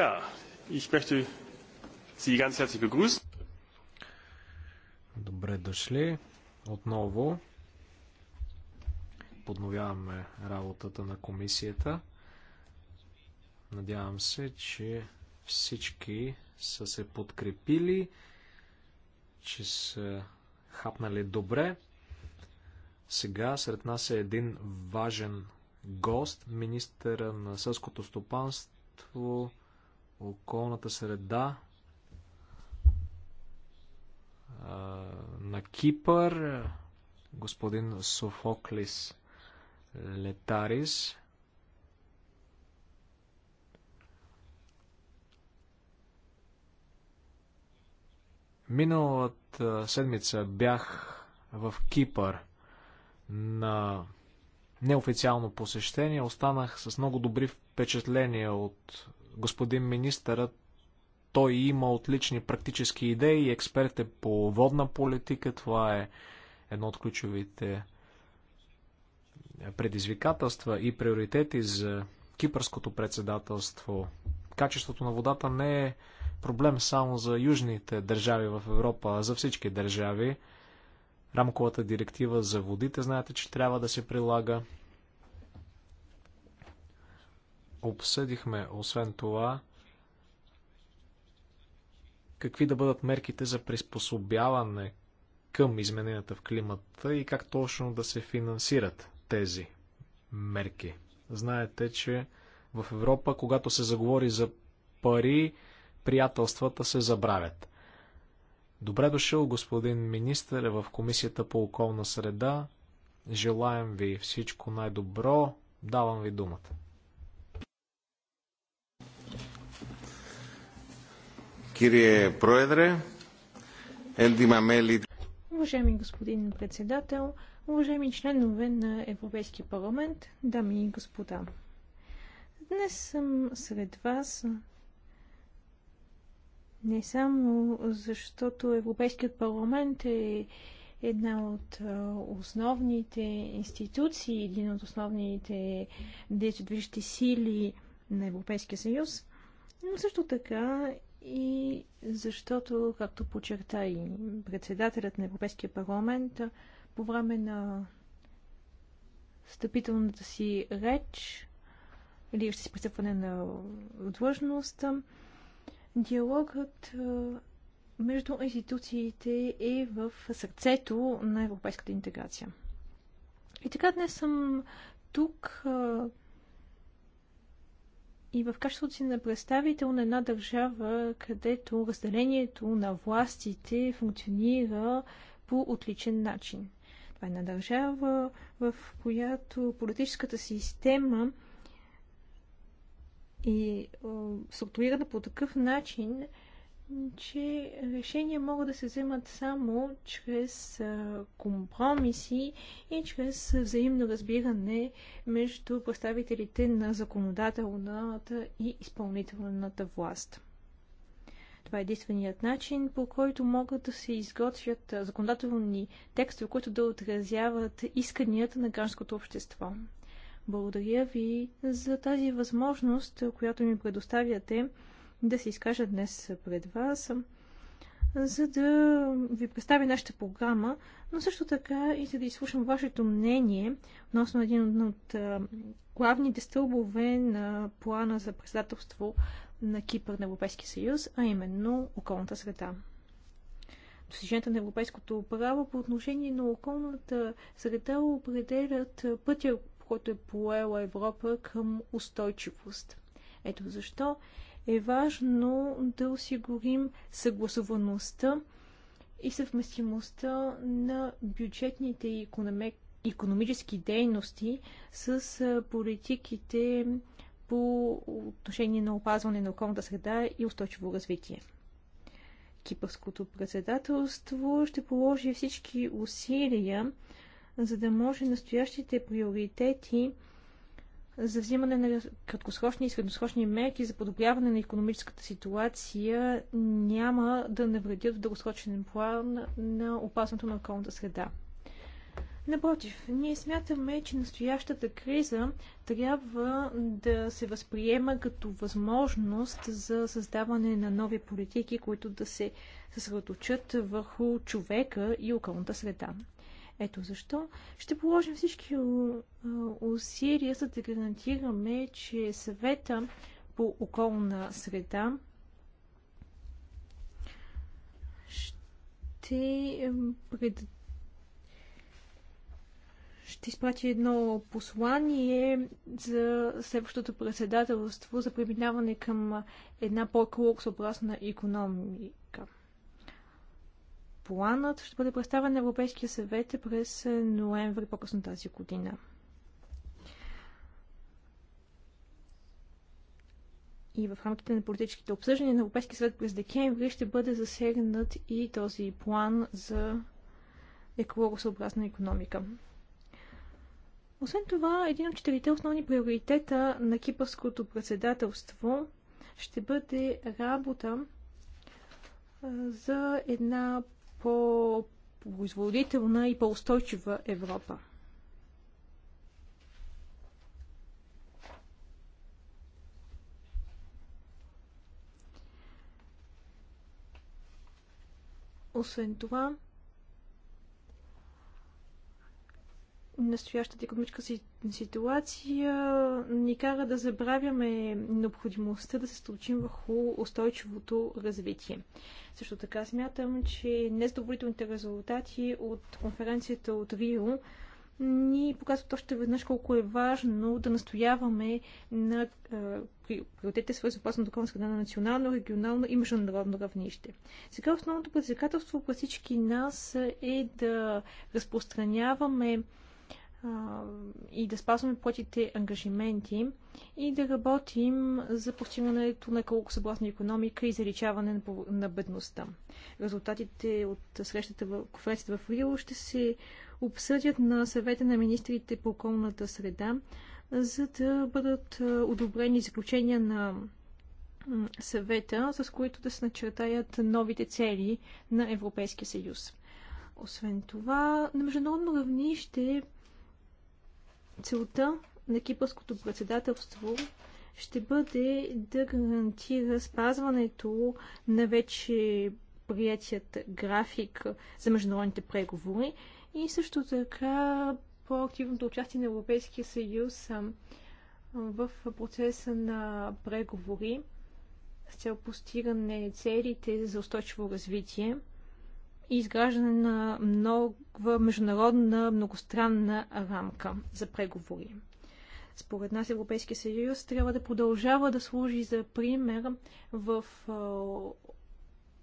Ja, ich möchte Sie ganz herzlich begrüßen. Добре дошли отново. Подновяваме работата на комисията. Надявам се, че всички са се подкрепили, че са хапнали добре. Сега сред нас е един важен гост, министъра на сълското стопанство околната среда на Кипър, господин Софоклис Летарис. Миналата седмица бях в Кипър на неофициално посещение. Останах с много добри впечатления от господин министърът. Той има отлични практически идеи и експерт е по водна политика. Това е едно от ключовите предизвикателства и приоритети за кипърското председателство. Качеството на водата не е проблем само за южните държави в Европа, а за всички държави. Рамковата директива за водите знаете, че трябва да се прилага. Обсъдихме, освен това, какви да бъдат мерките за приспособяване към измененията в климата и как точно да се финансират тези мерки. Знаете, че в Европа, когато се заговори за пари, приятелствата се забравят. Добре дошъл, господин министър, е в Комисията по околна среда. Желаем ви всичко най-добро. Давам ви думата. Кирие Проедре, Елдима Мели. Уважаеми господин председател, уважаеми членове на Европейския парламент, дами и господа. Днес съм сред вас не само защото Европейският парламент е една от основните институции, един от основните действащи сили на Европейския съюз, но също така и защото, както почерта и председателят на Европейския парламент, по време на стъпителната си реч или ще си пристъпване на длъжност, диалогът между институциите е в сърцето на европейската интеграция. И така днес съм тук и в качеството си на представител на една държава, където разделението на властите функционира по отличен начин. Това е една държава, в която политическата система е, е структурирана по такъв начин, че решения могат да се вземат само чрез компромиси и чрез взаимно разбиране между представителите на законодателната и изпълнителната власт. Това е единственият начин, по който могат да се изготвят законодателни текстове, които да отразяват исканията на гражданското общество. Благодаря ви за тази възможност, която ми предоставяте да се изкажа днес пред вас, за да ви представя нашата програма, но също така и за да изслушам вашето мнение относно един от главните стълбове на плана за председателство на Кипър на Европейския съюз, а именно околната среда достиженията на европейското право по отношение на околната среда определят пътя, който е поела Европа към устойчивост. Ето защо е важно да осигурим съгласуваността и съвместимостта на бюджетните и економически дейности с политиките по отношение на опазване на околната среда и устойчиво развитие. Кипърското председателство ще положи всички усилия, за да може настоящите приоритети за взимане на краткосрочни и средносрочни мерки за подобряване на економическата ситуация няма да навредят в дългосрочен план на опасното на околната среда. Напротив, ние смятаме, че настоящата криза трябва да се възприема като възможност за създаване на нови политики, които да се съсредоточат върху човека и околната среда. Ето защо ще положим всички усилия, за да гарантираме, че съвета по околна среда ще пред... ще изпрати едно послание за следващото председателство за преминаване към една по-екологосъобразна економия. Планът ще бъде представен на Европейския съвет през ноември по-късно тази година. и в рамките на политическите обсъждания на Европейския съвет през декември ще бъде засегнат и този план за екологосъобразна економика. Освен това, един от четирите основни приоритета на кипърското председателство ще бъде работа за една по-производителна и по-устойчива Европа. Освен това, настоящата економическа ситуация ни кара да забравяме необходимостта да се случим върху устойчивото развитие. Също така смятам, че незадоволителните резултати от конференцията от Рио ни показват още веднъж колко е важно да настояваме на приоритетите, свързани с опасната околна среда на национално, регионално и международно равнище. Сега основното предизвикателство по всички нас е да разпространяваме и да спазваме платите ангажименти и да работим за постигането на колко съгласна економика и заличаване на бедността. Резултатите от срещата в конференцията в Рио ще се обсъдят на съвета на министрите по околната среда, за да бъдат одобрени заключения на съвета, с които да се начертаят новите цели на Европейския съюз. Освен това, на международно равнище Целта на кипърското председателство ще бъде да гарантира спазването на вече приятият график за международните преговори и също така по-активното участие на Европейския съюз в процеса на преговори с цел постигане целите за устойчиво развитие и изграждане на нова международна многостранна рамка за преговори. Според нас Европейския съюз трябва да продължава да служи за пример в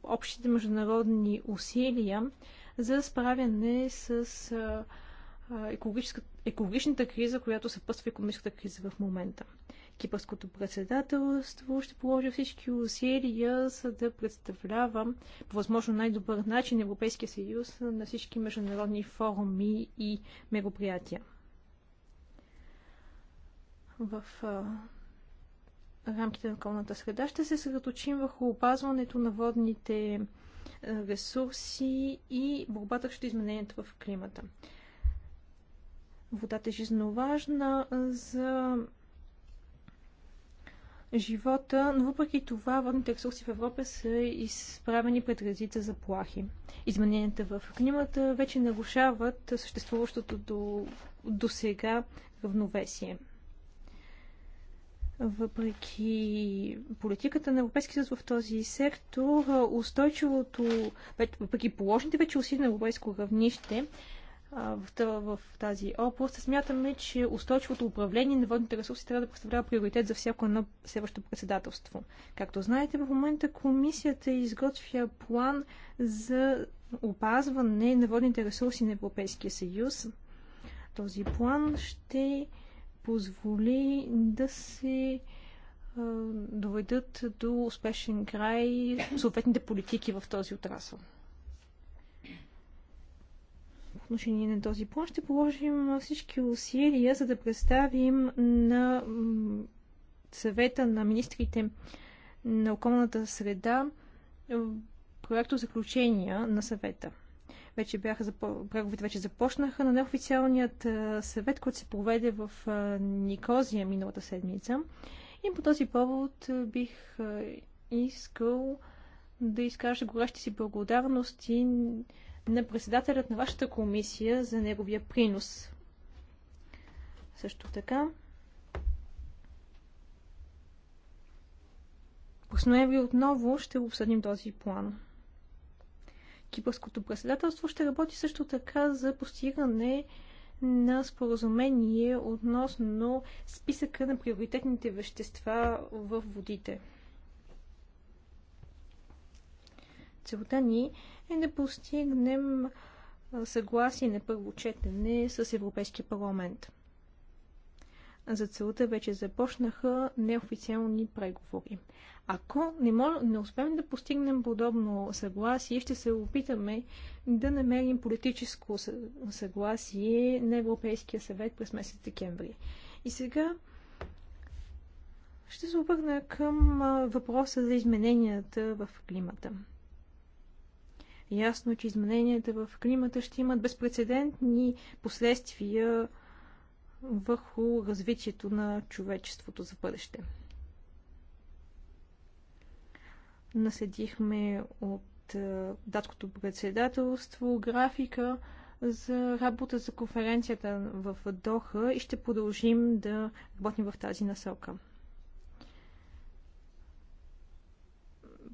общите международни усилия за справяне с екологичната криза, която в економическата криза в момента. Кипърското председателство ще положа всички усилия, за да представлява по възможно най-добър начин Европейския съюз на всички международни форуми и мероприятия. В рамките на околната среда ще се съсредоточим върху опазването на водните ресурси и борбата срещу изменението в климата. Водата е жизненно важна за живота, но въпреки това водните ресурси в Европа са изправени пред редица заплахи. Измененията в климата вече нарушават съществуващото до, до сега равновесие. Въпреки политиката на Европейския съюз в този сектор, устойчивото, въпреки положните вече усилия на европейско равнище, в тази област. Смятаме, че устойчивото управление на водните ресурси трябва да представлява приоритет за всяко едно следващо председателство. Както знаете, в момента комисията изготвя план за опазване на водните ресурси на Европейския съюз. Този план ще позволи да се доведат до успешен край съответните политики в този отрасъл отношение на този план. Ще положим всички усилия, за да представим на съвета на министрите на околната среда проекто заключения на съвета. Вече бяха, преговорите вече започнаха на неофициалният съвет, който се проведе в Никозия миналата седмица. И по този повод бих искал да изкажа горещи си благодарности на председателят на вашата комисия за неговия принос. Също така. През ноември отново ще обсъдим този план. Кипърското председателство ще работи също така за постигане на споразумение относно списъка на приоритетните вещества в водите. Целта ни е да постигнем съгласие на първо четене с Европейския парламент. За целта вече започнаха неофициални преговори. Ако не, мож, не успеем да постигнем подобно съгласие, ще се опитаме да намерим политическо съгласие на Европейския съвет през месец декември. И сега ще се обърна към въпроса за измененията в климата ясно, че измененията в климата ще имат безпредседентни последствия върху развитието на човечеството за бъдеще. Наследихме от е, датското председателство графика за работа за конференцията в Доха и ще продължим да работим в тази насока.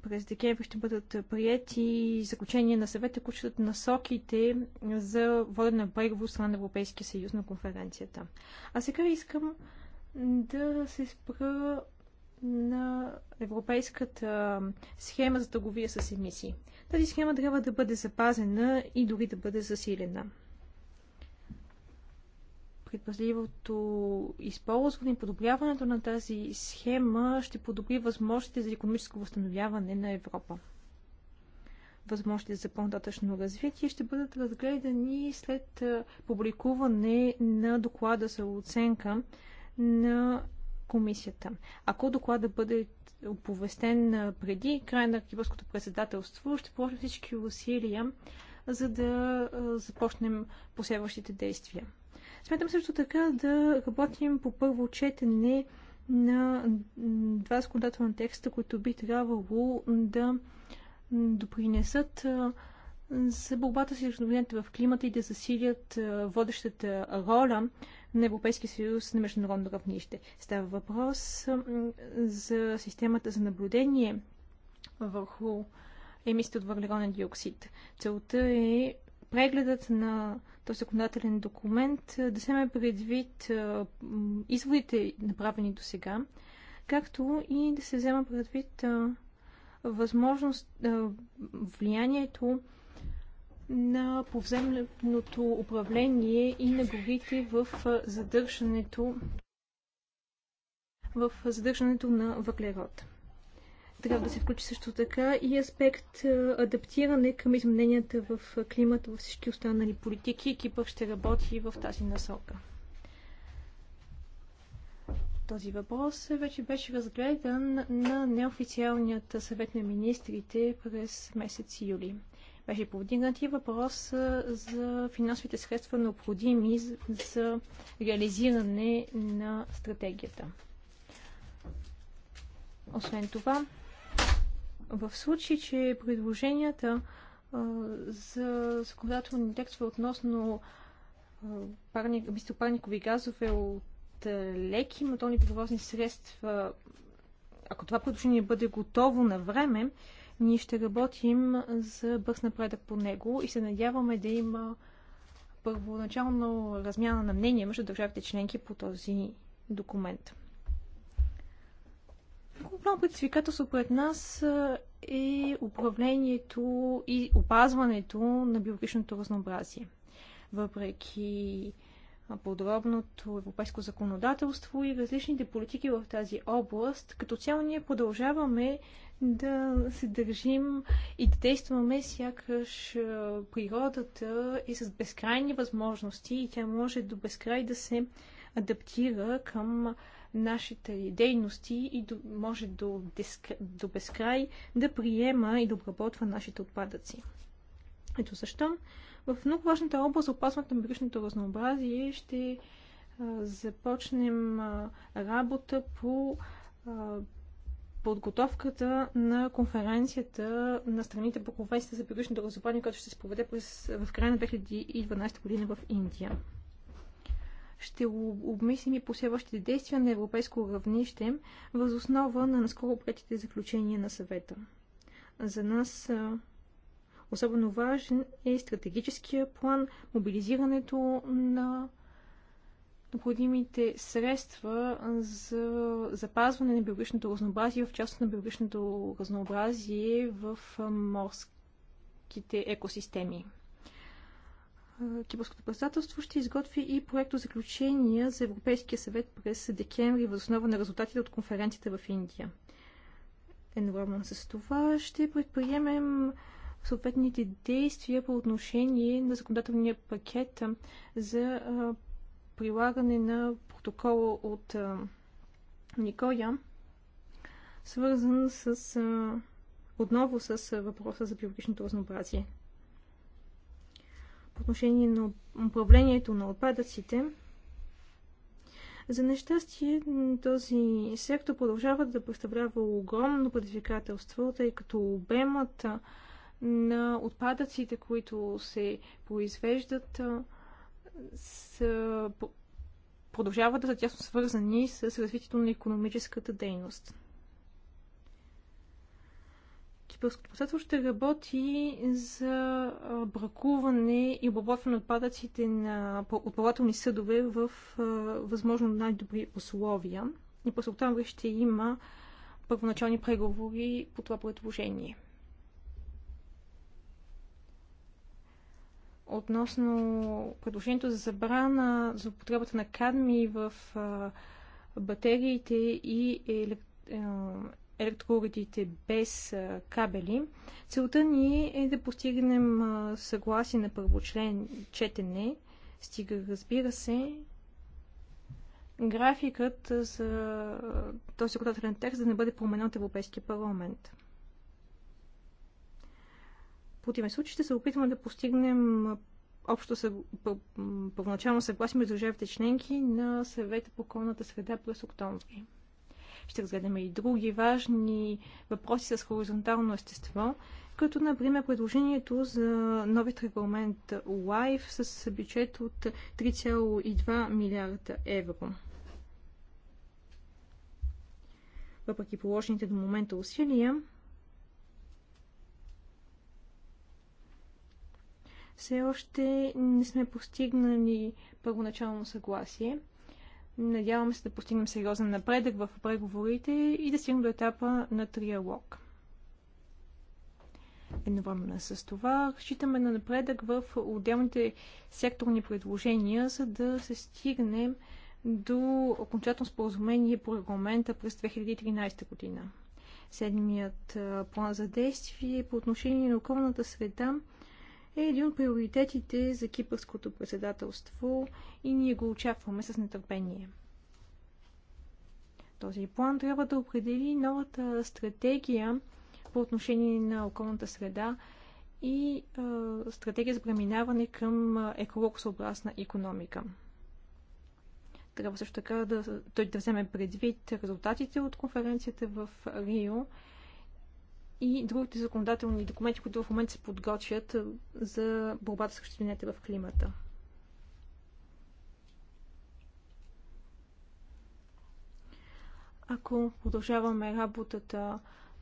през декември ще бъдат прияти заключения на съвета, които ще насоките за воден на брегово на Европейския съюз на конференцията. А сега искам да се спра на европейската схема за търговия с емисии. Тази схема трябва да бъде запазена и дори да бъде засилена предпазливото използване и подобряването на тази схема ще подобри възможностите за економическо възстановяване на Европа. Възможностите за по-нататъчно развитие ще бъдат разгледани след публикуване на доклада за оценка на комисията. Ако доклада бъде оповестен преди края на кибърското председателство, ще положим всички усилия, за да започнем последващите действия. Смятам също така да работим по първо четене на два законодателни текста, които би трябвало да допринесат за борбата с измененията в климата и да засилят водещата роля на Европейския съюз на международно равнище. Става въпрос за системата за наблюдение върху емисията от въглероден диоксид. Целта е прегледът на този законодателен документ да вземе предвид изводите, направени до сега, както и да се взема предвид възможност, влиянието на повземното управление и на горите в задържането в задържането на въглерода. Трябва да се включи също така и аспект адаптиране към измененията в климата във всички останали политики. Екипът ще работи в тази насока. Този въпрос вече беше разгледан на неофициалният съвет на министрите през месец юли. Беше повдигнат и въпрос за финансовите средства необходими за реализиране на стратегията. Освен това, в случай, че предложенията за законодателни текстове относно бистопарникови газове от леки моторни превозни средства, ако това предложение бъде готово на време, ние ще работим за бърз напредък по него и се надяваме да има първоначално размяна на мнение между държавите членки по този документ. Много предизвикателство пред нас е управлението и опазването на биологичното разнообразие. Въпреки подробното европейско законодателство и различните политики в тази област, като цяло ние продължаваме да се държим и да действаме сякаш природата и е с безкрайни възможности и тя може до безкрай да се адаптира към нашите дейности и до, може до, до безкрай да приема и да обработва нашите отпадъци. Ето защо в много важната област за опазването на биологичното разнообразие ще а, започнем а, работа по а, подготовката на конференцията на страните по конвенцията за биологичното разнообразие, която ще се проведе през, в края на 2012 година в Индия ще обмислим и последващите действия на европейско равнище въз основа на наскоро приятите заключения на съвета. За нас особено важен е стратегическия план, мобилизирането на необходимите средства за запазване на биологичното разнообразие, в част на биологичното разнообразие в морските екосистеми. Кипърското председателство ще изготви и проекто заключения за Европейския съвет през декември въз основа на резултатите от конференцията в Индия. Едновременно с това ще предприемем съответните действия по отношение на законодателния пакет за прилагане на протокола от Никоя, свързан с, отново с въпроса за биологичното разнообразие отношение на управлението на отпадъците. За нещастие този сектор продължава да представлява огромно предизвикателство, тъй като обемът на отпадъците, които се произвеждат, са, продължават да са тясно свързани с развитието на економическата дейност. Българското посредство ще работи за бракуване и обработване на отпадъците на отплавателни съдове в възможно най-добри условия. И през октомври ще има първоначални преговори по това предложение. Относно предложението за забрана за употребата на кадми в батериите и електро електроуредите без кабели. Целта ни е да постигнем съгласие на първочлен четене, стига разбира се, графикът за този законодателен текст да не бъде променен от Европейския парламент. В противен случай ще се опитваме да постигнем общо първоначално съгласие между държавите членки на съвета по околната среда през октомври. Ще разгледаме и други важни въпроси с хоризонтално естество, като например предложението за новият регламент LIFE с бюджет от 3,2 милиарда евро. Въпреки положените до момента усилия, все още не сме постигнали първоначално съгласие. Надявам се да постигнем сериозен напредък в преговорите и да стигнем до етапа на триалог. Едновременно с това считаме на напредък в отделните секторни предложения, за да се стигнем до окончателно споразумение по регламента през 2013 година. Седмият план за действие по отношение на околната среда е един от приоритетите за кипърското председателство и ние го очакваме с нетърпение. Този план трябва да определи новата стратегия по отношение на околната среда и е, стратегия за преминаване към екологосъобразна економика. Трябва също така да, той да вземе предвид резултатите от конференцията в Рио и другите законодателни документи, които в момента се подготвят за борбата с измененията в климата. Ако продължаваме работата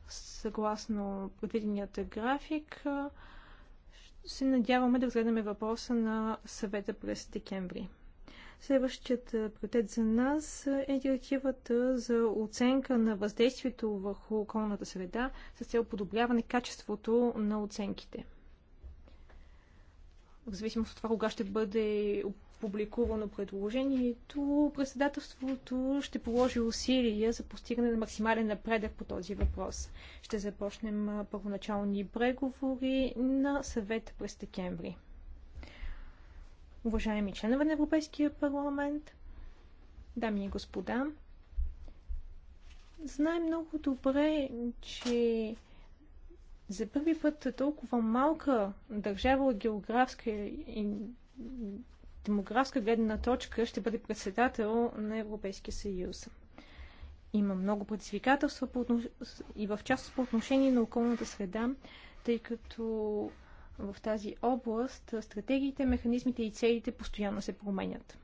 съгласно предвиденият график, се надяваме да разгледаме въпроса на съвета през декември. Следващият е, приоритет за нас е директивата за оценка на въздействието върху околната среда с цел подобряване качеството на оценките. В зависимост от това кога ще бъде публикувано предложението, председателството ще положи усилия за постигане на максимален напредък по този въпрос. Ще започнем първоначални преговори на съвет през декември уважаеми членове на Европейския парламент, дами и господа. Знаем много добре, че за първи път толкова малка държава от географска и демографска гледна точка ще бъде председател на Европейския съюз. Има много предизвикателства по отнош... и в част по отношение на околната среда, тъй като в тази област, стратегиите, механизмите и целите постоянно се променят.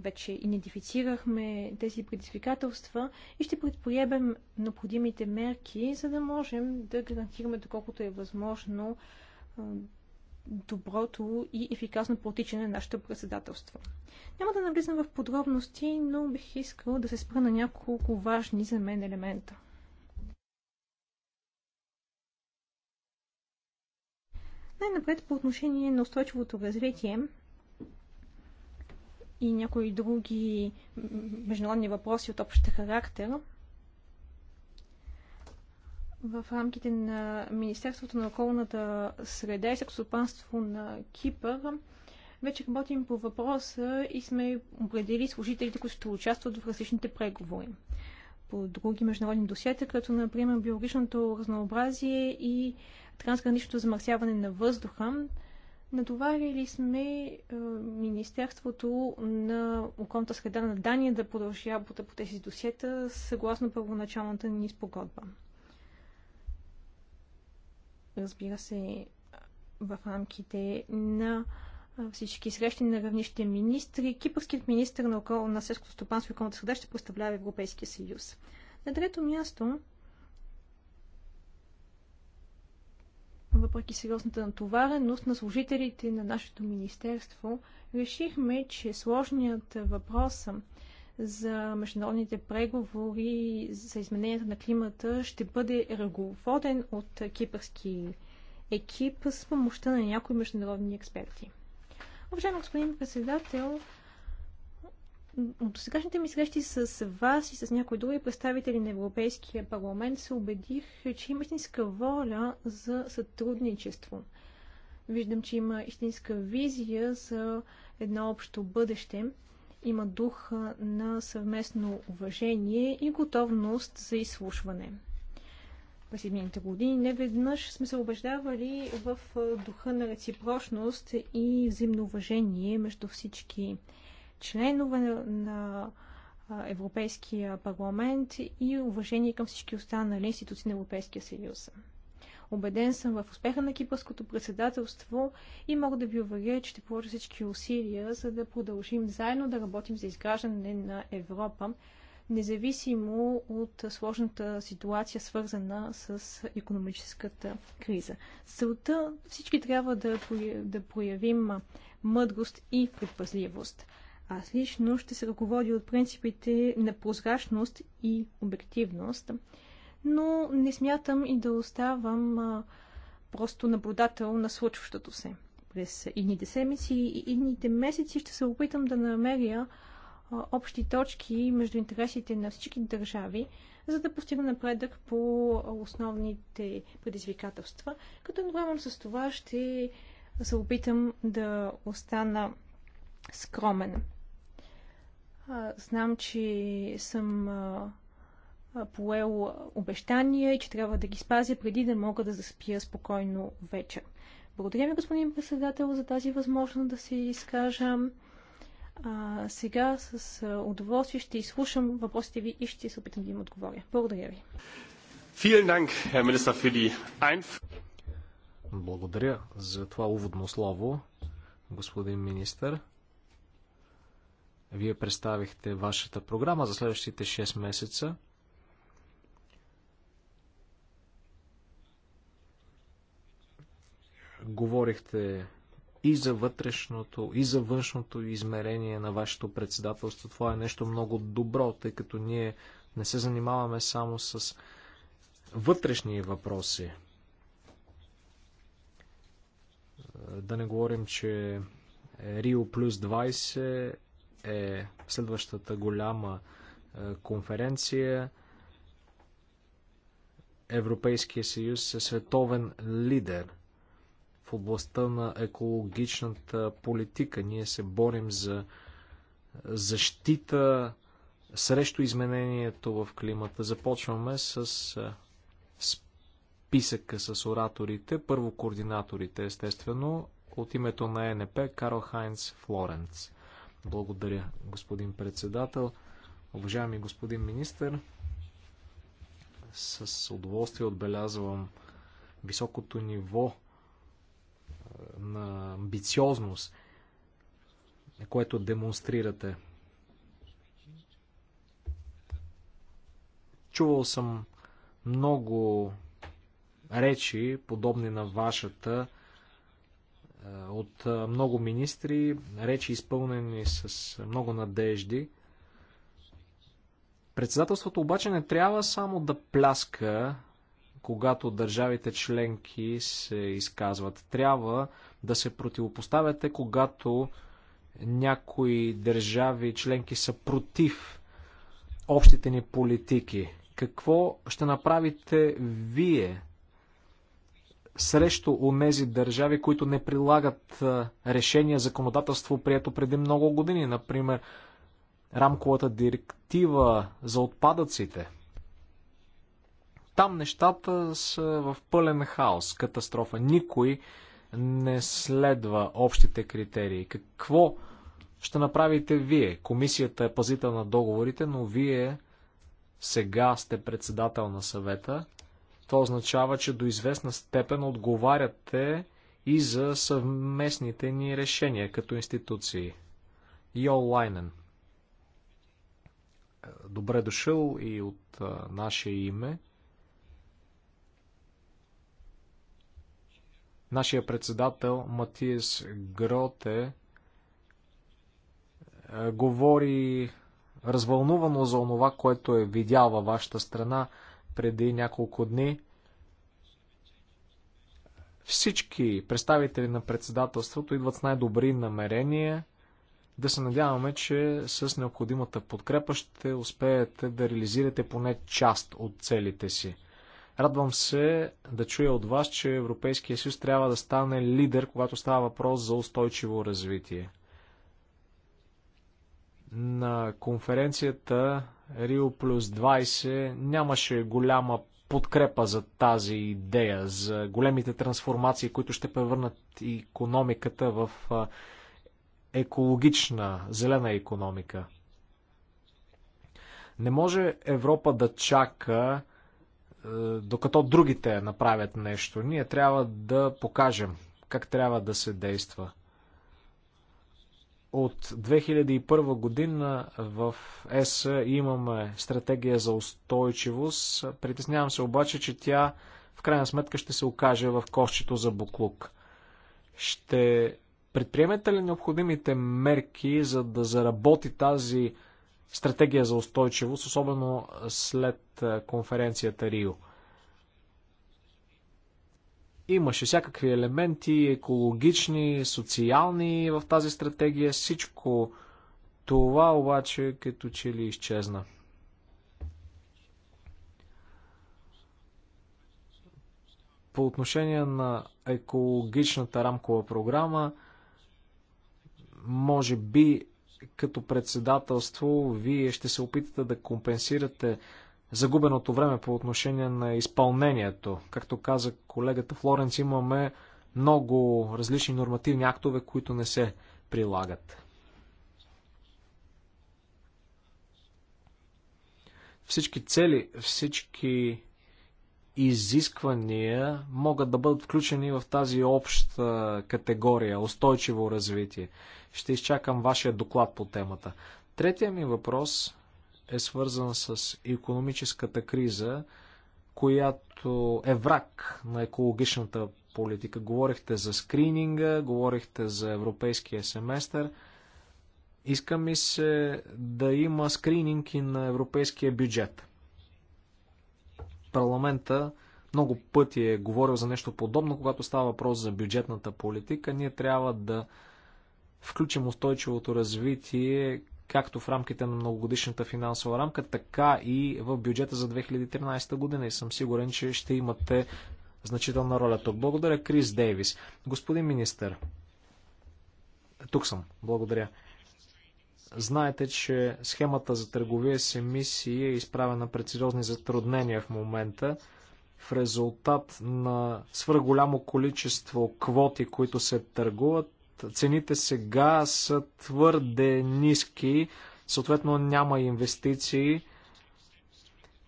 Вече идентифицирахме тези предизвикателства и ще предприемем необходимите мерки, за да можем да гарантираме доколкото е възможно доброто и ефикасно протичане на нашето председателство. Няма да навлизам в подробности, но бих искал да се спра на няколко важни за мен елемента – Най-напред по отношение на устойчивото развитие и някои други международни въпроси от общ характер, в рамките на Министерството на околната среда и сексопанство на Кипър вече работим по въпроса и сме определили служителите, които ще участват в различните преговори. По други международни досиета, като например биологичното разнообразие и трансграничното замърсяване на въздуха. Натоварили сме е, Министерството на околната среда на Дания да продължи работа по тези досиета съгласно първоначалната ни спогодба. Разбира се, в рамките на е, всички срещи на равнище министри. Кипърският министр на, окол... на селското стопанство и околната среда ще представлява Европейския съюз. На трето място въпреки сериозната натовареност на служителите на нашето министерство, решихме, че сложният въпрос за международните преговори за измененията на климата ще бъде ръководен от кипърски екип с помощта на някои международни експерти. Уважаеми господин председател, от досегашните ми срещи с вас и с някои други представители на Европейския парламент се убедих, че има истинска воля за сътрудничество. Виждам, че има истинска визия за едно общо бъдеще. Има дух на съвместно уважение и готовност за изслушване през едните години. Не веднъж сме се убеждавали в духа на реципрочност и взаимно уважение между всички членове на Европейския парламент и уважение към всички останали институции на Европейския съюз. Обеден съм в успеха на кипърското председателство и мога да ви уверя, че ще положа всички усилия, за да продължим заедно да работим за изграждане на Европа, независимо от сложната ситуация, свързана с економическата криза. Целта всички трябва да, проявим мъдрост и предпазливост. Аз лично ще се ръководя от принципите на прозрачност и обективност, но не смятам и да оставам а, просто наблюдател на случващото се. През идните седмици и идните месеци ще се опитам да намеря а, общи точки между интересите на всички държави, за да постигна напредък по основните предизвикателства. Като едновременно с това ще се опитам да остана скромен. Знам, че съм поел обещания и че трябва да ги спазя преди да мога да заспия спокойно вечер. Благодаря ми, господин председател, за тази възможност да се изкажа. А, сега с удоволствие ще изслушам въпросите ви и ще се опитам да им отговоря. Благодаря ви. Благодаря за това уводно слово, господин министър. Вие представихте вашата програма за следващите 6 месеца. Говорихте и за вътрешното, и за външното измерение на вашето председателство. Това е нещо много добро, тъй като ние не се занимаваме само с вътрешни въпроси. Да не говорим, че Рио плюс 20 е следващата голяма е, конференция. Европейския съюз е световен лидер в областта на екологичната политика. Ние се борим за защита срещу изменението в климата. Започваме с е, списъка с ораторите. Първо координаторите, естествено, от името на ЕНП Карл Хайнц Флоренц. Благодаря, господин председател. Уважаеми господин министр, с удоволствие отбелязвам високото ниво е, на амбициозност, което демонстрирате. Чувал съм много речи, подобни на вашата, е, от е, много министри, речи изпълнени с много надежди. Председателството обаче не трябва само да пляска, когато държавите членки се изказват. Трябва да се противопоставяте, когато някои държави членки са против общите ни политики. Какво ще направите вие? срещу онези държави, които не прилагат решения законодателство, прието преди много години. Например, рамковата директива за отпадъците. Там нещата са в пълен хаос, катастрофа. Никой не следва общите критерии. Какво ще направите вие? Комисията е пазител на договорите, но вие сега сте председател на съвета. Това означава, че до известна степен отговаряте и за съвместните ни решения като институции. Йо Лайнен. Добре дошъл и от а, наше име. Нашия председател Матиес Гроте а, говори развълнувано за онова, което е видял във вашата страна преди няколко дни. Всички представители на председателството идват с най-добри намерения. Да се надяваме, че с необходимата подкрепа ще успеете да реализирате поне част от целите си. Радвам се да чуя от вас, че Европейския съюз трябва да стане лидер, когато става въпрос за устойчиво развитие на конференцията Рио плюс 20 нямаше голяма подкрепа за тази идея, за големите трансформации, които ще превърнат економиката в екологична, зелена економика. Не може Европа да чака докато другите направят нещо. Ние трябва да покажем как трябва да се действа. От 2001 година в ЕС имаме стратегия за устойчивост. Притеснявам се обаче, че тя в крайна сметка ще се окаже в кошчето за буклук. Ще предприемете ли необходимите мерки, за да заработи тази стратегия за устойчивост, особено след конференцията Рио? Имаше всякакви елементи, екологични, социални в тази стратегия. Всичко това обаче като че ли изчезна. По отношение на екологичната рамкова програма, може би като председателство вие ще се опитате да компенсирате загубеното време по отношение на изпълнението. Както каза колегата Флоренц, имаме много различни нормативни актове, които не се прилагат. Всички цели, всички изисквания могат да бъдат включени в тази обща категория устойчиво развитие. Ще изчакам вашия доклад по темата. Третия ми въпрос е свързан с економическата криза, която е враг на екологичната политика. Говорихте за скрининга, говорихте за европейския семестър. Иска ми се да има скрининг и на европейския бюджет. Парламента много пъти е говорил за нещо подобно, когато става въпрос за бюджетната политика. Ние трябва да включим устойчивото развитие както в рамките на многогодишната финансова рамка, така и в бюджета за 2013 година и съм сигурен, че ще имате значителна роля тук. Благодаря, Крис Дейвис. Господин министър, тук съм. Благодаря. Знаете, че схемата за търговия с емисии е изправена пред сериозни затруднения в момента в резултат на свърх голямо количество квоти, които се търгуват Цените сега са твърде ниски, съответно няма инвестиции.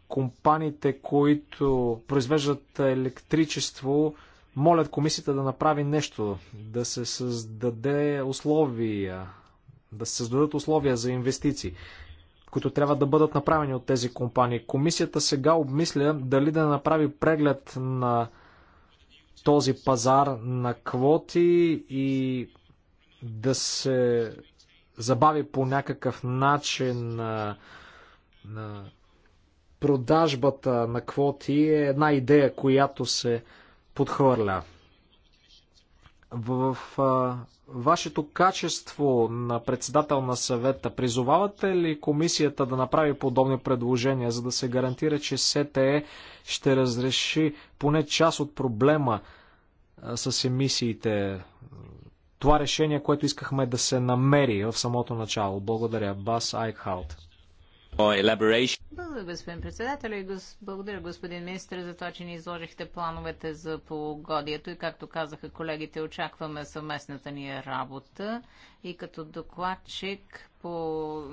Компаниите, които произвеждат електричество, молят комисията да направи нещо, да се създаде условия, да се създадат условия за инвестиции, които трябва да бъдат направени от тези компании. Комисията сега обмисля дали да направи преглед на този пазар на квоти и да се забави по някакъв начин на, на продажбата на квоти е една идея, която се подхвърля. В в вашето качество на председател на съвета, призовавате ли комисията да направи подобни предложения, за да се гарантира, че СТЕ ще разреши поне част от проблема а, с емисиите това решение, което искахме да се намери в самото начало. Благодаря, Бас Айкхалт. Благодаря, господин председател и гос... благодаря, господин министр, за това, че ни изложихте плановете за полугодието и, както казаха колегите, очакваме съвместната ни работа и като докладчик по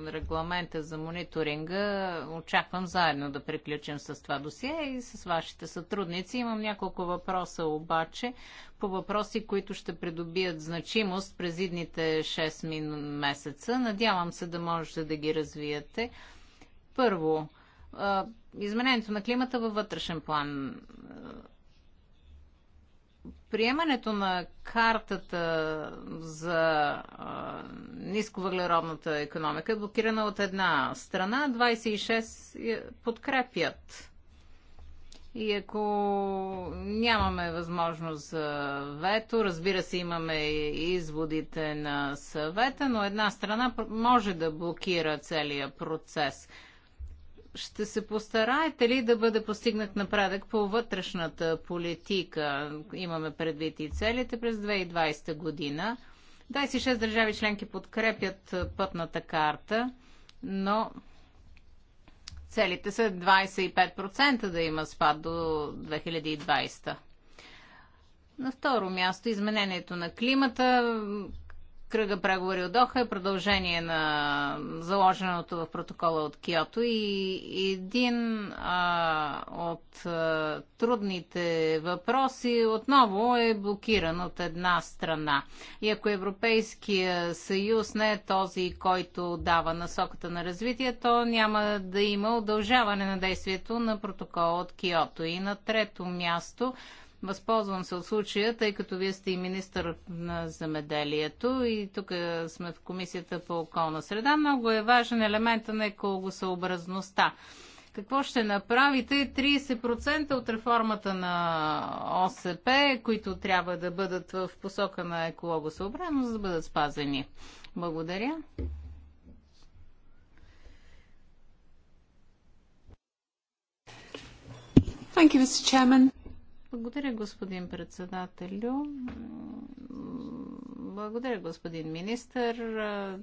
регламента за мониторинга очаквам заедно да приключим с това досие и с вашите сътрудници. Имам няколко въпроса обаче по въпроси, които ще придобият значимост през идните 6 месеца. Надявам се да можете да ги развиете. Първо, изменението на климата във вътрешен план приемането на картата за а, нисковъглеродната економика е блокирана от една страна, 26 подкрепят. И ако нямаме възможност за вето, разбира се, имаме и изводите на съвета, но една страна може да блокира целият процес ще се постараете ли да бъде постигнат напредък по вътрешната политика? Имаме предвид и целите през 2020 година. 26 държави членки подкрепят пътната карта, но целите са 25% да има спад до 2020. На второ място изменението на климата кръга преговори от Доха е продължение на заложеното в протокола от Киото и един а, от а, трудните въпроси отново е блокиран от една страна. И ако Европейския съюз не е този, който дава насоката на развитие, то няма да има удължаване на действието на протокола от Киото. И на трето място Възползвам се от случая, тъй като вие сте и министър на земеделието и тук сме в Комисията по околна среда. Много е важен елемент на екологосъобразността. Какво ще направите? 30% от реформата на ОСП, които трябва да бъдат в посока на екологосъобразност, да бъдат спазени. Благодаря. Thank you, Mr. Chairman. Благодаря, господин председателю. Благодаря, господин министър.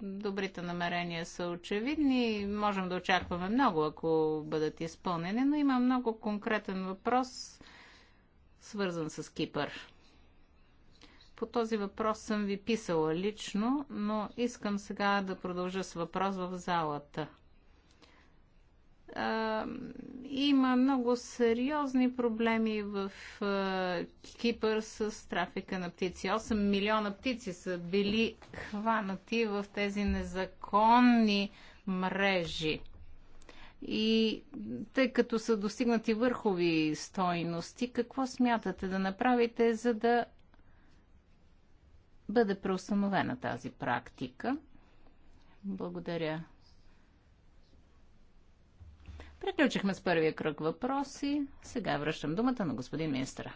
Добрите намерения са очевидни. Можем да очакваме много, ако бъдат изпълнени, но има много конкретен въпрос, свързан с Кипър. По този въпрос съм ви писала лично, но искам сега да продължа с въпрос в залата има много сериозни проблеми в Кипър с трафика на птици. 8 милиона птици са били хванати в тези незаконни мрежи. И тъй като са достигнати върхови стойности, какво смятате да направите, за да бъде преустановена тази практика? Благодаря. Приключихме с първия кръг въпроси. Сега връщам думата на господин министра.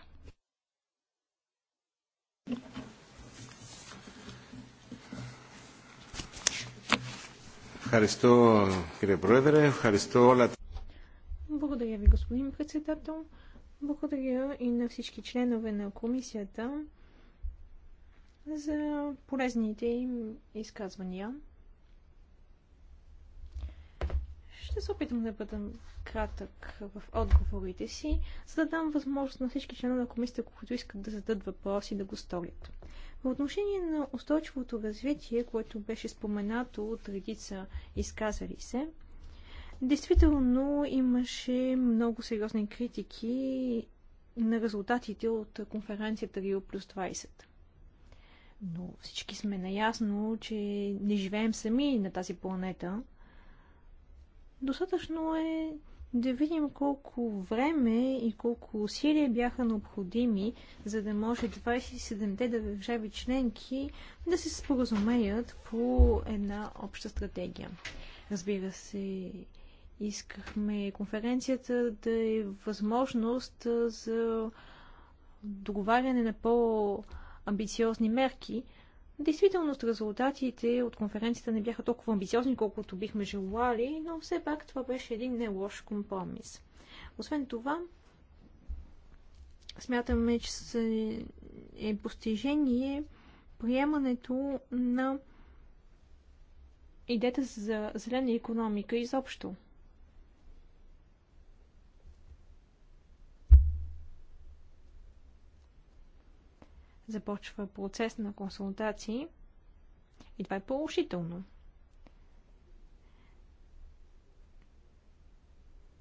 Благодаря ви, господин председател. Благодаря и на всички членове на комисията за полезните им изказвания. Ще се опитам да бъдам кратък в отговорите си, за да дам възможност на всички членове на комисията, които искат да зададат въпроси, да го сторят. В отношение на устойчивото развитие, което беше споменато от редица изказали се, действително имаше много сериозни критики на резултатите от конференцията Рио плюс 20. Но всички сме наясно, че не живеем сами на тази планета – достатъчно е да видим колко време и колко усилия бяха необходими, за да може 27-те държави членки да се споразумеят по една обща стратегия. Разбира се, искахме конференцията да е възможност за договаряне на по-амбициозни мерки, Действителност резултатите от конференцията не бяха толкова амбициозни, колкото бихме желали, но все пак това беше един не лош компромис. Освен това, смятаме, че е постижение приемането на идеята за зелена економика изобщо. започва процес на консултации и това е положително.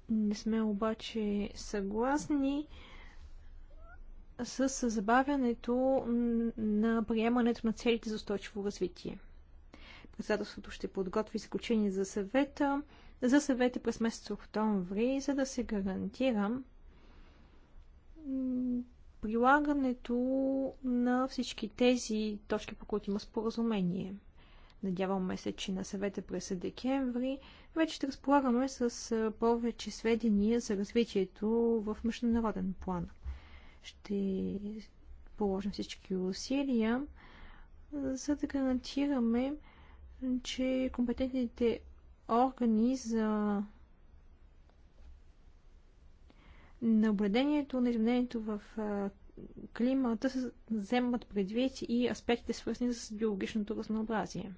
Не сме обаче съгласни с забавянето на приемането на целите за устойчиво развитие. Председателството ще подготви заключение за съвета, за съвета през месец октомври, за да се гарантира прилагането на всички тези точки, по които има споразумение. Надяваме се, че на съвета през декември вече ще разполагаме с повече сведения за развитието в международен план. Ще положим всички усилия, за да гарантираме, че компетентните органи за наблюдението на изменението в климата се вземат предвид и аспектите свързани с биологичното разнообразие.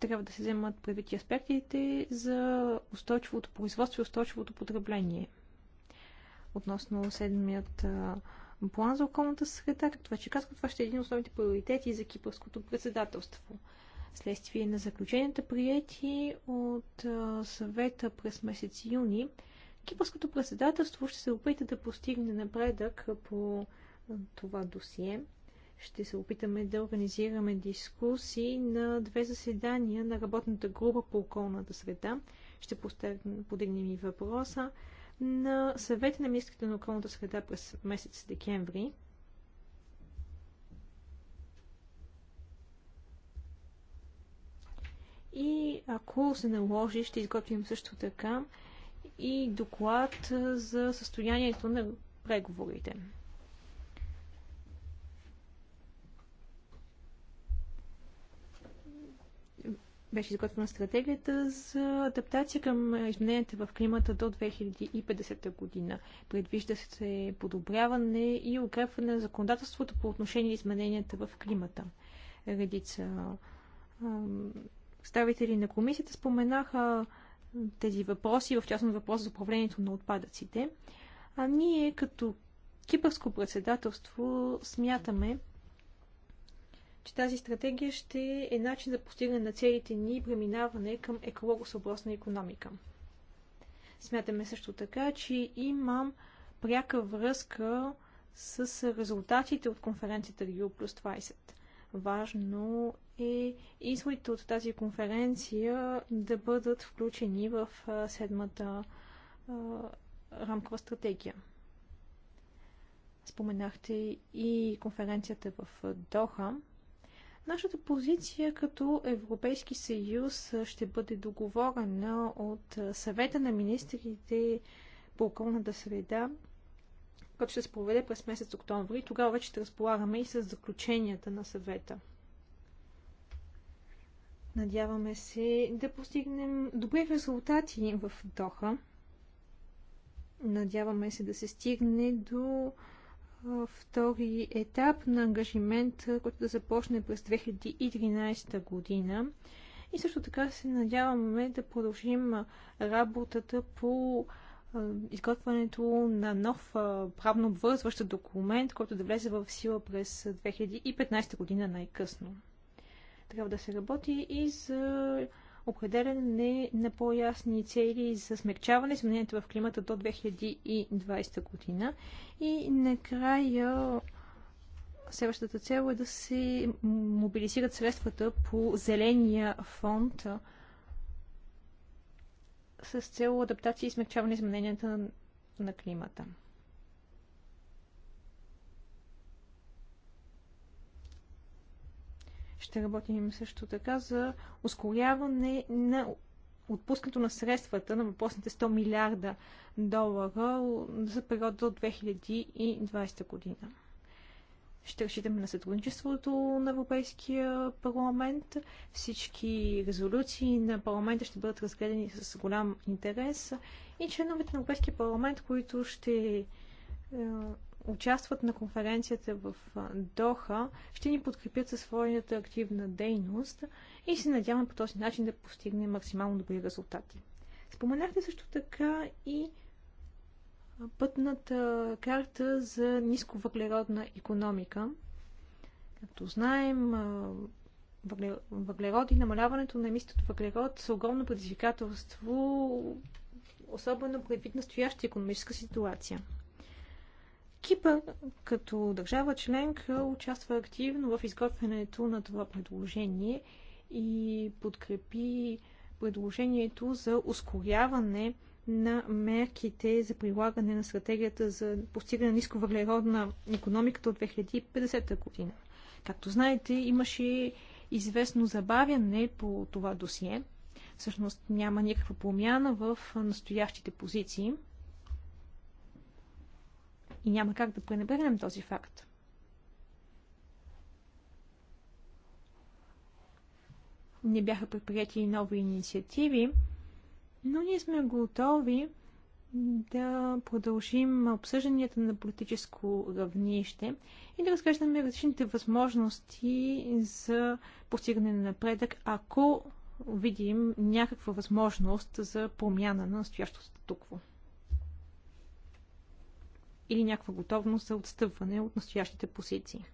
Трябва да се вземат предвид и аспектите за устойчивото производство и устойчивото потребление. Относно седмият план за околната среда, както вече казах, това ще е един от основните приоритети за кипърското председателство. Следствие на заключенията, приети от съвета през месец юни, Кипърското председателство ще се опита да постигне напредък по това досие. Ще се опитаме да организираме дискусии на две заседания на работната група по околната среда. Ще подигнем и въпроса на съвета на министрите на околната среда през месец декември. И ако се наложи, ще изготвим също така и доклад за състоянието на преговорите. беше изготвена стратегията за адаптация към измененията в климата до 2050 година. Предвижда се подобряване и укрепване на законодателството по отношение измененията в климата. Редица представители на комисията споменаха тези въпроси, в частност въпрос за управлението на отпадъците. А ние като кипърско председателство смятаме, че тази стратегия ще е начин за постигане на целите ни и преминаване към екологосъобразна економика. Смятаме също така, че имам пряка връзка с резултатите от конференцията Рио плюс 20. Важно е изходите от тази конференция да бъдат включени в седмата рамкова стратегия. Споменахте и конференцията в Доха. Нашата позиция като Европейски съюз ще бъде договорена от съвета на министрите по околната среда, който ще се проведе през месец октомври. Тогава вече ще разполагаме и с заключенията на съвета. Надяваме се да постигнем добри резултати в Доха. Надяваме се да се стигне до втори етап на ангажимент, който да започне през 2013 година. И също така се надяваме да продължим работата по изготвянето на нов правно обвързващ документ, който да влезе в сила през 2015 година най-късно трябва да се работи и за определяне на по-ясни цели за смягчаване изменението в климата до 2020 година. И накрая следващата цел е да се мобилизират средствата по зеления фонд с цел адаптация и смягчаване измененията на климата. Ще работим също така за ускоряване на отпускането на средствата на въпросните 100 милиарда долара за периода от 2020 година. Ще разчитаме на сътрудничеството на Европейския парламент. Всички резолюции на парламента ще бъдат разгледани с голям интерес и членовете на Европейския парламент, които ще е, участват на конференцията в Доха, ще ни подкрепят със своята активна дейност и се надяваме по този начин да постигнем максимално добри резултати. Споменахте също така и пътната карта за нисковъглеродна економика. Както знаем, въглерод и намаляването на емисията от въглерод са огромно предизвикателство, особено предвид настояща економическа ситуация. Кипър като държава членка участва активно в изготвянето на това предложение и подкрепи предложението за ускоряване на мерките за прилагане на стратегията за постигане на въглеродна економика от 2050 година. Както знаете, имаше известно забавяне по това досие. Всъщност няма никаква промяна в настоящите позиции – и няма как да пренебрегнем този факт. Не бяха предприяти и нови инициативи, но ние сме готови да продължим обсъжданията на политическо равнище и да разглеждаме различните възможности за постигане на напредък, ако видим някаква възможност за промяна на настоящото статукво или някаква готовност за отстъпване от настоящите позиции.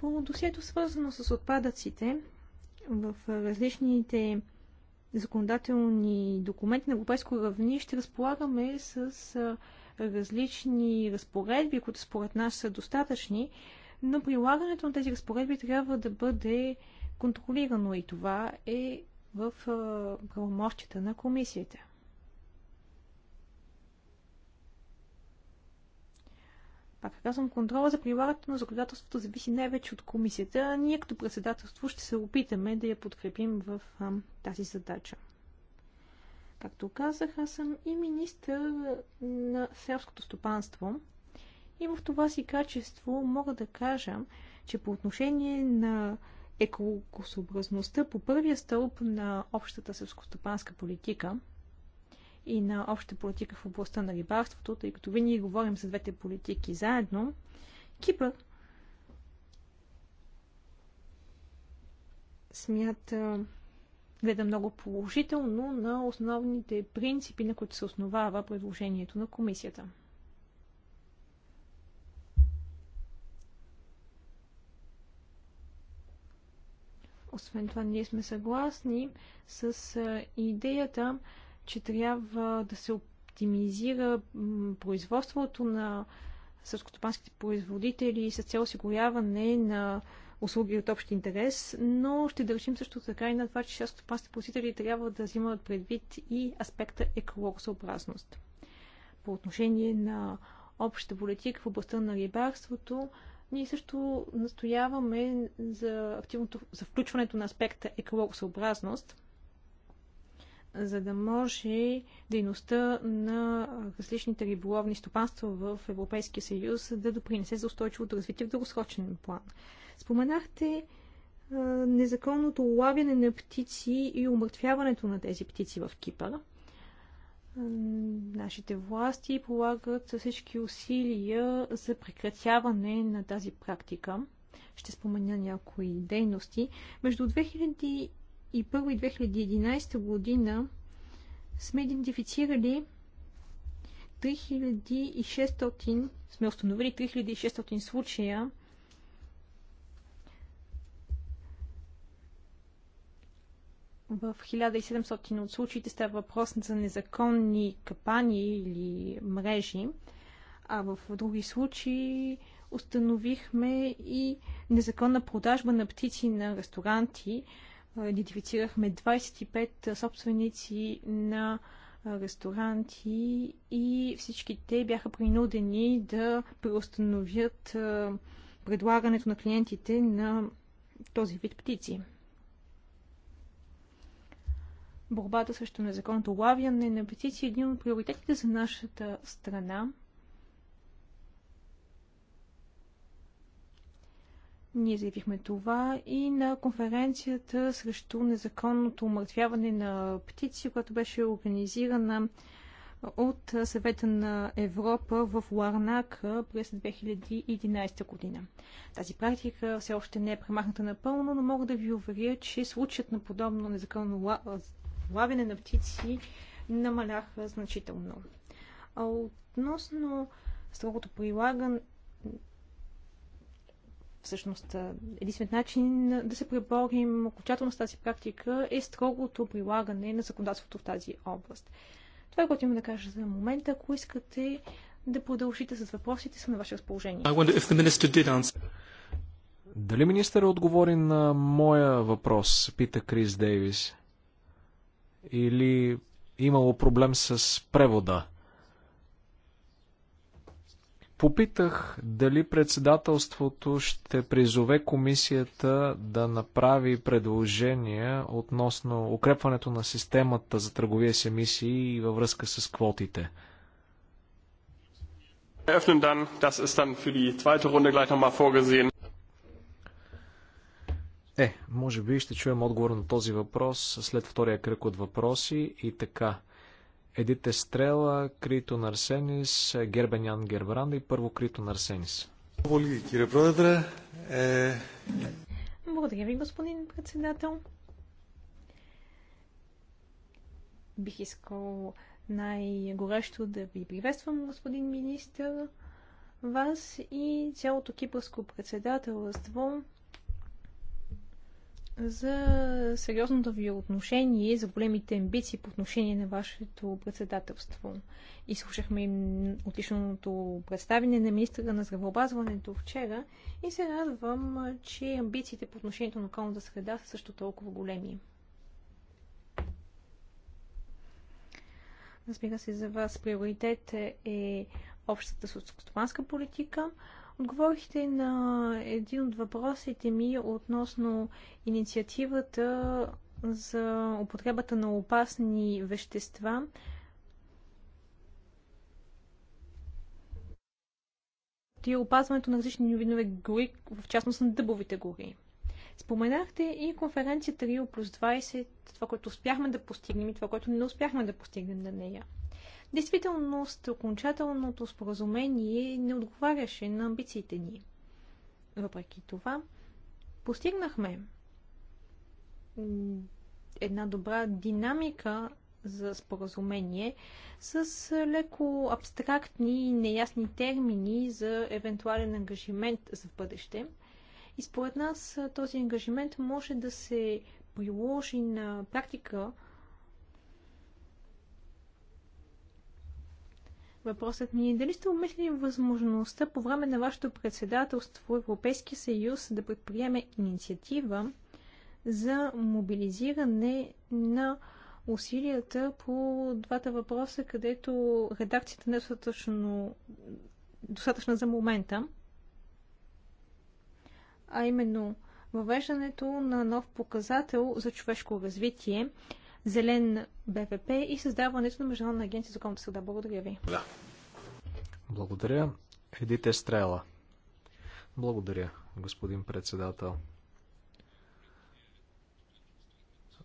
По досието свързано с отпадъците, в различните законодателни документи на европейско равни ще разполагаме с различни разпоредби, които според нас са достатъчни, но прилагането на тези разпоредби трябва да бъде контролирано и това е в правомощите на комисията. Пак казвам, контрола за прилагането на законодателството зависи най-вече от комисията. Ние като председателство ще се опитаме да я подкрепим в а, тази задача. Както казах, аз съм и министър на селското стопанство. И в това си качество мога да кажа, че по отношение на екологосъобразността по първия стълб на общата селскостопанска политика – и на обща политика в областта на рибарството, тъй като винаги говорим за двете политики заедно, Кипър смята, гледа много положително на основните принципи, на които се основава предложението на комисията. Освен това, ние сме съгласни с идеята че трябва да се оптимизира производството на сърскотопанските производители с цел осигуряване на услуги от общ интерес, но ще държим също така и на това, че сърскотопанските производители трябва да взимат предвид и аспекта екологосъобразност. По отношение на общата политика в областта на рибарството, ние също настояваме за активното за включването на аспекта екологосъобразност – за да може дейността на различните риболовни стопанства в Европейския съюз да допринесе за устойчивото развитие в дългосрочен план. Споменахте а, незаконното улавяне на птици и умъртвяването на тези птици в Кипър. Нашите власти полагат всички усилия за прекратяване на тази практика. Ще спомена някои дейности. Между 2000 и 2011 година сме идентифицирали 3600, сме установили 3600 случая в 1700 от случаите става въпрос за незаконни капани или мрежи, а в други случаи установихме и незаконна продажба на птици на ресторанти, идентифицирахме 25 собственици на ресторанти и всички те бяха принудени да преустановят предлагането на клиентите на този вид птици. Борбата срещу незаконното лавяне на птици е един от приоритетите за нашата страна. Ние заявихме това и на конференцията срещу незаконното умъртвяване на птици, която беше организирана от съвета на Европа в Ларнак през 2011 година. Тази практика все още не е премахната напълно, но мога да ви уверя, че случаят на подобно незаконно лавене на птици намаляха значително. А относно строгото прилагане Всъщност, единственият начин да се преборим окончателно с тази практика е строгото прилагане на законодателството в тази област. Това е което имам да кажа за момента. Ако искате да продължите с въпросите, съм на ваше разположение. Дали министър отговори на моя въпрос, пита Крис Дейвис? Или имало проблем с превода? Попитах дали председателството ще призове комисията да направи предложения относно укрепването на системата за търговия с емисии и във връзка с квотите. Е, може би ще чуем отговор на този въпрос след втория кръг от въпроси и така. Едите Стрела, Крито Нарсенис, Гербенян Гербранда и първо Крито Нарсенис. Е, Благодаря ви, господин председател. Бих искал най-горещо да ви приветствам, господин министър, вас и цялото кипърско председателство за сериозното ви отношение, за големите амбиции по отношение на вашето председателство. И слушахме отличното представяне на министра на здравеопазването вчера и се радвам, че амбициите по отношението на околната среда са също толкова големи. Разбира се, за вас приоритет е общата социалистическа политика – Отговорихте на един от въпросите ми относно инициативата за употребата на опасни вещества. И опазването на различни новинове гори, в частност на дъбовите гори. Споменахте и конференцията Рио плюс 20, това, което успяхме да постигнем и това, което не успяхме да постигнем на нея действителност окончателното споразумение не отговаряше на амбициите ни. Въпреки това, постигнахме една добра динамика за споразумение с леко абстрактни и неясни термини за евентуален ангажимент за бъдеще. И според нас този ангажимент може да се приложи на практика Въпросът ми е дали сте умислили възможността по време на вашето председателство Европейския съюз да предприеме инициатива за мобилизиране на усилията по двата въпроса, където редакцията не е достатъчно, достатъчна за момента, а именно въвеждането на нов показател за човешко развитие зелен БВП и създаването на Международна агенция за околната среда. Благодаря ви. Да. Благодаря. Едите Стрела. Благодаря, господин председател.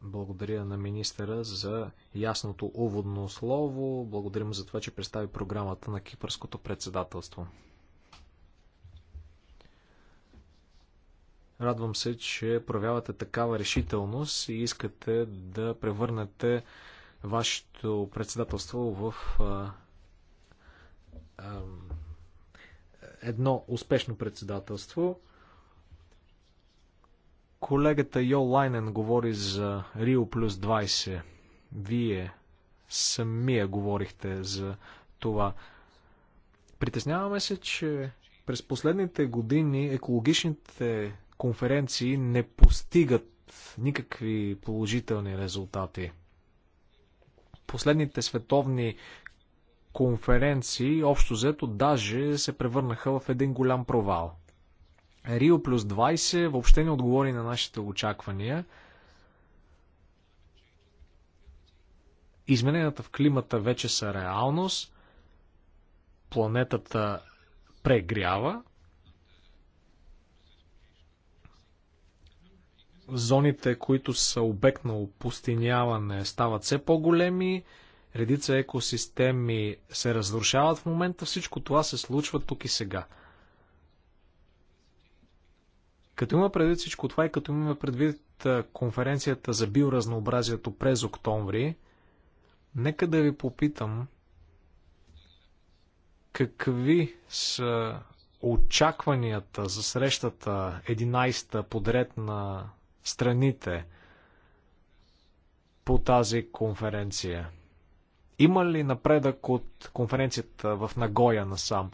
Благодаря на министъра за ясното уводно слово. Благодарим за това, че представи програмата на Кипърското председателство. Радвам се, че проявявате такава решителност и искате да превърнете вашето председателство в а, а, едно успешно председателство. Колегата Йо Лайнен говори за Рио плюс 20. Вие самия говорихте за това. Притесняваме се, че през последните години екологичните конференции не постигат никакви положителни резултати. Последните световни конференции, общо взето, даже се превърнаха в един голям провал. Рио плюс 20 въобще не отговори на нашите очаквания. Измененията в климата вече са реалност. Планетата прегрява. зоните, които са обект на опустиняване, стават все по-големи, редица екосистеми се разрушават в момента, всичко това се случва тук и сега. Като има предвид всичко това и като има предвид конференцията за биоразнообразието през октомври, нека да ви попитам какви са очакванията за срещата 11-та подред на страните по тази конференция? Има ли напредък от конференцията в Нагоя насам?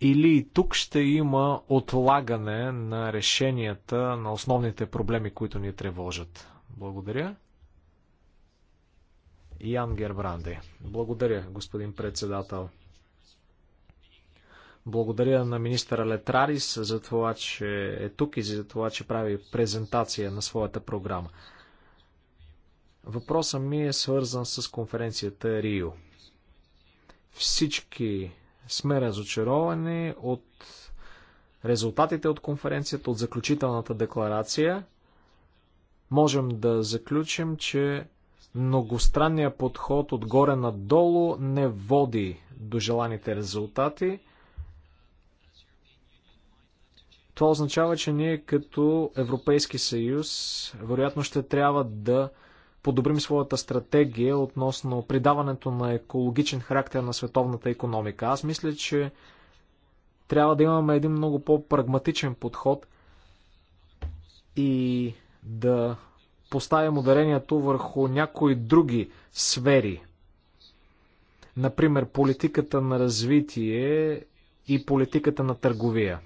Или и тук ще има отлагане на решенията на основните проблеми, които ни тревожат? Благодаря. Ян Гербранди. Благодаря, господин председател. Благодаря на министъра Летрарис за това, че е тук и за това, че прави презентация на своята програма. Въпросът ми е свързан с конференцията Рио. Всички сме разочаровани от резултатите от конференцията, от заключителната декларация. Можем да заключим, че многостранният подход отгоре надолу не води до желаните резултати. Това означава, че ние като Европейски съюз вероятно ще трябва да подобрим своята стратегия относно придаването на екологичен характер на световната економика. Аз мисля, че трябва да имаме един много по-прагматичен подход и да поставим ударението върху някои други сфери. Например, политиката на развитие и политиката на търговия.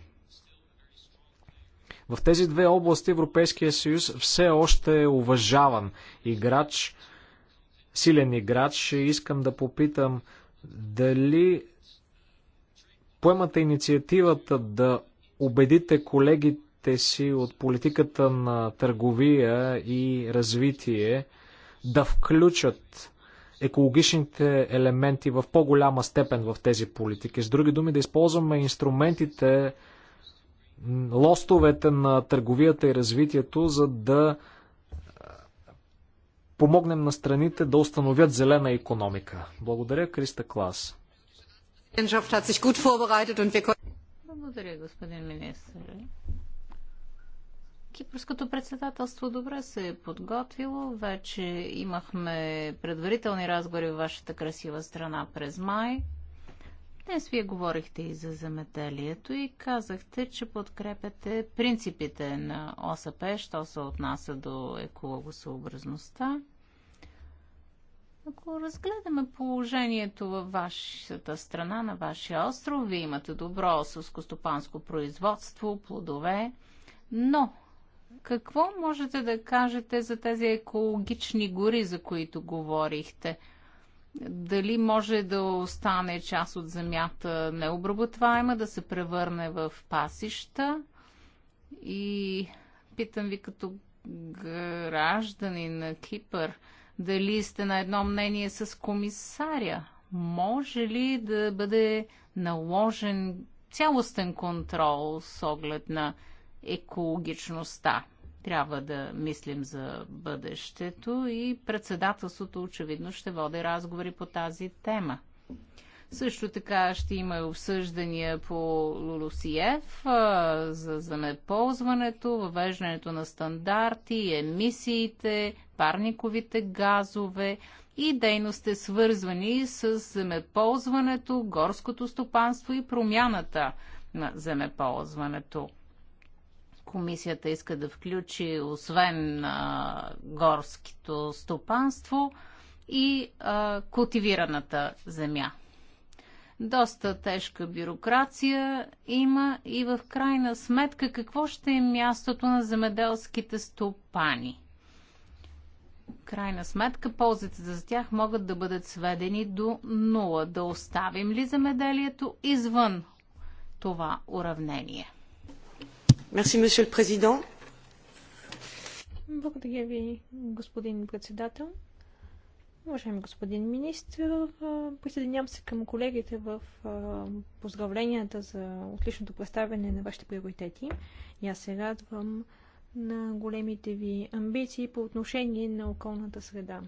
В тези две области Европейския съюз все още е уважаван играч, силен играч. Искам да попитам дали поемате инициативата да убедите колегите си от политиката на търговия и развитие да включат екологичните елементи в по-голяма степен в тези политики. С други думи, да използваме инструментите лостовете на търговията и развитието, за да помогнем на страните да установят зелена економика. Благодаря, Криста Клас. Благодаря, господин министр. Кипърското председателство добре се е подготвило. Вече имахме предварителни разговори в вашата красива страна през май. Днес вие говорихте и за замеделието и казахте, че подкрепяте принципите на ОСП, що се отнася до екологосъобразността. Ако разгледаме положението във вашата страна, на вашия остров, вие имате добро сълскостопанско производство, плодове, но какво можете да кажете за тези екологични гори, за които говорихте – дали може да остане част от земята необработваема, да се превърне в пасища. И питам ви като граждани на Кипър, дали сте на едно мнение с комисаря? Може ли да бъде наложен цялостен контрол с оглед на екологичността? Трябва да мислим за бъдещето и председателството очевидно ще води разговори по тази тема. Също така ще има обсъждания по Лулусиев за занеползването, въвеждането на стандарти, емисиите, парниковите газове и дейности свързвани с земеползването, горското стопанство и промяната на земеползването. Комисията иска да включи, освен а, горското стопанство, и а, култивираната земя. Доста тежка бюрокрация има и в крайна сметка какво ще е мястото на земеделските стопани. Крайна сметка ползите за тях могат да бъдат сведени до нула. Да оставим ли земеделието извън това уравнение? Merci, президент. Благодаря ви, господин председател. Уважаеми господин министр, присъединявам се към колегите в поздравленията за отличното представяне на вашите приоритети. И аз се радвам на големите ви амбиции по отношение на околната среда.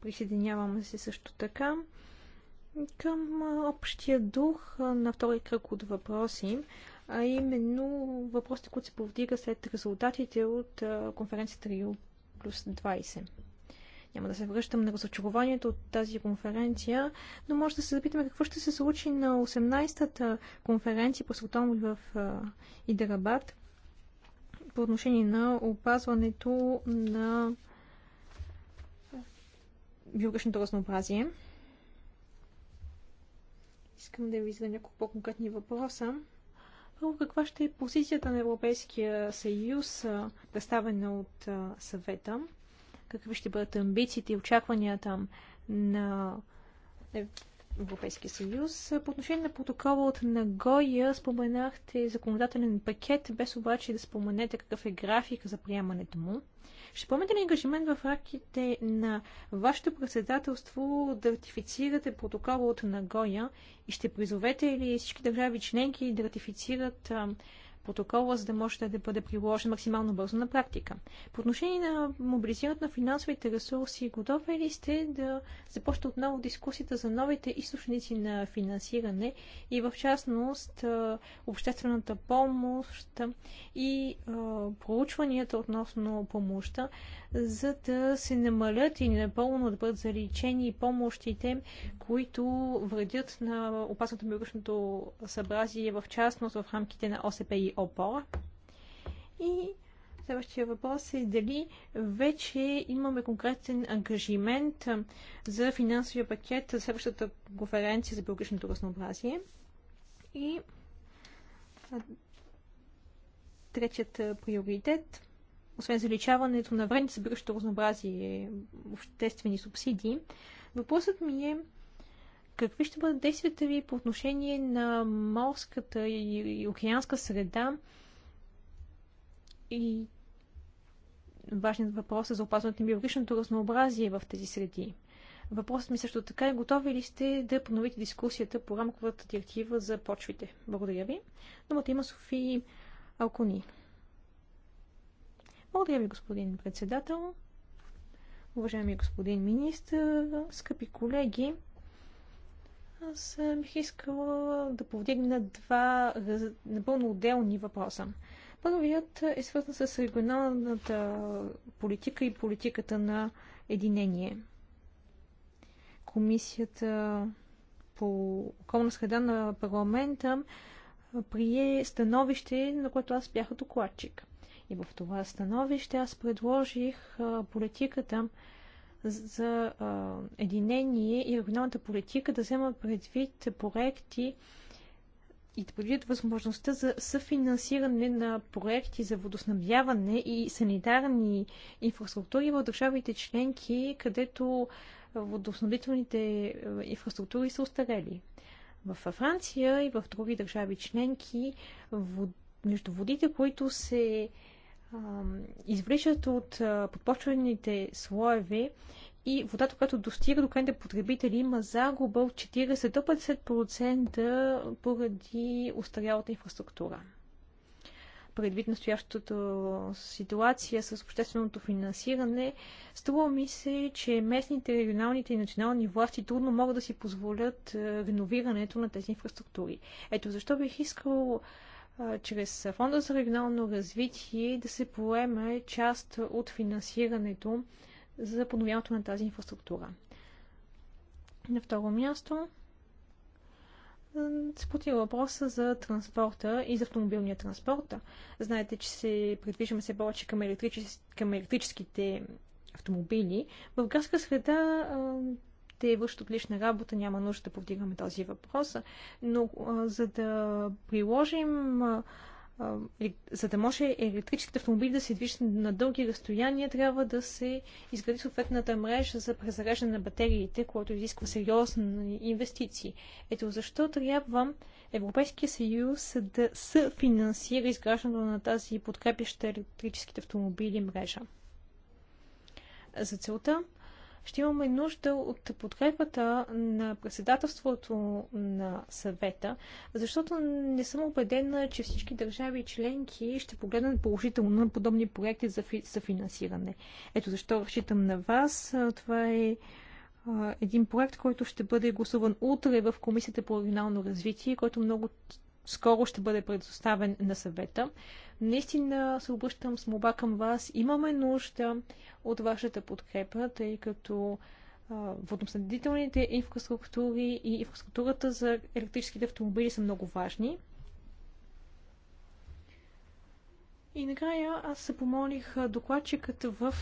Присъединявам се също така към общия дух на втори кръг от въпроси, а именно въпросите, които се повдига след резултатите от конференцията Рио плюс 20. Няма да се връщам на разочарованието от тази конференция, но може да се запитаме какво ще се случи на 18-та конференция по световно в Идарабад по отношение на опазването на биологичното разнообразие. Искам да ви задам няколко по-конкретни въпроса. Първо, каква ще е позицията на Европейския съюз, представена от съвета? Какви ще бъдат амбициите и очакванията на Европейския съюз. По отношение на протокола от Нагоя споменахте законодателен пакет, без обаче да споменете какъв е график за приемането му. Ще помните ли ангажимент в рамките на вашето председателство да ратифицирате протокола от Нагоя и ще призовете ли всички държави членки да ратифицират протокола, за да може да бъде приложен максимално бързо на практика. По отношение на мобилизирането на финансовите ресурси, готови ли сте да започне отново дискусията за новите източници на финансиране и в частност обществената помощ и проучванията относно помощта, за да се намалят и напълно да бъдат заличени помощите, които вредят на опасното биологичното съобразие, в частност в рамките на ОСП и ОПОР. И Следващия въпрос е дали вече имаме конкретен ангажимент за финансовия пакет за следващата конференция за биологичното разнообразие. И третият приоритет освен заличаването на вредни събиращо разнообразие обществени субсидии, въпросът ми е какви ще бъдат действията ви по отношение на морската и океанска среда и важният въпрос е за опазването на биологичното разнообразие в тези среди. Въпросът ми също така е готови ли сте да поновите дискусията по рамковата директива за почвите? Благодаря ви. Думата има Софи Алкони. Благодаря ви, господин председател. Уважаеми господин министр, скъпи колеги, аз бих искала да повдигна два напълно отделни въпроса. Първият е свързан с регионалната политика и политиката на единение. Комисията по околна среда на парламента прие становище, на което аз бях докладчик. И в това становище аз предложих политиката за единение и регионалната политика да взема предвид проекти и да предвид възможността за съфинансиране на проекти за водоснабдяване и санитарни инфраструктури в държавите членки, където водоснабдителните инфраструктури са устарели. В Франция и в други държави членки между водите, които се извличат от подпочвените слоеве и водата, която достига до крайните потребители, има загуба от 40 до 50% поради устарялата инфраструктура. Предвид настоящата ситуация с общественото финансиране, струва ми се, че местните, регионалните и национални власти трудно могат да си позволят реновирането на тези инфраструктури. Ето защо бих искал чрез Фонда за регионално развитие да се поеме част от финансирането за подновяването на тази инфраструктура. На второ място се пути въпроса за транспорта и за автомобилния транспорт. Знаете, че се предвиждаме се повече към, електричес... към електрическите автомобили. В градска среда те вършат отлична работа, няма нужда да повдигаме този въпрос. Но а, за да приложим а, е, за да може електрическите автомобили да се движат на дълги разстояния, трябва да се изгради съответната мрежа за презареждане на батериите, което изисква сериозни инвестиции. Ето защо трябва Европейския съюз да съфинансира изграждането на тази подкрепяща електрическите автомобили мрежа. За целта ще имаме нужда от подкрепата на председателството на съвета, защото не съм убедена, че всички държави и членки ще погледнат положително на подобни проекти за, фи- финансиране. Ето защо разчитам на вас. Това е един проект, който ще бъде гласуван утре в Комисията по регионално развитие, който много скоро ще бъде предоставен на съвета. Наистина се обръщам с моба към вас. Имаме нужда от вашата подкрепа, тъй като водоснабдителните инфраструктури и инфраструктурата за електрическите автомобили са много важни. И накрая аз се помолих докладчикът в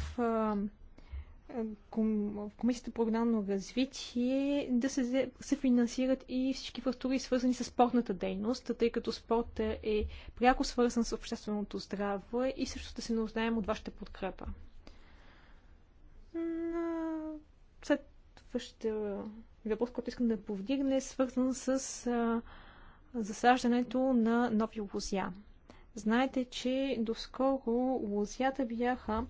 в Комисията по регионално развитие да се, се финансират и всички фактури, свързани с спортната дейност, тъй като спорта е пряко свързан с общественото здраве и също да се нуждаем от вашата подкрепа. След въпрос, който искам да повдигне, е свързан с а, засаждането на нови лузя. Знаете, че доскоро лузята бяха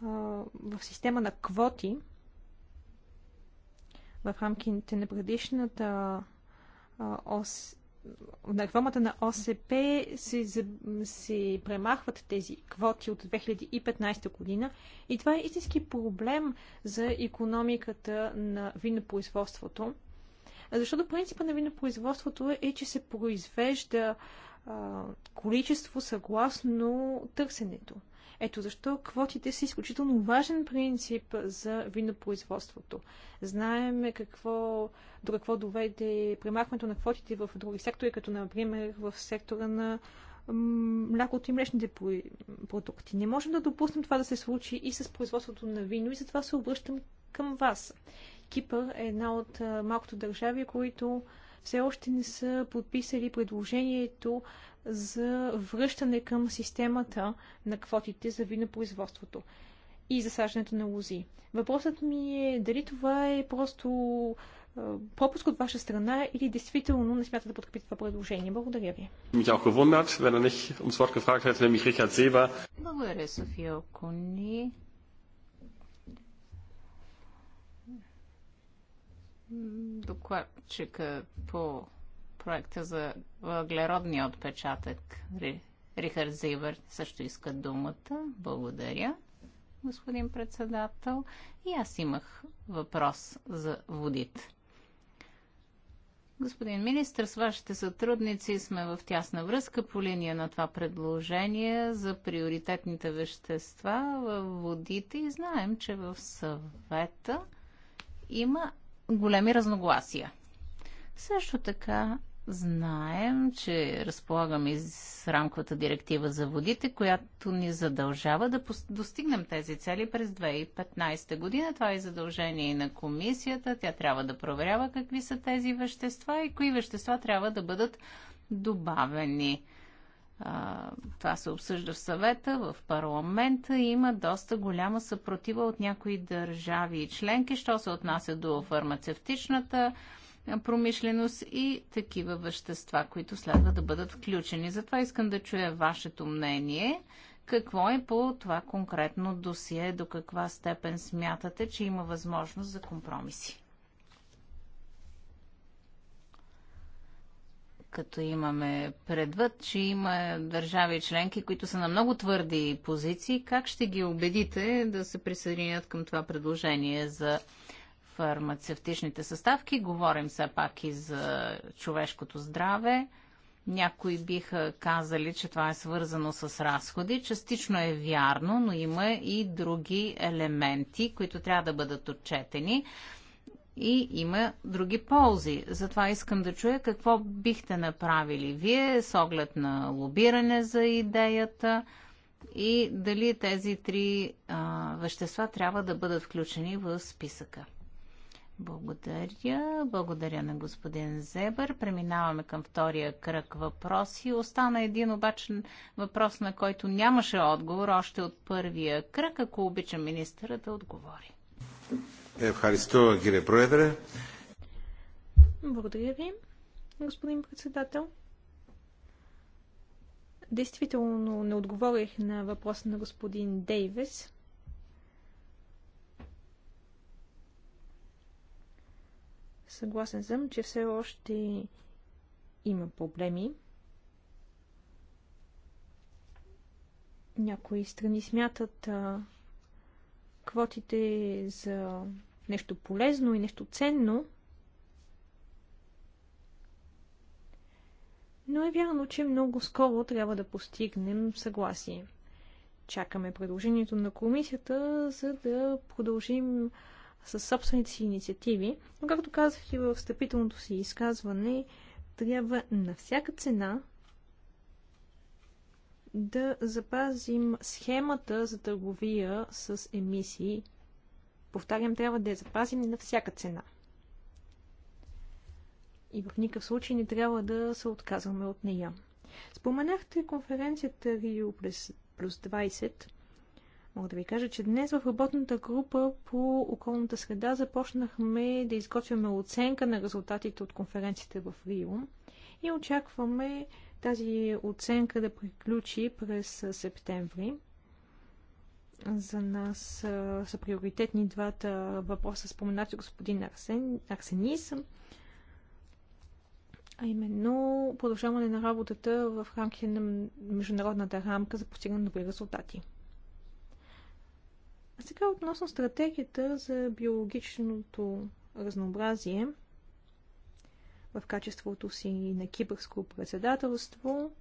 в система на квоти в рамките на предишната на реформата на ОСП се, се премахват тези квоти от 2015 година и това е истински проблем за економиката на винопроизводството. Защото принципа на винопроизводството е, че се произвежда а, количество съгласно търсенето. Ето защо квотите са изключително важен принцип за винопроизводството. Знаем какво, до какво доведе премахването на квотите в други сектори, като например в сектора на млякото и млечните продукти. Не можем да допуснем това да се случи и с производството на вино и затова се обръщам към вас. Кипър е една от малкото държави, които все още не са подписали предложението за връщане към системата на квотите за винопроизводството и засаждането на лози. Въпросът ми е дали това е просто пропуск от ваша страна или действително не смятате да подкрепите това предложение. Благодаря ви. Благодаря, София Окуни. Докладчика по проекта за въглеродния отпечатък. Рихард Зейбър също иска думата. Благодаря, господин председател. И аз имах въпрос за водите. Господин министр, с вашите сътрудници сме в тясна връзка по линия на това предложение за приоритетните вещества в водите и знаем, че в съвета има големи разногласия. Също така Знаем, че разполагаме с рамковата директива за водите, която ни задължава да достигнем тези цели през 2015 година. Това е задължение и на комисията. Тя трябва да проверява какви са тези вещества и кои вещества трябва да бъдат добавени. Това се обсъжда в съвета, в парламента има доста голяма съпротива от някои държави и членки, що се отнася до фармацевтичната промишленост и такива вещества, които следва да бъдат включени. Затова искам да чуя вашето мнение. Какво е по това конкретно досие? До каква степен смятате, че има възможност за компромиси? Като имаме предвид, че има държави и членки, които са на много твърди позиции, как ще ги убедите да се присъединят към това предложение за фармацевтичните съставки. Говорим все пак и за човешкото здраве. Някои биха казали, че това е свързано с разходи. Частично е вярно, но има и други елементи, които трябва да бъдат отчетени. И има други ползи. Затова искам да чуя какво бихте направили вие с оглед на лобиране за идеята и дали тези три а, вещества трябва да бъдат включени в списъка. Благодаря. Благодаря на господин Зебър. Преминаваме към втория кръг въпроси. Остана един обаче въпрос, на който нямаше отговор още от първия кръг. Ако обича министъра да отговори. Евхаристо, кире проедре. Благодаря ви, господин председател. Действително не отговорих на въпроса на господин Дейвис. Съгласен съм, че все още има проблеми. Някои страни смятат а, квотите за нещо полезно и нещо ценно, но е вярно, че много скоро трябва да постигнем съгласие. Чакаме предложението на комисията, за да продължим със собствените си инициативи, но както казах и в встъпителното си изказване, трябва на всяка цена да запазим схемата за търговия с емисии. Повтарям, трябва да я запазим на всяка цена. И в никакъв случай не трябва да се отказваме от нея. Споменахте конференцията Рио плюс 20. Мога да ви кажа, че днес в работната група по околната среда започнахме да изготвяме оценка на резултатите от конференцията в Рио и очакваме тази оценка да приключи през септември. За нас са, са приоритетни двата въпроса, споменати господин Арсен, Арсенис, а именно продължаване на работата в рамките на международната рамка за постигане добри резултати. А сега относно стратегията за биологичното разнообразие в качеството си на кипърско председателство,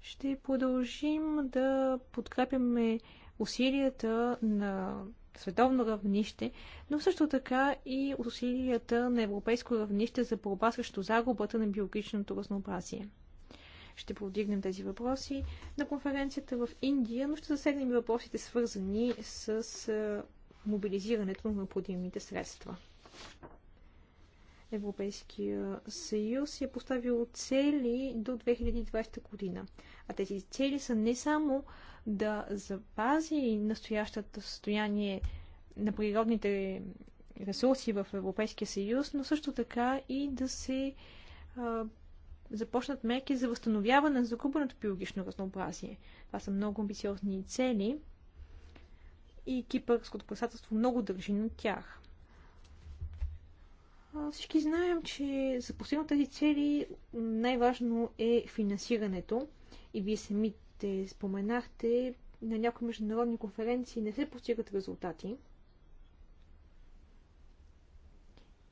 ще продължим да подкрепяме усилията на световно равнище, но също така и усилията на европейско равнище за борба срещу загубата на биологичното разнообразие. Ще повдигнем тези въпроси на конференцията в Индия, но ще засегнем и въпросите свързани с е, мобилизирането на необходимите средства. Европейския съюз е поставил цели до 2020 година. А тези цели са не само да запази настоящото състояние на природните ресурси в Европейския съюз, но също така и да се а, започнат мерки за възстановяване на загубеното биологично разнообразие. Това са много амбициозни цели и кипърското председателство много държи на тях. Всички знаем, че за постигнат тези цели най-важно е финансирането. И вие самите споменахте, на някои международни конференции не се постигат резултати.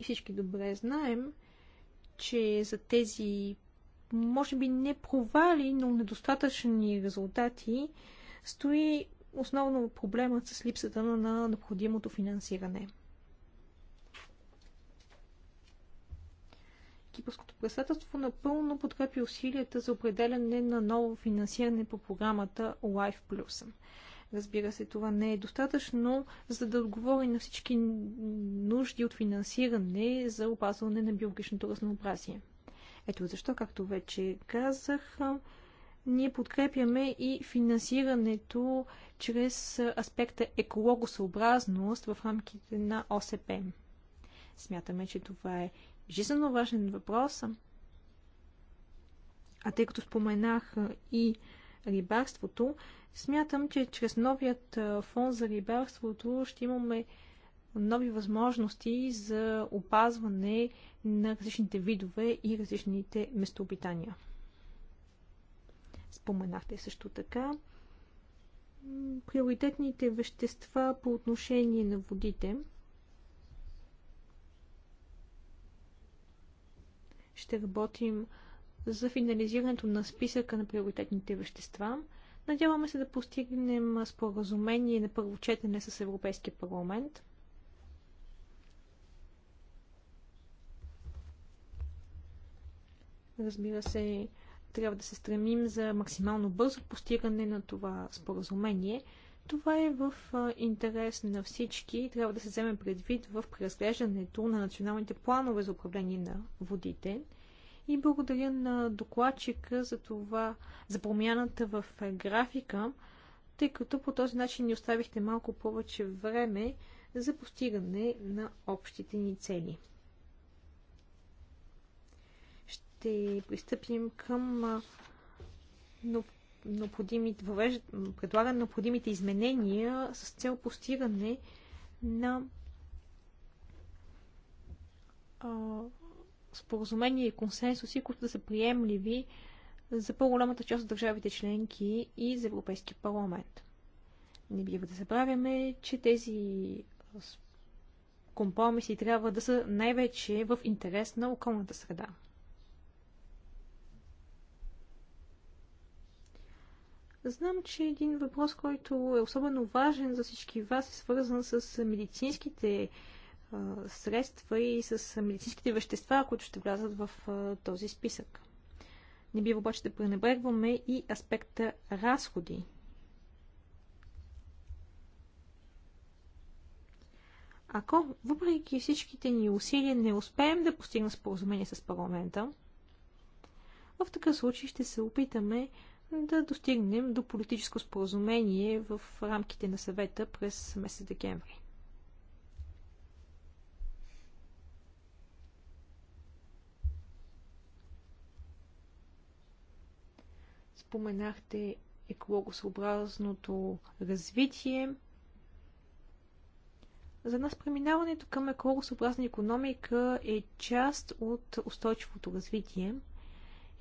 И всички добре знаем, че за тези може би не провали, но недостатъчни резултати, стои основно проблемът с липсата на необходимото финансиране. Кипърското председателство напълно подкрепи усилията за определяне на ново финансиране по програмата Life Plus. Разбира се, това не е достатъчно, за да отговори на всички нужди от финансиране за опазване на биологичното разнообразие. Ето защо, както вече казах, ние подкрепяме и финансирането чрез аспекта екологосъобразност в рамките на ОСП. Смятаме, че това е жизненно важен въпрос. А тъй като споменах и рибарството, смятам, че чрез новият фонд за рибарството ще имаме нови възможности за опазване на различните видове и различните местообитания. Споменахте също така приоритетните вещества по отношение на водите. Ще работим за финализирането на списъка на приоритетните вещества. Надяваме се да постигнем споразумение на първо четене с Европейския парламент. Разбира се, трябва да се стремим за максимално бързо постигане на това споразумение. Това е в интерес на всички и трябва да се вземе предвид в преразглеждането на националните планове за управление на водите. И благодаря на докладчика за това, за промяната в графика, тъй като по този начин ни оставихте малко повече време за постигане на общите ни цели ще пристъпим към необходимите, предлага необходимите изменения с цел постигане на споразумения и консенсуси, които да са приемливи за по-голямата част от държавите членки и за Европейския парламент. Не бива да забравяме, че тези компромиси трябва да са най-вече в интерес на околната среда. Знам, че един въпрос, който е особено важен за всички вас, е свързан с медицинските средства и с медицинските вещества, които ще влязат в този списък. Не бива обаче да пренебрегваме и аспекта разходи. Ако, въпреки всичките ни усилия, не успеем да постигнем споразумение с парламента, в такъв случай ще се опитаме да достигнем до политическо споразумение в рамките на съвета през месец декември. Споменахте екологосъобразното развитие. За нас преминаването към екологосъобразна економика е част от устойчивото развитие –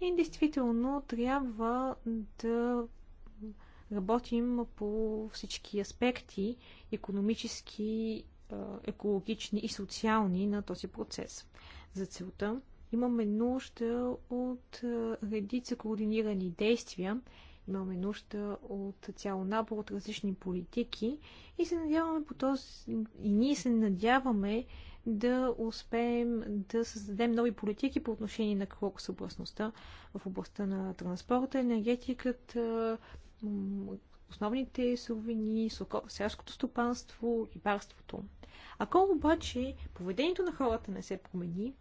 и действително трябва да работим по всички аспекти, економически, екологични и социални на този процес. За целта имаме нужда от редица координирани действия, имаме нужда от цял набор от различни политики и се надяваме по този... и ние се надяваме, да успеем да създадем нови политики по отношение на областността, в областта на транспорта, енергетиката, основните суровини, селското стопанство и барството. Ако обаче поведението на хората не се промени,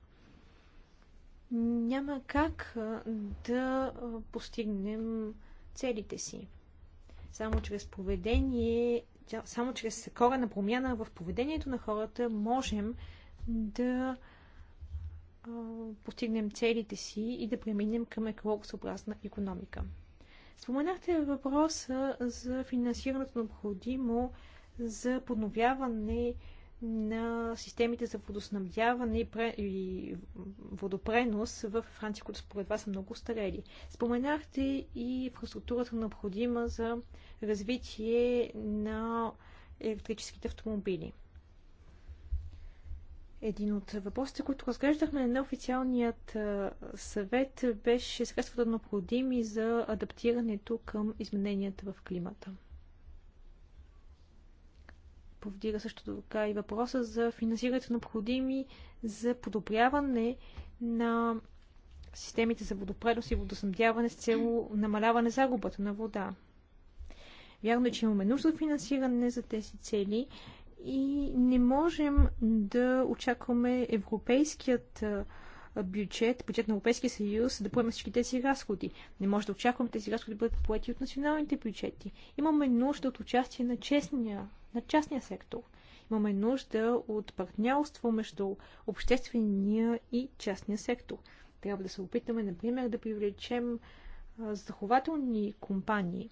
няма как да постигнем целите си. Само чрез поведение само чрез корена промяна в поведението на хората можем да постигнем целите си и да преминем към екологосъобразна економика. Споменахте въпроса за финансирането необходимо за подновяване на системите за водоснабдяване и водопренос в Франция, които според вас са много старели. Споменахте и инфраструктурата необходима за развитие на електрическите автомобили. Един от въпросите, които разглеждахме на официалният съвет, беше средствата необходими за адаптирането към измененията в климата повдига също така и въпроса за финансирането необходими за подобряване на системите за водопренос и водоснабдяване с цел намаляване загубата на вода. Вярно е, че имаме нужда от финансиране за тези цели и не можем да очакваме европейският бюджет, бюджет на Европейския съюз да поеме всички тези разходи. Не може да очакваме тези разходи да бъдат поети от националните бюджети. Имаме нужда от участие на честния на частния сектор. Имаме нужда от партньорство между обществения и частния сектор. Трябва да се опитаме, например, да привлечем захователни компании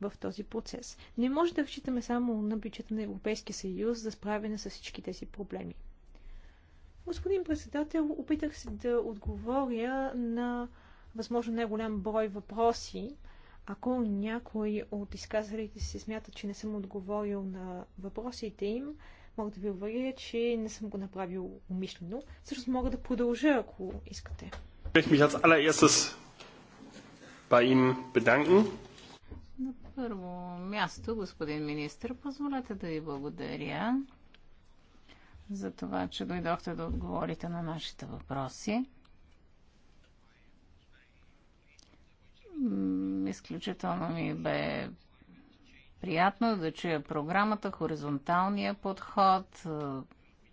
в този процес. Не може да разчитаме само на бюджета на Европейския съюз за справяне с всички тези проблеми. Господин председател, опитах се да отговоря на възможно най-голям брой въпроси. Ако някой от изказалите се смята, че не съм отговорил на въпросите им, мога да ви уверя, че не съм го направил умишлено. също мога да продължа, ако искате. На първо място, господин министр, позволете да ви благодаря за това, че дойдохте да отговорите на нашите въпроси. Изключително ми бе приятно да чуя програмата, хоризонталния подход,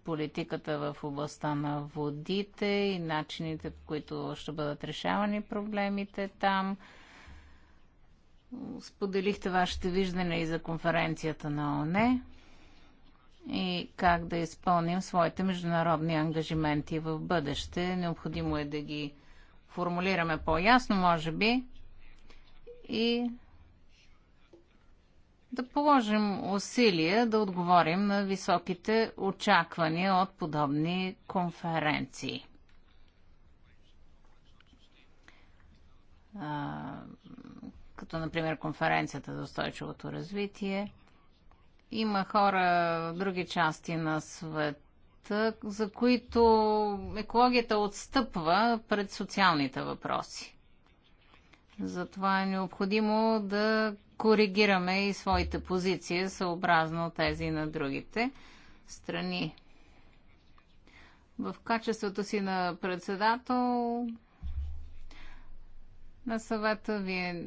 политиката в областта на водите и начините, по които ще бъдат решавани проблемите там. Споделихте вашите виждане и за конференцията на ОНЕ и как да изпълним своите международни ангажименти в бъдеще. Необходимо е да ги формулираме по-ясно, може би, и да положим усилия да отговорим на високите очаквания от подобни конференции. като, например, конференцията за устойчивото развитие. Има хора в други части на света, за които екологията отстъпва пред социалните въпроси. Затова е необходимо да коригираме и своите позиции съобразно тези на другите страни. В качеството си на председател на съвета вие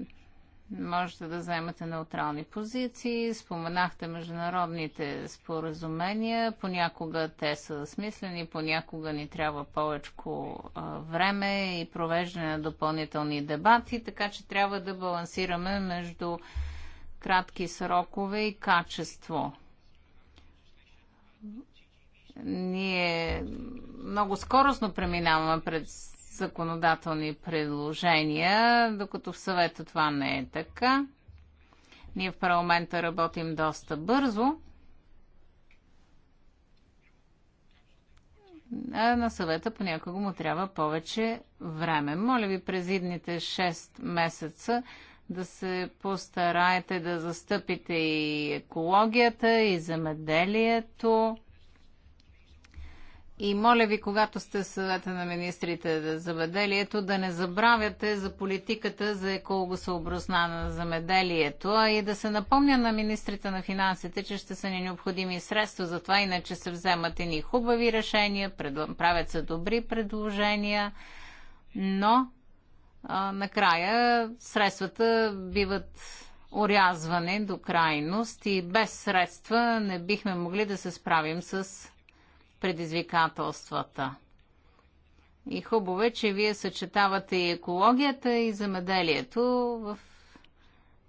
можете да вземете неутрални позиции. Споменахте международните споразумения. Понякога те са смислени, понякога ни трябва повече време и провеждане на допълнителни дебати, така че трябва да балансираме между кратки срокове и качество. Ние много скоростно преминаваме през законодателни предложения, докато в съвета това не е така. Ние в парламента работим доста бързо. А на съвета понякога му трябва повече време. Моля ви през идните 6 месеца да се постараете да застъпите и екологията, и земеделието и моля ви, когато сте съвета на министрите за замеделието, да не забравяте за политиката за екологосъобразна на замеделието, а и да се напомня на министрите на финансите, че ще са ни необходими средства за това, иначе се вземат ни хубави решения, правят се добри предложения, но а, накрая средствата биват урязване до крайност и без средства не бихме могли да се справим с предизвикателствата. И хубаво е, че вие съчетавате и екологията, и замеделието в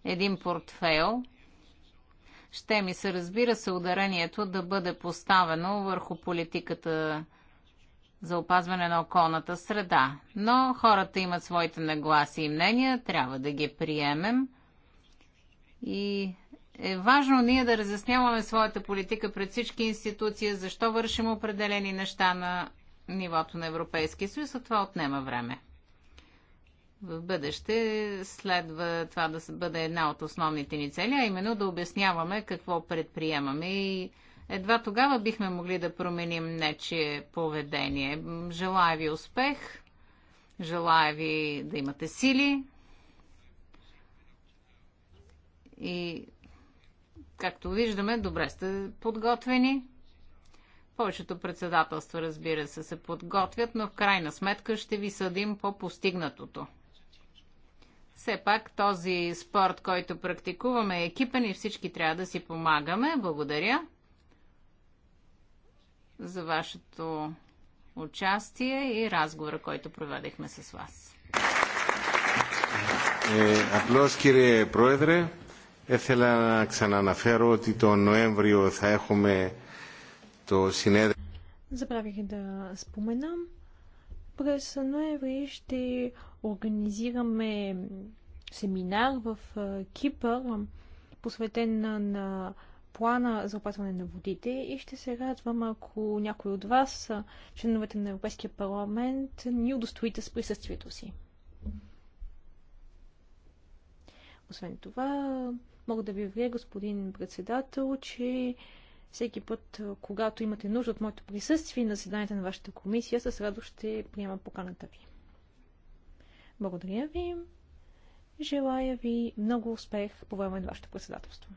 един портфейл. Ще ми се разбира се ударението да бъде поставено върху политиката за опазване на околната среда. Но хората имат своите нагласи и мнения, трябва да ги приемем и е важно ние да разясняваме своята политика пред всички институции, защо вършим определени неща на нивото на Европейския съюз, а това отнема време. В бъдеще следва това да бъде една от основните ни цели, а именно да обясняваме какво предприемаме и едва тогава бихме могли да променим нечие поведение. Желая ви успех, желая ви да имате сили и Както виждаме, добре сте подготвени. Повечето председателства, разбира се, се подготвят, но в крайна сметка ще ви съдим по постигнатото. Все пак този спорт, който практикуваме е екипен и всички трябва да си помагаме. Благодаря за вашето участие и разговора, който проведехме с вас. Е, аплос, кире проедре. Ήθελα να ξαναναφέρω ότι τον Νοέμβριο θα έχουμε το συνέδριο. Забравих да споменам. През ноември ще организираме семинар в Кипър, посветен на, на плана за опазване на водите и ще се радвам, ако някой от вас, членовете на Европейския парламент, ни удостоите с присъствието си. Освен това, Мога да ви уверя, господин председател, че всеки път, когато имате нужда от моето присъствие на заседанията на вашата комисия, с радост ще приема поканата ви. Благодаря ви. Желая ви много успех по време на вашето председателство.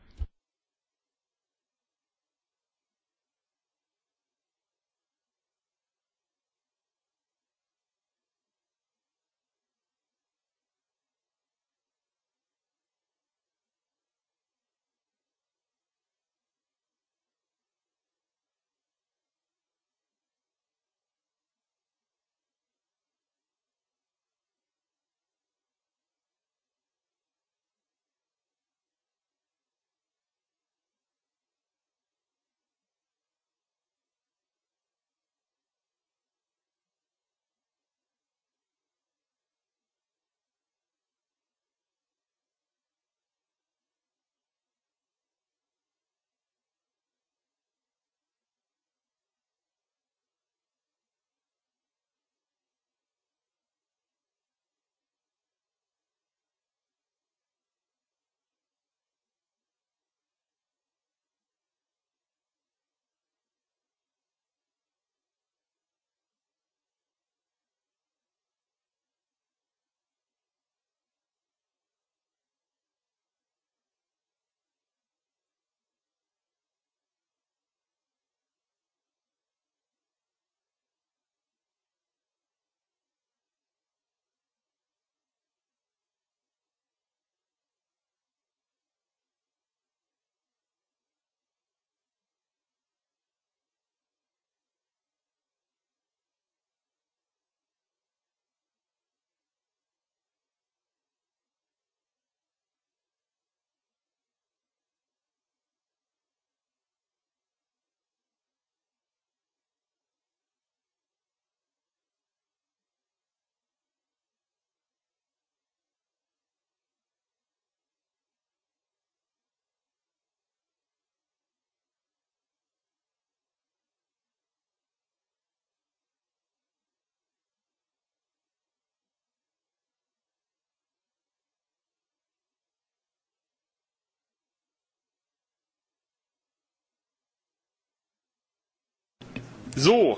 So.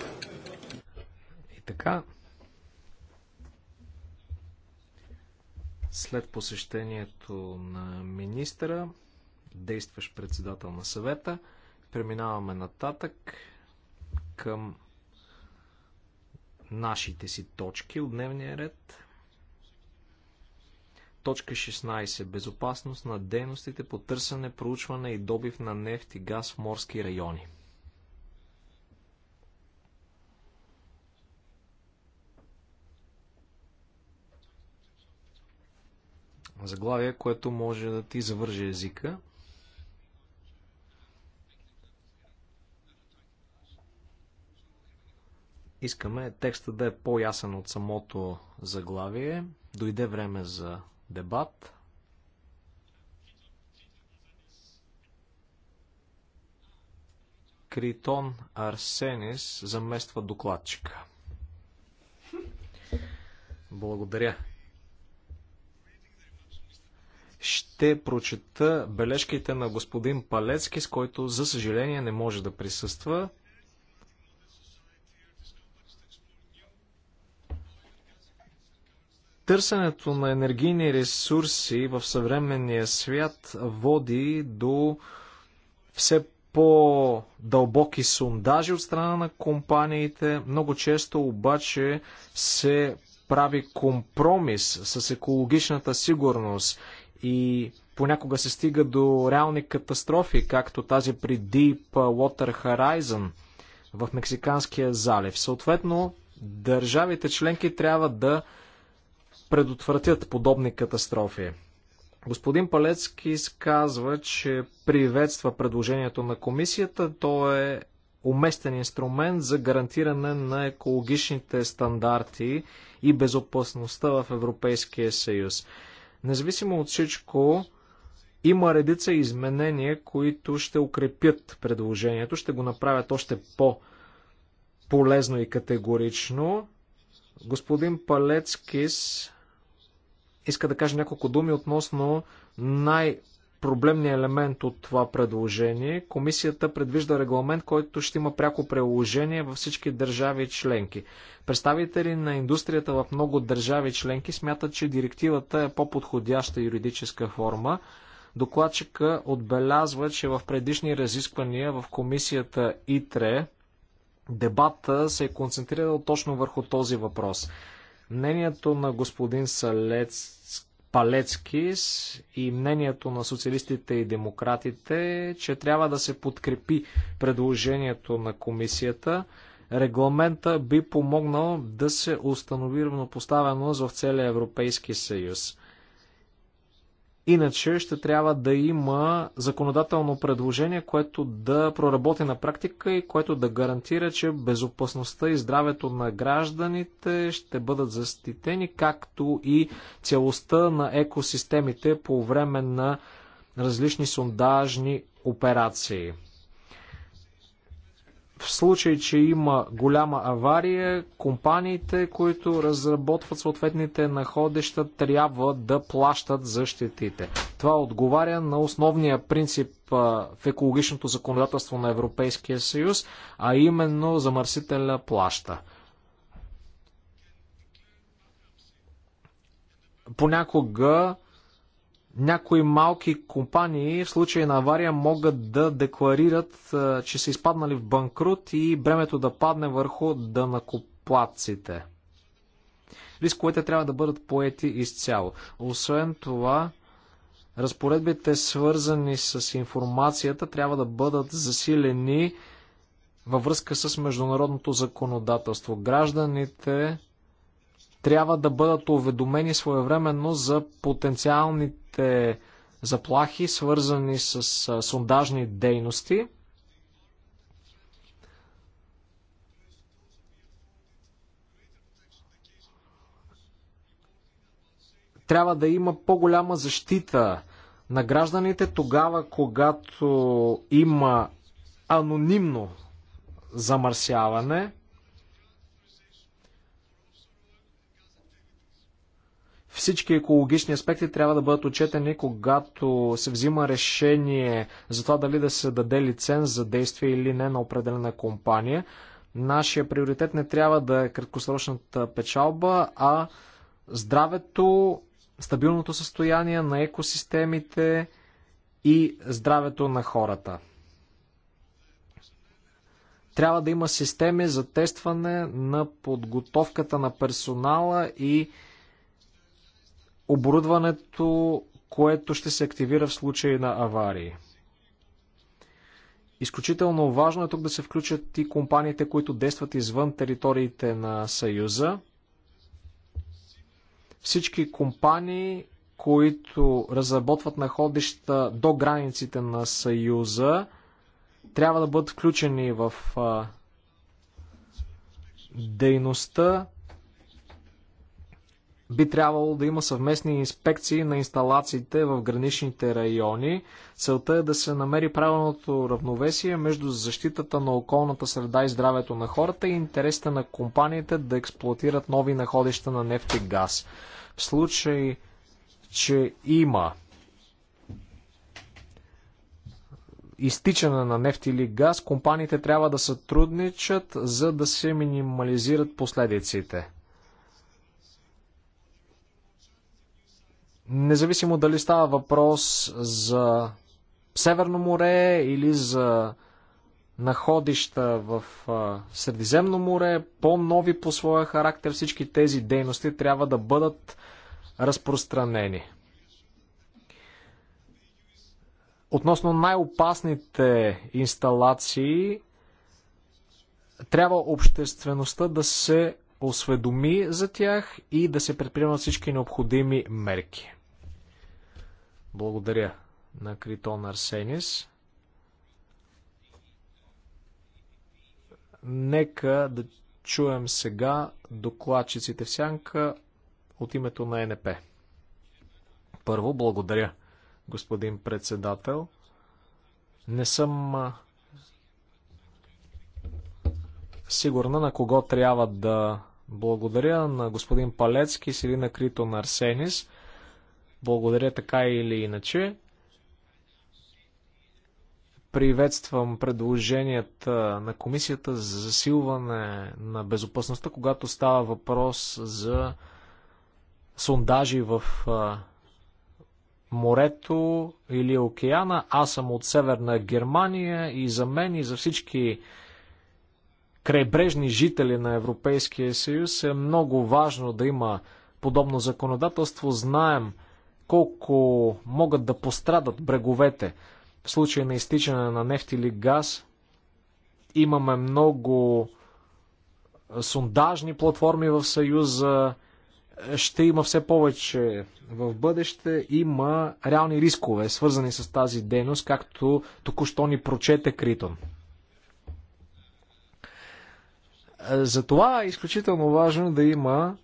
И така. След посещението на министъра, действащ председател на съвета, преминаваме нататък към нашите си точки от дневния ред. Точка 16. Безопасност на дейностите по търсене, проучване и добив на нефт и газ в морски райони. заглавие, което може да ти завържи езика. Искаме текста да е по-ясен от самото заглавие. Дойде време за дебат. Критон Арсенис замества докладчика. Благодаря ще прочета бележките на господин Палецки, с който, за съжаление, не може да присъства. Търсенето на енергийни ресурси в съвременния свят води до все по-дълбоки сундажи от страна на компаниите. Много често обаче се прави компромис с екологичната сигурност и понякога се стига до реални катастрофи, както тази при Deep Water Horizon в Мексиканския залив. Съответно, държавите членки трябва да предотвратят подобни катастрофи. Господин Палецки казва, че приветства предложението на комисията. То е уместен инструмент за гарантиране на екологичните стандарти и безопасността в Европейския съюз. Независимо от всичко, има редица изменения, които ще укрепят предложението, ще го направят още по-полезно и категорично. Господин Палецкис иска да каже няколко думи относно най- проблемния елемент от това предложение. Комисията предвижда регламент, който ще има пряко приложение във всички държави членки. Представители на индустрията в много държави членки смятат, че директивата е по-подходяща юридическа форма. Докладчика отбелязва, че в предишни разисквания в комисията ИТРЕ дебата се е концентрирал точно върху този въпрос. Мнението на господин Салец. Палецкис и мнението на социалистите и демократите, че трябва да се подкрепи предложението на комисията. Регламента би помогнал да се установи равнопоставеност в целия Европейски съюз. Иначе ще трябва да има законодателно предложение, което да проработи на практика и което да гарантира, че безопасността и здравето на гражданите ще бъдат защитени, както и целостта на екосистемите по време на различни сондажни операции в случай, че има голяма авария, компаниите, които разработват съответните находища, трябва да плащат за щетите. Това отговаря на основния принцип в екологичното законодателство на Европейския съюз, а именно замърсителя плаща. Понякога някои малки компании в случай на авария могат да декларират, че са изпаднали в банкрут и бремето да падне върху дънакоплаците. Рисковете трябва да бъдат поети изцяло. Освен това, разпоредбите свързани с информацията трябва да бъдат засилени във връзка с международното законодателство. Гражданите трябва да бъдат уведомени своевременно за потенциалните заплахи, свързани с сондажни дейности. Трябва да има по-голяма защита на гражданите тогава, когато има анонимно замърсяване – Всички екологични аспекти трябва да бъдат отчетени, когато се взима решение за това дали да се даде лиценз за действие или не на определена компания. Нашия приоритет не трябва да е краткосрочната печалба, а здравето, стабилното състояние на екосистемите и здравето на хората трябва да има системи за тестване на подготовката на персонала и оборудването, което ще се активира в случай на аварии. Изключително важно е тук да се включат и компаниите, които действат извън териториите на Съюза. Всички компании, които разработват находища до границите на Съюза, трябва да бъдат включени в дейността би трябвало да има съвместни инспекции на инсталациите в граничните райони. Целта е да се намери правилното равновесие между защитата на околната среда и здравето на хората и интересите на компаниите да експлуатират нови находища на нефт и газ. В случай, че има изтичане на нефт или газ, компаниите трябва да сътрудничат, за да се минимализират последиците. Независимо дали става въпрос за Северно море или за находища в Средиземно море, по-нови по своя характер, всички тези дейности трябва да бъдат разпространени. Относно най-опасните инсталации, трябва обществеността да се осведоми за тях и да се предприемат всички необходими мерки. Благодаря на Критон Арсенис. Нека да чуем сега докладчиците в сянка от името на НП. Първо, благодаря, господин председател. Не съм сигурна на кого трябва да благодаря. На господин Палецки, Сирина Крито на Арсенис. Благодаря така или иначе. Приветствам предложенията на комисията за засилване на безопасността, когато става въпрос за сондажи в морето или океана. Аз съм от Северна Германия и за мен и за всички крайбрежни жители на Европейския съюз е много важно да има подобно законодателство. Знаем колко могат да пострадат бреговете в случай на изтичане на нефт или газ. Имаме много сундажни платформи в Съюза. Ще има все повече в бъдеще. Има реални рискове, свързани с тази дейност, както току-що ни прочете Критон. Затова е изключително важно да има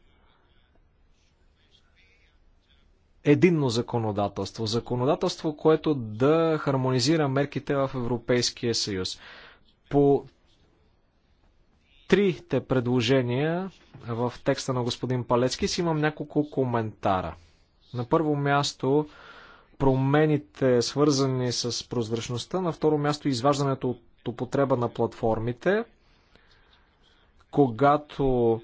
единно законодателство. Законодателство, което да хармонизира мерките в Европейския съюз. По трите предложения в текста на господин Палецки си имам няколко коментара. На първо място промените свързани с прозрачността, на второ място изваждането от употреба на платформите, когато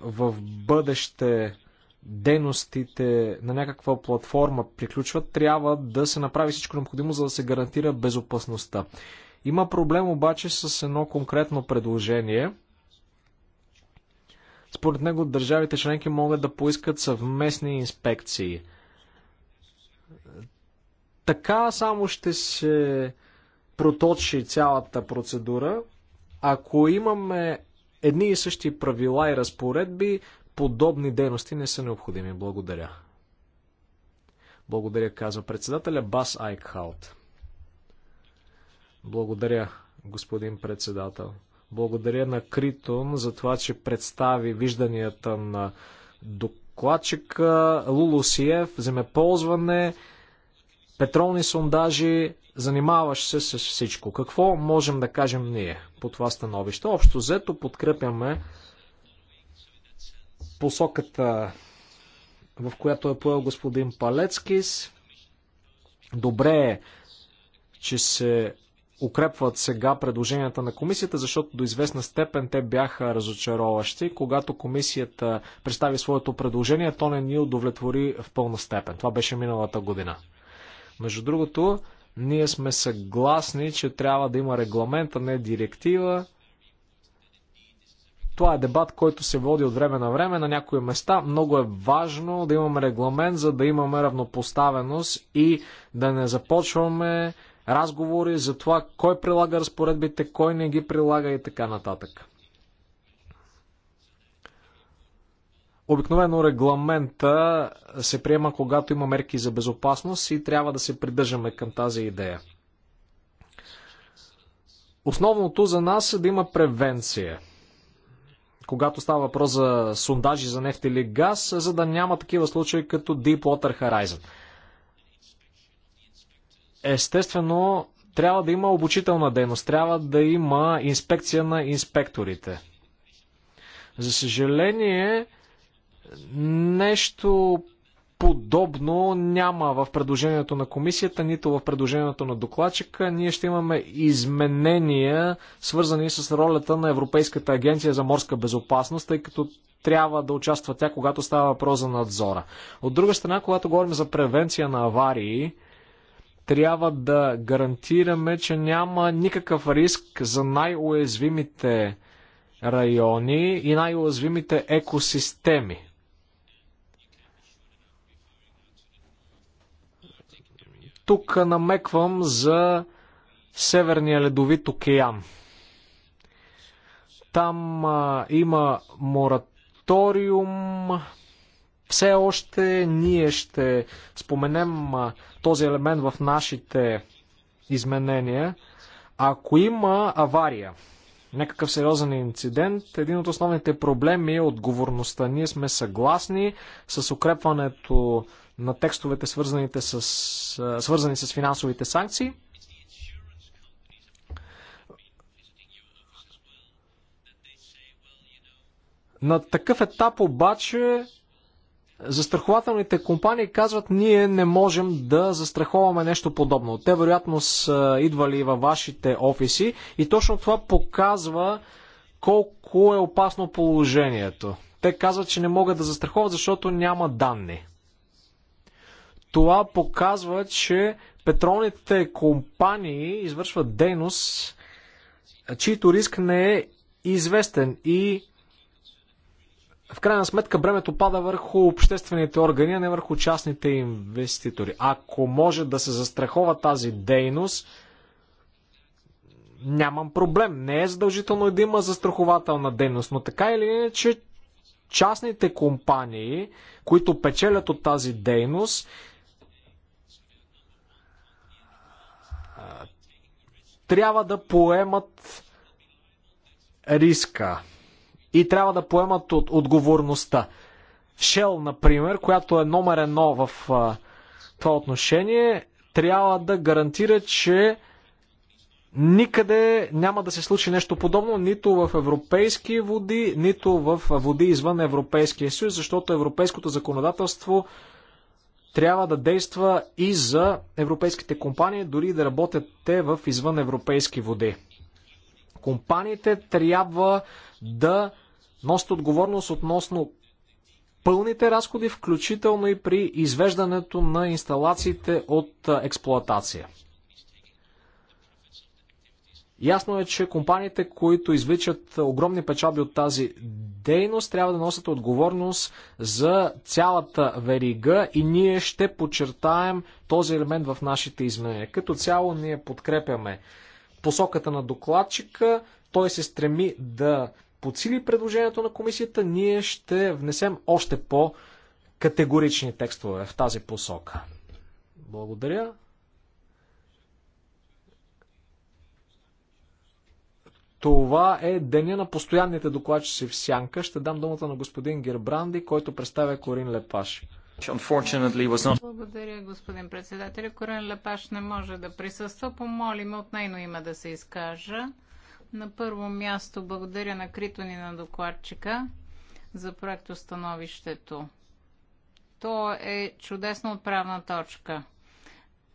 в бъдеще дейностите на някаква платформа приключват, трябва да се направи всичко необходимо, за да се гарантира безопасността. Има проблем обаче с едно конкретно предложение. Според него държавите членки могат да поискат съвместни инспекции. Така само ще се проточи цялата процедура. Ако имаме едни и същи правила и разпоредби, подобни дейности не са необходими. Благодаря. Благодаря, казва председателя Бас Айкхаут. Благодаря, господин председател. Благодаря на Критон за това, че представи вижданията на докладчика Лулусиев, земеползване, петролни сондажи, занимаваш се с всичко. Какво можем да кажем ние по това становище? Общо взето подкрепяме посоката, в която е поел господин Палецкис. Добре е, че се укрепват сега предложенията на комисията, защото до известна степен те бяха разочароващи. Когато комисията представи своето предложение, то не ни удовлетвори в пълна степен. Това беше миналата година. Между другото, ние сме съгласни, че трябва да има регламент, а не директива. Това е дебат, който се води от време на време на някои места. Много е важно да имаме регламент, за да имаме равнопоставеност и да не започваме разговори за това кой прилага разпоредбите, кой не ги прилага и така нататък. Обикновено регламента се приема, когато има мерки за безопасност и трябва да се придържаме към тази идея. Основното за нас е да има превенция. Когато става въпрос за сондажи за нефт или газ, за да няма такива случаи като Deepwater Horizon. Естествено, трябва да има обучителна дейност, трябва да има инспекция на инспекторите. За съжаление, Нещо подобно няма в предложението на комисията, нито в предложението на докладчика. Ние ще имаме изменения, свързани с ролята на Европейската агенция за морска безопасност, тъй като трябва да участва тя, когато става въпрос за надзора. От друга страна, когато говорим за превенция на аварии, трябва да гарантираме, че няма никакъв риск за най-уязвимите райони и най-уязвимите екосистеми Тук намеквам за Северния ледовит океан. Там а, има мораториум. Все още ние ще споменем а, този елемент в нашите изменения. Ако има авария, някакъв сериозен инцидент, един от основните проблеми е отговорността. Ние сме съгласни с укрепването на текстовете, свързаните с, свързани с финансовите санкции. На такъв етап обаче застрахователните компании казват, ние не можем да застраховаме нещо подобно. Те вероятно са идвали във вашите офиси и точно това показва колко е опасно положението. Те казват, че не могат да застраховат, защото няма данни. Това показва, че петролните компании извършват дейност, чийто риск не е известен и в крайна сметка бремето пада върху обществените органи, а не върху частните инвеститори. Ако може да се застрахова тази дейност, нямам проблем. Не е задължително да има застрахователна дейност, но така или иначе частните компании, които печелят от тази дейност, трябва да поемат риска и трябва да поемат от отговорността. Shell, например, която е номер едно в а, това отношение, трябва да гарантира, че никъде няма да се случи нещо подобно, нито в европейски води, нито в води извън Европейския съюз, защото европейското законодателство трябва да действа и за европейските компании, дори да работят те в извън европейски води. Компаниите трябва да носят отговорност относно пълните разходи, включително и при извеждането на инсталациите от експлоатация. Ясно е, че компаниите, които извличат огромни печалби от тази дейност, трябва да носят отговорност за цялата верига и ние ще подчертаем този елемент в нашите изменения. Като цяло ние подкрепяме посоката на докладчика, той се стреми да подсили предложението на комисията, ние ще внесем още по-категорични текстове в тази посока. Благодаря. Това е деня на постоянните докладчици в Сянка. Ще дам думата на господин Гербранди, който представя Корин Лепаш. Благодаря, господин председател. Корин Лепаш не може да присъства. Помолим от нейно име да се изкажа. На първо място благодаря на Критони на докладчика за проектостановището. То е чудесна отправна точка –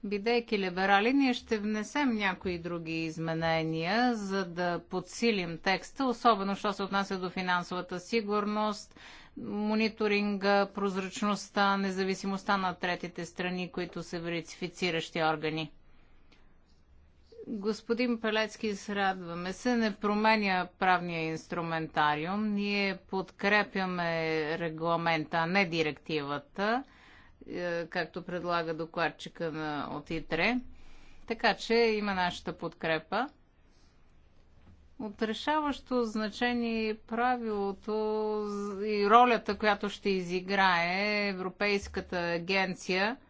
Бидейки либерали, ние ще внесем някои други изменения, за да подсилим текста, особено що се отнася до финансовата сигурност, мониторинга, прозрачността, независимостта на третите страни, които са верифициращи органи. Господин Пелецки, срадваме се, не променя правния инструментариум. Ние подкрепяме регламента, а не директивата – е, както предлага докладчика на, от ИТРЕ. Така че има нашата подкрепа. Отрешаващо значение е правилото и ролята, която ще изиграе Европейската агенция –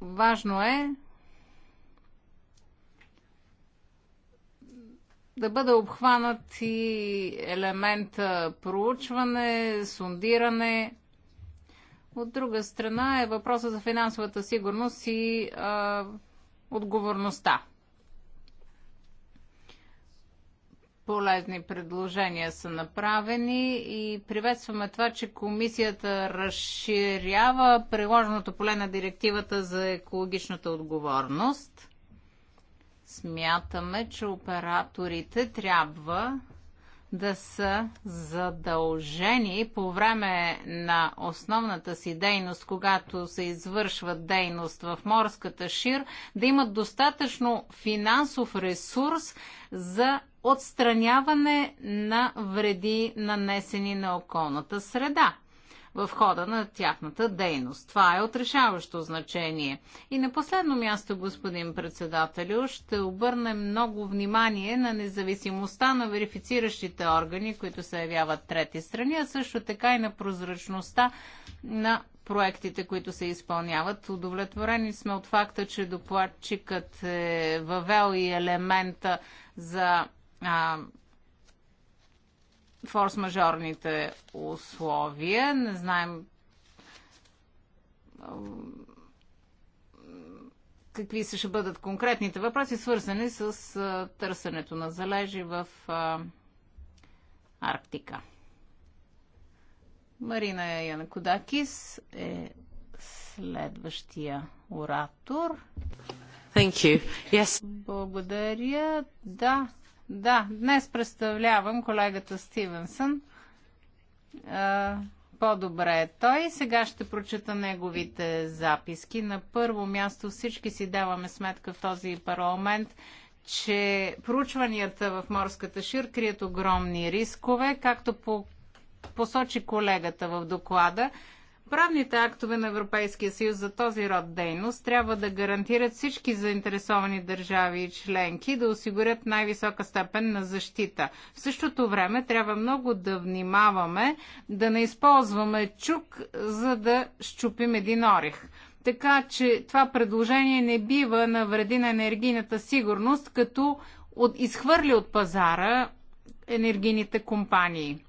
Важно е да бъде обхванат и елемента проучване, сундиране. От друга страна е въпроса за финансовата сигурност и а, отговорността. полезни предложения са направени и приветстваме това, че комисията разширява приложеното поле на директивата за екологичната отговорност. Смятаме, че операторите трябва да са задължени по време на основната си дейност, когато се извършва дейност в морската шир, да имат достатъчно финансов ресурс за отстраняване на вреди нанесени на околната среда в хода на тяхната дейност. Това е отрешаващо значение. И на последно място, господин председателю, ще обърнем много внимание на независимостта на верифициращите органи, които се явяват трети страни, а също така и на прозрачността на проектите, които се изпълняват. Удовлетворени сме от факта, че докладчикът е въвел и елемента за а, форс-мажорните условия. Не знаем какви ще бъдат конкретните въпроси, свързани с търсенето на залежи в Арктика. Марина Янакодакис е следващия оратор. Thank you. Yes. Благодаря. Да, да, днес представлявам колегата Стивенсън. По-добре е той. Сега ще прочета неговите записки. На първо място всички си даваме сметка в този парламент, че проучванията в морската шир крият огромни рискове, както по посочи колегата в доклада. Правните актове на Европейския съюз за този род дейност трябва да гарантират всички заинтересовани държави и членки да осигурят най-висока степен на защита. В същото време трябва много да внимаваме да не използваме чук, за да щупим един орех. Така че това предложение не бива на вреди на енергийната сигурност, като от, изхвърли от пазара енергийните компании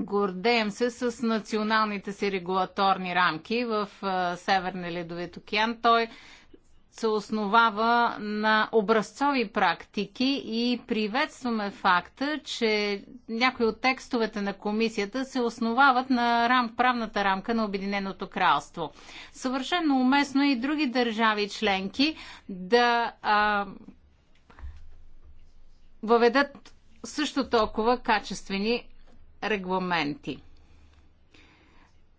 гордеем се с националните си регулаторни рамки в Северния ледовит океан. Той се основава на образцови практики и приветстваме факта, че някои от текстовете на комисията се основават на рам, правната рамка на Обединеното кралство. Съвършено уместно е и други държави членки да а, въведат също толкова качествени регламенти.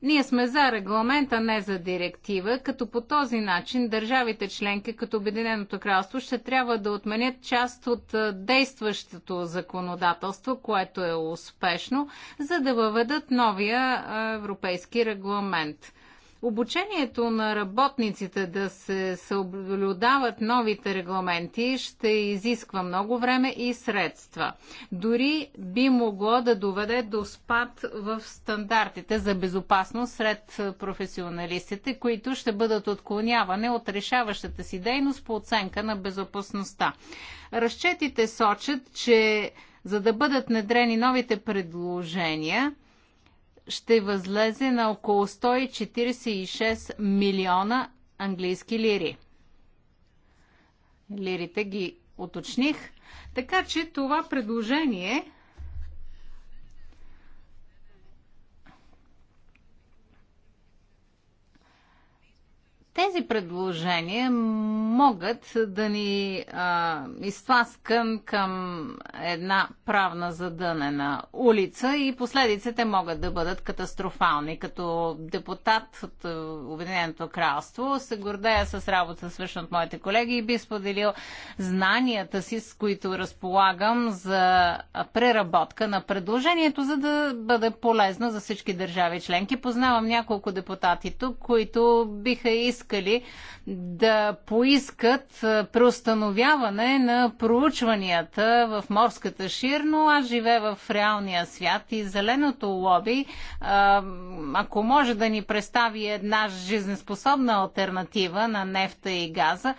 Ние сме за регламента, не за директива, като по този начин държавите членки, като Обединеното кралство, ще трябва да отменят част от действащото законодателство, което е успешно, за да въведат новия европейски регламент обучението на работниците да се съблюдават новите регламенти ще изисква много време и средства. Дори би могло да доведе до спад в стандартите за безопасност сред професионалистите, които ще бъдат отклонявани от решаващата си дейност по оценка на безопасността. Разчетите сочат, че за да бъдат внедрени новите предложения, ще възлезе на около 146 милиона английски лири. Лирите ги уточних. Така че това предложение Тези предложения могат да ни а, изтласкам към една правна задънена улица и последиците могат да бъдат катастрофални. Като депутат от Обединеното кралство се гордея с работа, свършена от моите колеги и би споделил знанията си, с които разполагам за преработка на предложението, за да бъде полезно за всички държави членки. Познавам няколко депутати тук, които биха искали искали да поискат преустановяване на проучванията в морската шир, но аз живея в реалния свят и зеленото лоби, ако може да ни представи една жизнеспособна альтернатива на нефта и газа,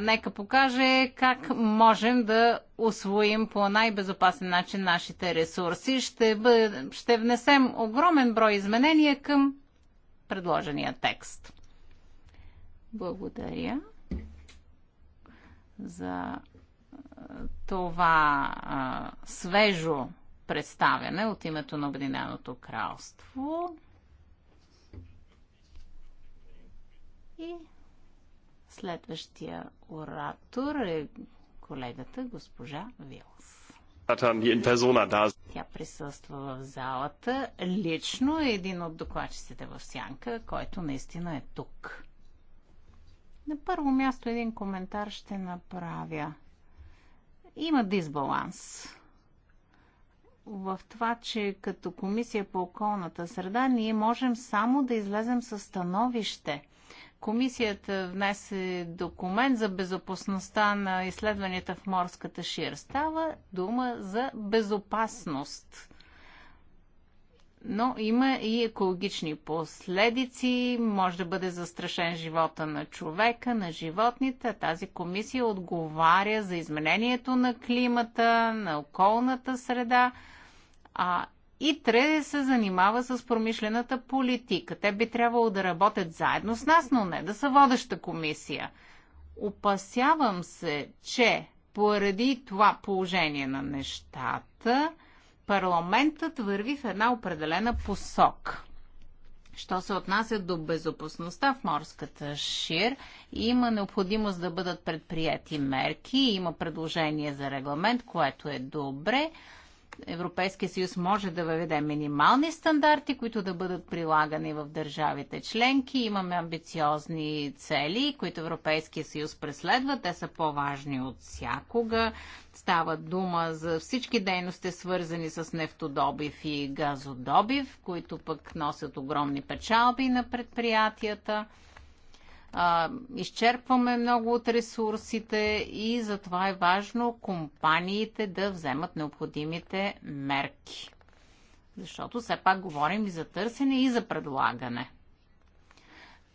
нека покаже как можем да освоим по най-безопасен начин нашите ресурси. Ще, бъ... ще внесем огромен брой изменения към предложения текст. Благодаря за това а, свежо представяне от името на Обединеното кралство. И следващия оратор е колегата госпожа Вилс. Тя присъства в залата лично е един от докладчиците в Сянка, който наистина е тук. На първо място един коментар ще направя. Има дисбаланс в това, че като Комисия по околната среда ние можем само да излезем със становище. Комисията внесе документ за безопасността на изследванията в морската шир. Става дума за безопасност но има и екологични последици, може да бъде застрашен живота на човека, на животните. Тази комисия отговаря за изменението на климата, на околната среда, а ИТРЕ се занимава с промишлената политика. Те би трябвало да работят заедно с нас, но не да са водеща комисия. Опасявам се, че поради това положение на нещата, парламентът върви в една определена посока. Що се отнася до безопасността в морската шир, има необходимост да бъдат предприяти мерки, има предложение за регламент, което е добре. Европейския съюз може да въведе минимални стандарти, които да бъдат прилагани в държавите членки. Имаме амбициозни цели, които Европейския съюз преследва. Те са по-важни от всякога. Става дума за всички дейности, свързани с нефтодобив и газодобив, които пък носят огромни печалби на предприятията а, изчерпваме много от ресурсите и затова е важно компаниите да вземат необходимите мерки. Защото все пак говорим и за търсене, и за предлагане.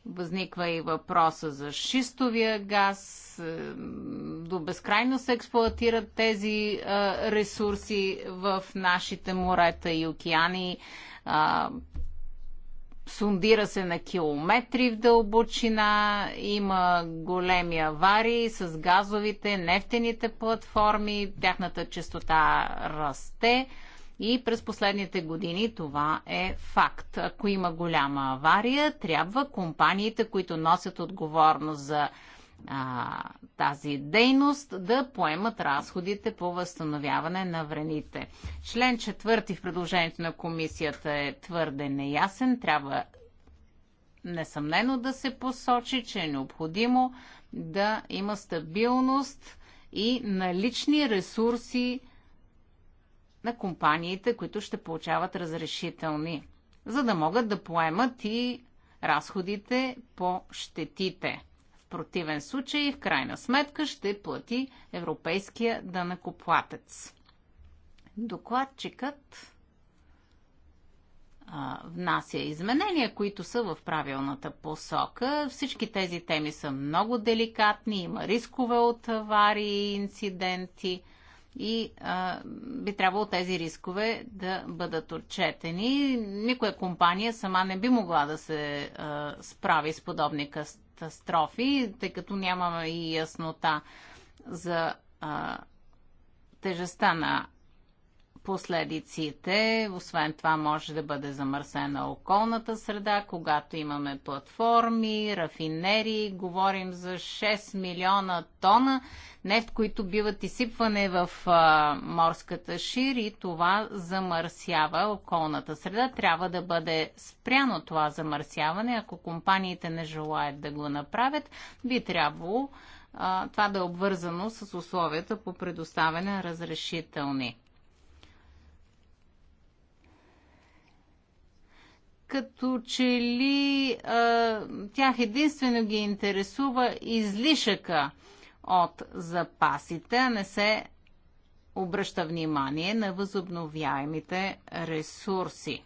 Възниква и въпроса за шистовия газ. До безкрайно се експлуатират тези ресурси в нашите морета и океани сундира се на километри в дълбочина, има големи аварии с газовите, нефтените платформи, тяхната частота расте и през последните години това е факт. Ако има голяма авария, трябва компаниите, които носят отговорност за а, тази дейност да поемат разходите по възстановяване на врените. Член четвърти в предложението на комисията е твърде неясен. Трябва несъмнено да се посочи, че е необходимо да има стабилност и налични ресурси на компаниите, които ще получават разрешителни, за да могат да поемат и разходите по щетите противен случай, в крайна сметка, ще плати европейския данъкоплатец. Докладчикът а, внася изменения, които са в правилната посока. Всички тези теми са много деликатни, има рискове от аварии, инциденти и а, би трябвало тези рискове да бъдат отчетени. Никоя компания сама не би могла да се а, справи с подобни катастрофи, тъй като нямаме и яснота за а, тежестта на последиците. Освен това може да бъде замърсена околната среда, когато имаме платформи, рафинери, говорим за 6 милиона тона нефт, които биват изсипване в а, морската шир и това замърсява околната среда. Трябва да бъде спряно това замърсяване. Ако компаниите не желаят да го направят, би трябвало това да е обвързано с условията по предоставяне на разрешителни. като че ли а, тях единствено ги интересува излишъка от запасите, а не се обръща внимание на възобновяемите ресурси.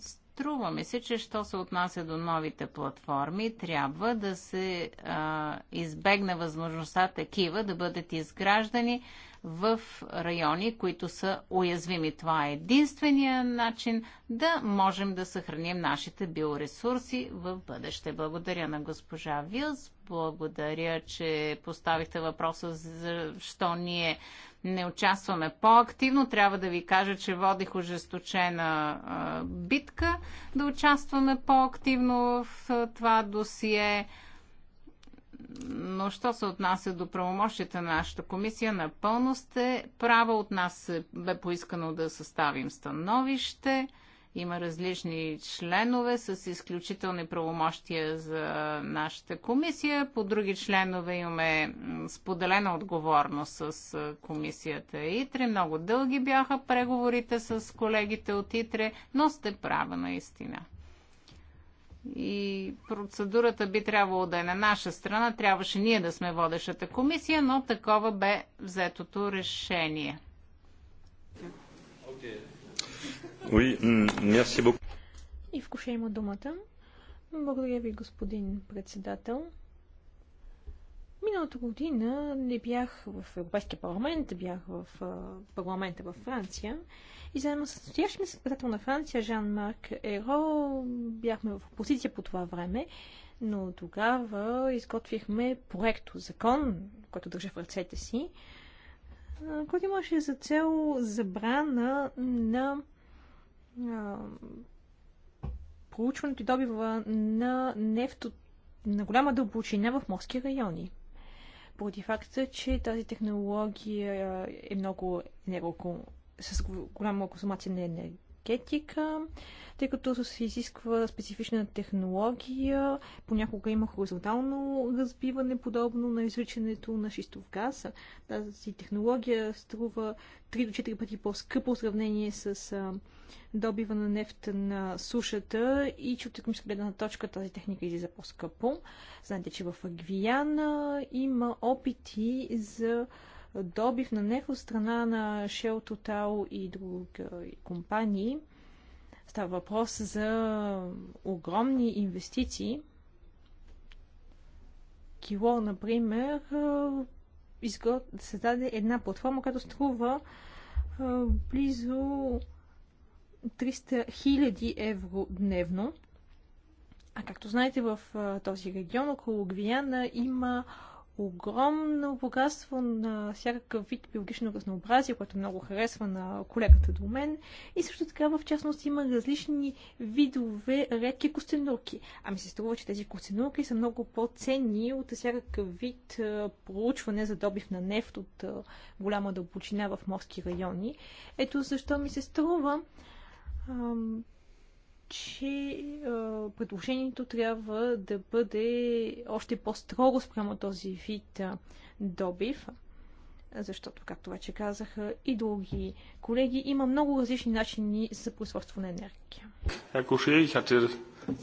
Струва ми се, че що се отнася до новите платформи, трябва да се а, избегне възможността такива да бъдат изграждани в райони, които са уязвими. Това е единствения начин да можем да съхраним нашите биоресурси в бъдеще. Благодаря на госпожа Вилс, благодаря, че поставихте въпроса защо ние не участваме по-активно. Трябва да ви кажа, че водих ожесточена битка да участваме по-активно в това досие но що се отнася до правомощите на нашата комисия, напълно сте права. От нас бе поискано да съставим становище. Има различни членове с изключителни правомощия за нашата комисия. По други членове имаме споделена отговорност с комисията ИТРЕ. Много дълги бяха преговорите с колегите от ИТРЕ, но сте права наистина и процедурата би трябвало да е на наша страна. Трябваше ние да сме водещата комисия, но такова бе взетото решение. И вкуша има думата. Благодаря ви, господин председател. Миналата година не бях в Европейския парламент, бях в парламента във Франция и заедно с настоящия председател на Франция, Жан-Марк Еро, бяхме в опозиция по това време, но тогава изготвихме проект закон, който държа в ръцете си, който имаше за цел забрана на проучването и добива на нефт на голяма дълбочина в морски райони. Поради факта, че тази технология е много енергоко с голяма консумация на енергетика, тъй като се изисква специфична технология. Понякога има хоризонтално разбиване, подобно на изричането на шистов газ. Тази технология струва 3 до 4 пъти по-скъпо в сравнение с добива на нефт на сушата и че от економическа гледна точка тази техника излиза по-скъпо. Знаете, че в Гвиана има опити за добив на нефт от страна на Shell Total и други компании. Става въпрос за огромни инвестиции. Кило, например, изгод... създаде една платформа, която струва близо 300 000 евро дневно. А както знаете, в този регион около Гвиана има огромно богатство на всякакъв вид биологично разнообразие, което много харесва на колегата до мен. И също така, в частност, има различни видове редки костенурки. А ми се струва, че тези костенурки са много по-ценни от всякакъв вид проучване за добив на нефт от голяма дълбочина в морски райони. Ето защо ми се струва че предложението трябва да бъде още по-строго спрямо този вид добив, защото, както вече казаха и други колеги, има много различни начини за производство на енергия. Herr Coucher, ich hatte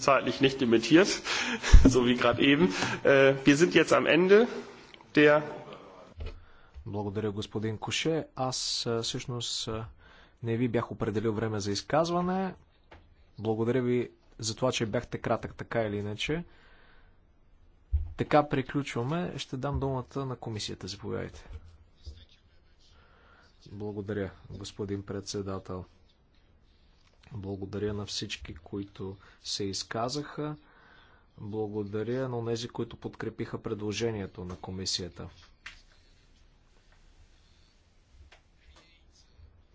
zeitlich nicht limitiert, so wie gerade eben. Äh, wir sind jetzt am Ende der... Благодаря, господин Коше. Аз всъщност не ви бях определил време за изказване. Благодаря ви за това, че бяхте кратък така или иначе. Така приключваме. Ще дам думата на комисията. Заповядайте. Благодаря, господин председател. Благодаря на всички, които се изказаха. Благодаря на тези, които подкрепиха предложението на комисията.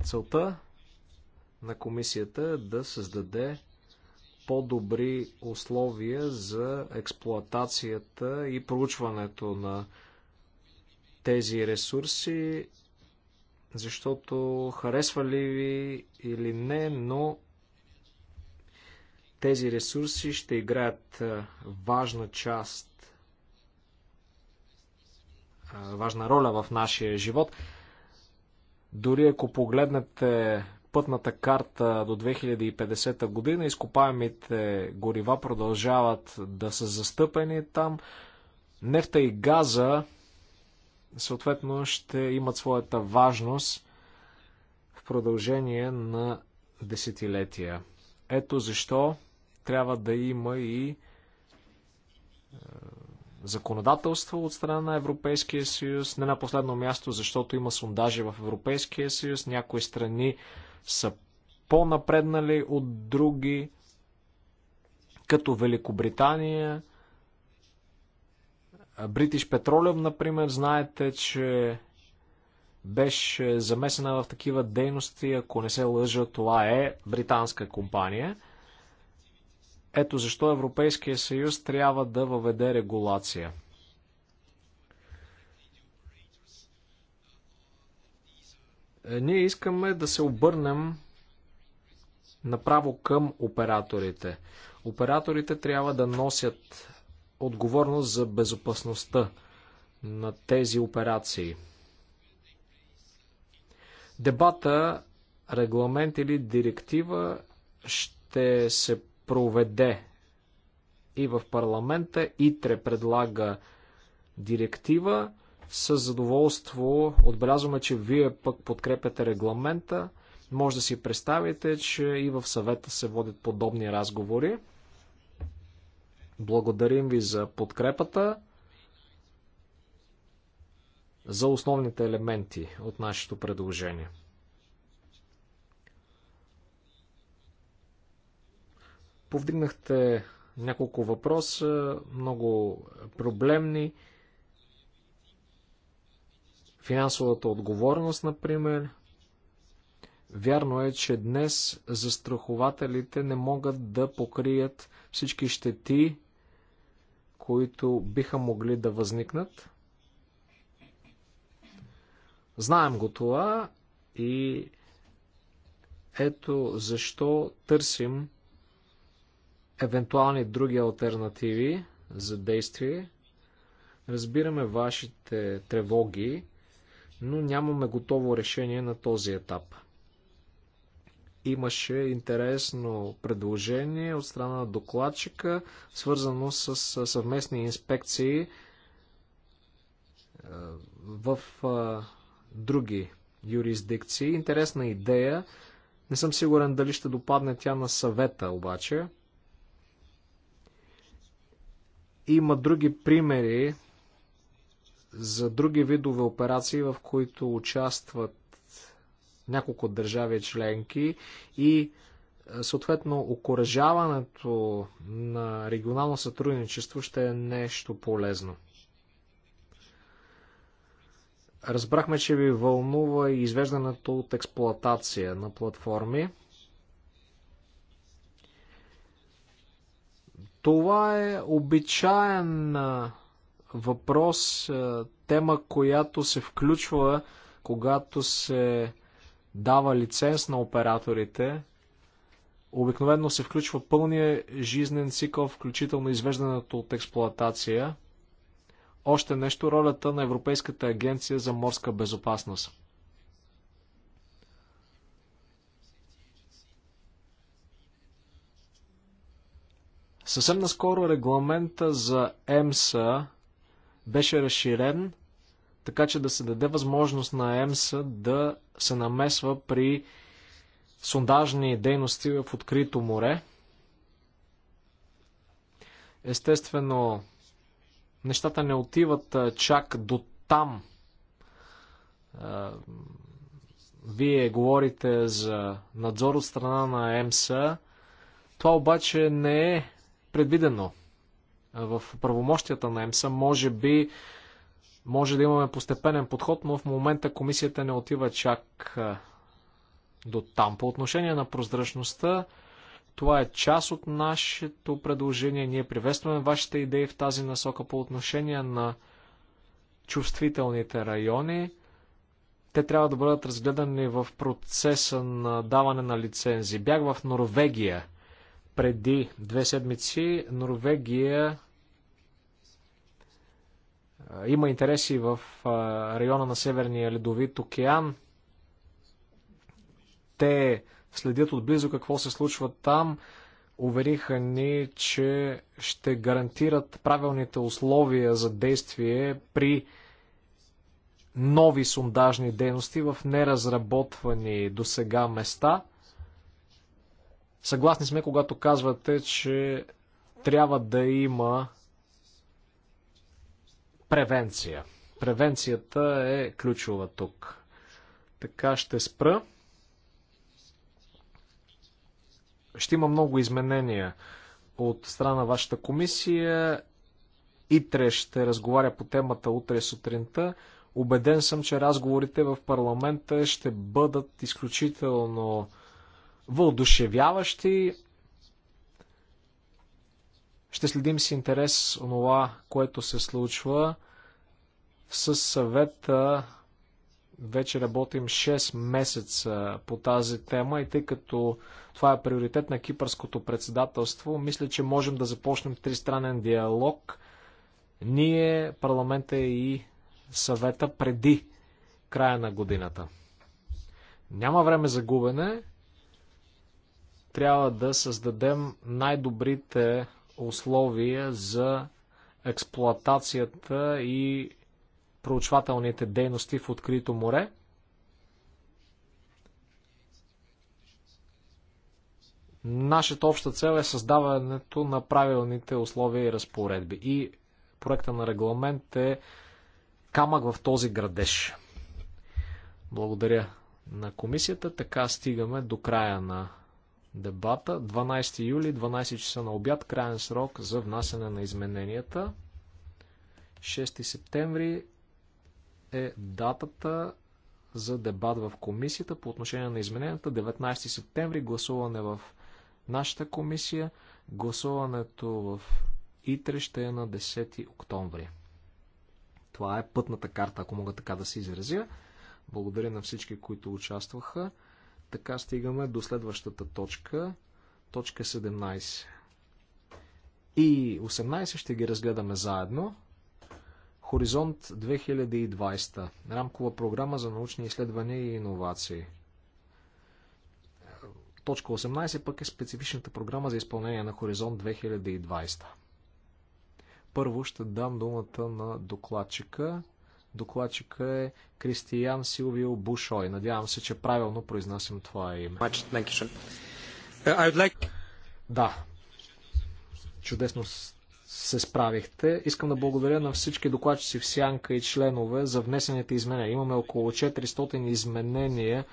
Целта на комисията да създаде по-добри условия за експлоатацията и проучването на тези ресурси, защото харесва ли ви или не, но тези ресурси ще играят важна част, важна роля в нашия живот. Дори ако погледнете пътната карта до 2050 година. Изкопаемите горива продължават да са застъпени там. Нефта и газа съответно ще имат своята важност в продължение на десетилетия. Ето защо трябва да има и е, законодателство от страна на Европейския съюз. Не на последно място, защото има сондажи в Европейския съюз. Някои страни са по-напреднали от други, като Великобритания, Бритиш Петролиум, например, знаете, че беше замесена в такива дейности, ако не се лъжа, това е британска компания. Ето защо Европейския съюз трябва да въведе регулация Е, ние искаме да се обърнем направо към операторите. Операторите трябва да носят отговорност за безопасността на тези операции. Дебата, регламент или директива ще се проведе и в парламента. ИТРЕ предлага директива. С задоволство отбелязваме, че вие пък подкрепяте регламента. Може да си представите, че и в съвета се водят подобни разговори. Благодарим ви за подкрепата, за основните елементи от нашето предложение. Повдигнахте няколко въпроса, много проблемни финансовата отговорност, например. Вярно е, че днес застрахователите не могат да покрият всички щети, които биха могли да възникнат. Знаем го това и ето защо търсим евентуални други альтернативи за действие. Разбираме вашите тревоги но нямаме готово решение на този етап. Имаше интересно предложение от страна на докладчика, свързано с съвместни инспекции е, в е, други юрисдикции. Интересна идея. Не съм сигурен дали ще допадне тя на съвета обаче. Има други примери за други видове операции, в които участват няколко държави членки и е, съответно окоръжаването на регионално сътрудничество ще е нещо полезно. Разбрахме, че ви вълнува и извеждането от експлоатация на платформи. Това е обичайна въпрос, е, тема, която се включва, когато се дава лиценз на операторите. Обикновено се включва пълния жизнен цикъл, включително извеждането от експлоатация. Още нещо ролята на Европейската агенция за морска безопасност. Съвсем наскоро регламента за ЕМСА беше разширен, така че да се даде възможност на ЕМСА да се намесва при сондажни дейности в открито море. Естествено, нещата не отиват чак до там. Вие говорите за надзор от страна на ЕМСА. Това обаче не е предвидено в правомощията на ЕМСА. Може би може да имаме постепенен подход, но в момента комисията не отива чак до там. По отношение на прозрачността, това е част от нашето предложение. Ние приветстваме вашите идеи в тази насока по отношение на чувствителните райони. Те трябва да бъдат разгледани в процеса на даване на лицензи. Бях в Норвегия преди две седмици. Норвегия има интереси в района на Северния ледовит океан. Те следят отблизо какво се случва там. Увериха ни, че ще гарантират правилните условия за действие при нови сондажни дейности в неразработвани до сега места. Съгласни сме, когато казвате, че трябва да има превенция. Превенцията е ключова тук. Така ще спра. Ще има много изменения от страна на вашата комисия. Итре ще разговаря по темата утре сутринта. Обеден съм, че разговорите в парламента ще бъдат изключително вълдушевяващи. Ще следим с интерес онова, което се случва. С съвета вече работим 6 месеца по тази тема и тъй като това е приоритет на кипърското председателство, мисля, че можем да започнем тристранен диалог. Ние, парламента и съвета преди края на годината. Няма време за губене. Трябва да създадем най-добрите условия за експлоатацията и проучвателните дейности в открито море. Нашата обща цел е създаването на правилните условия и разпоредби. И проекта на регламент е камък в този градеж. Благодаря на комисията. Така стигаме до края на дебата. 12 юли, 12 часа на обяд, крайен срок за внасяне на измененията. 6 септември е датата за дебат в комисията по отношение на измененията. 19 септември гласуване в нашата комисия. Гласуването в ИТРЕ ще е на 10 октомври. Това е пътната карта, ако мога така да се изразя. Благодаря на всички, които участваха. Така стигаме до следващата точка, точка 17. И 18 ще ги разгледаме заедно. Хоризонт 2020. Рамкова програма за научни изследвания и иновации. Точка 18 пък е специфичната програма за изпълнение на Хоризонт 2020. Първо ще дам думата на докладчика Докладчика е Кристиян Силвио Бушой. Надявам се, че правилно произнасям това име. Uh, да. Чудесно се справихте. Искам да благодаря на всички докладчици в Сянка и членове за внесените изменения. Имаме около 400 изменения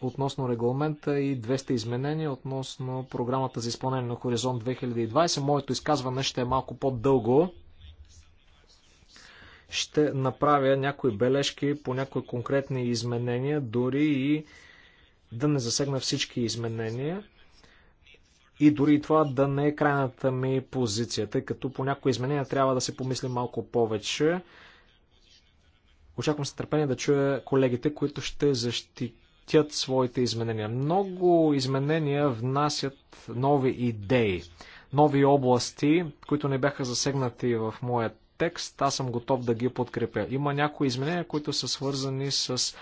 относно регламента и 200 изменения относно програмата за изпълнение на Хоризонт 2020. Моето изказване ще е малко по-дълго ще направя някои бележки по някои конкретни изменения, дори и да не засегна всички изменения. И дори това да не е крайната ми позиция, тъй като по някои изменения трябва да се помисли малко повече. Очаквам с търпение да чуя колегите, които ще защитят своите изменения. Много изменения внасят нови идеи, нови области, които не бяха засегнати в моят текст, аз съм готов да ги подкрепя. Има някои изменения, които са свързани с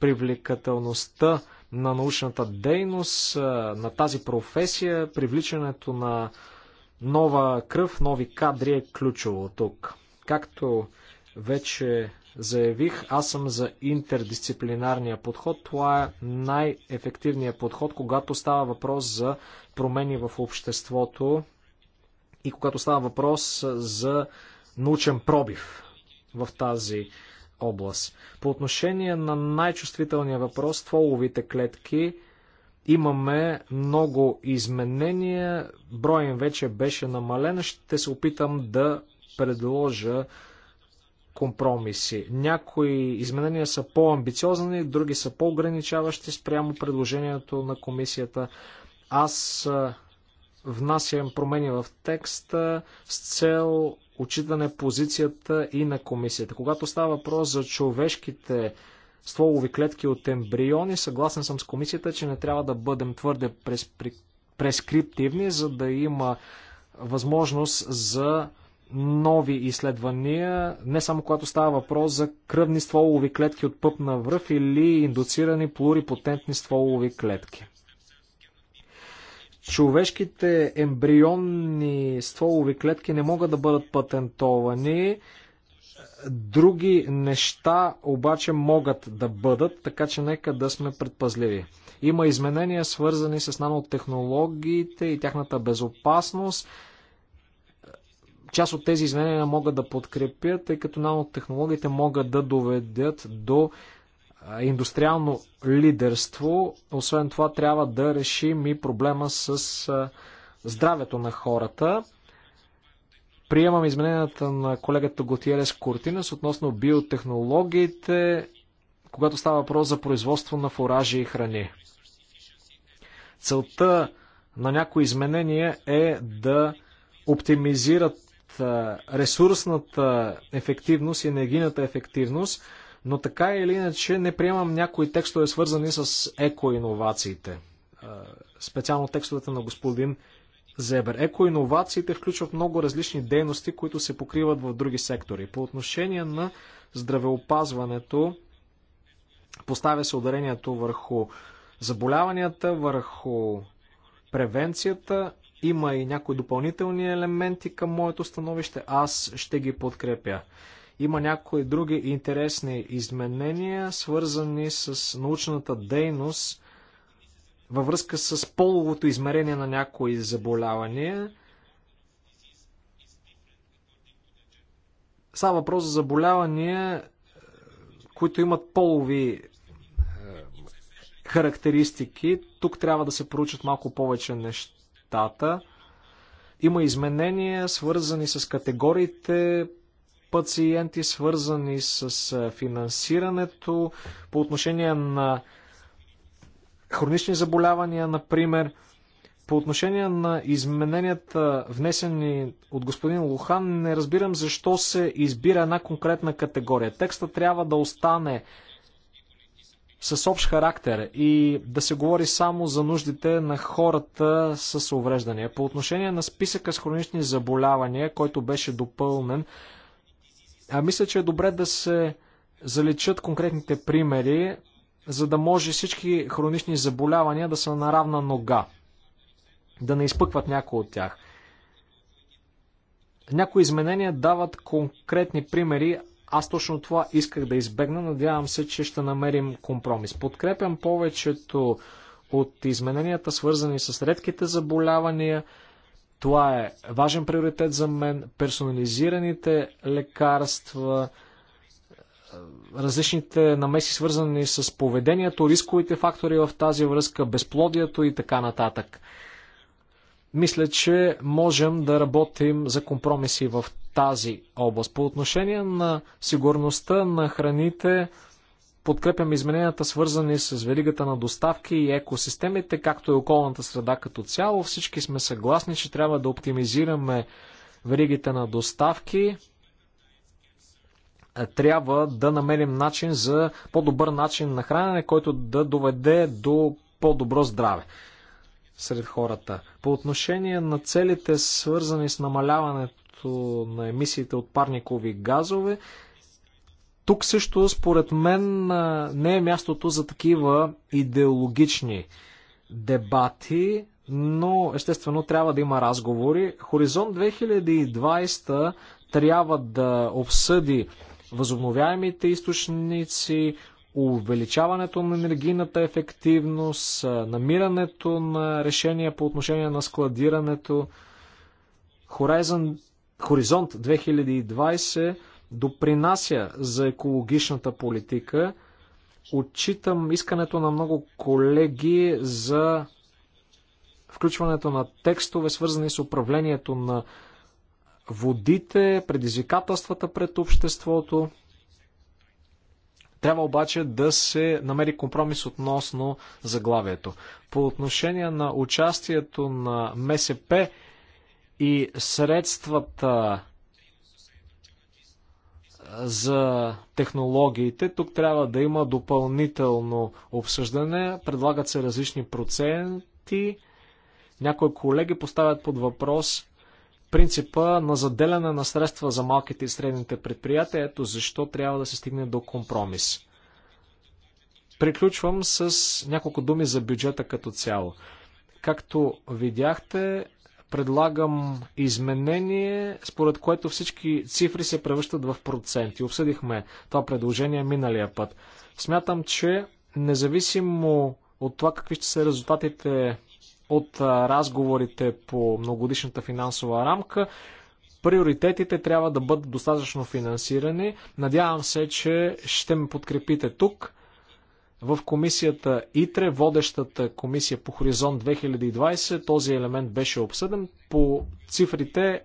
привлекателността на научната дейност, на тази професия, привличането на нова кръв, нови кадри е ключово тук. Както вече заявих, аз съм за интердисциплинарния подход. Това е най-ефективният подход, когато става въпрос за промени в обществото и когато става въпрос за научен пробив в тази област. По отношение на най-чувствителния въпрос, стволовите клетки, имаме много изменения, броен вече беше намален, ще се опитам да предложа компромиси. Някои изменения са по-амбициозни, други са по-ограничаващи спрямо предложението на комисията. Аз внасям промени в текста с цел отчитане позицията и на комисията. Когато става въпрос за човешките стволови клетки от ембриони, съгласен съм с комисията, че не трябва да бъдем твърде прескриптивни, за да има възможност за нови изследвания, не само когато става въпрос за кръвни стволови клетки от пъпна връв или индуцирани плурипотентни стволови клетки човешките ембрионни стволови клетки не могат да бъдат патентовани. Други неща обаче могат да бъдат, така че нека да сме предпазливи. Има изменения свързани с нанотехнологиите и тяхната безопасност. Част от тези изменения могат да подкрепят, тъй като нанотехнологиите могат да доведят до индустриално лидерство. Освен това, трябва да решим и проблема с здравето на хората. Приемам измененията на колегата Готиерес Куртинес относно биотехнологиите, когато става въпрос за производство на фуражи и храни. Целта на някои изменения е да оптимизират ресурсната ефективност и енергийната ефективност, но така или иначе не приемам някои текстове свързани с екоиновациите. Е, специално текстовете на господин Зебер. Екоиновациите включват много различни дейности, които се покриват в други сектори. По отношение на здравеопазването, поставя се ударението върху заболяванията, върху превенцията. Има и някои допълнителни елементи към моето становище. Аз ще ги подкрепя. Има някои други интересни изменения, свързани с научната дейност във връзка с половото измерение на някои заболявания. Става въпрос за заболявания, които имат полови е, характеристики. Тук трябва да се проучат малко повече нещата. Има изменения, свързани с категориите пациенти, свързани с финансирането, по отношение на хронични заболявания, например. По отношение на измененията, внесени от господин Лухан, не разбирам защо се избира една конкретна категория. Текста трябва да остане с общ характер и да се говори само за нуждите на хората с увреждания. По отношение на списъка с хронични заболявания, който беше допълнен, а мисля, че е добре да се заличат конкретните примери, за да може всички хронични заболявания да са на равна нога, да не изпъкват някои от тях. Някои изменения дават конкретни примери. Аз точно това исках да избегна. Надявам се, че ще намерим компромис. Подкрепям повечето от измененията, свързани с редките заболявания, това е важен приоритет за мен. Персонализираните лекарства, е, различните намеси, свързани с поведението, рисковите фактори в тази връзка, безплодието и така нататък. Мисля, че можем да работим за компромиси в тази област. По отношение на сигурността на храните, Подкрепям измененията, свързани с веригата на доставки и екосистемите, както и околната среда като цяло. Всички сме съгласни, че трябва да оптимизираме веригите на доставки. Трябва да намерим начин за по-добър начин на хранене, който да доведе до по-добро здраве сред хората. По отношение на целите, свързани с намаляването на емисиите от парникови газове, тук също, според мен, не е мястото за такива идеологични дебати, но естествено трябва да има разговори. Хоризонт 2020 трябва да обсъди възобновяемите източници, увеличаването на енергийната ефективност, намирането на решения по отношение на складирането. Хоризонт 2020 допринася за екологичната политика. Отчитам искането на много колеги за включването на текстове, свързани с управлението на водите, предизвикателствата пред обществото. Трябва обаче да се намери компромис относно заглавието. По отношение на участието на МСП и средствата за технологиите, тук трябва да има допълнително обсъждане. Предлагат се различни проценти. Някои колеги поставят под въпрос принципа на заделяне на средства за малките и средните предприятия. Ето защо трябва да се стигне до компромис. Приключвам с няколко думи за бюджета като цяло. Както видяхте, предлагам изменение, според което всички цифри се превръщат в проценти. Обсъдихме това предложение миналия път. Смятам, че независимо от това какви ще са резултатите от разговорите по многодишната финансова рамка, приоритетите трябва да бъдат достатъчно финансирани. Надявам се, че ще ме подкрепите тук в комисията ИТРЕ, водещата комисия по Хоризонт 2020, този елемент беше обсъден. По цифрите,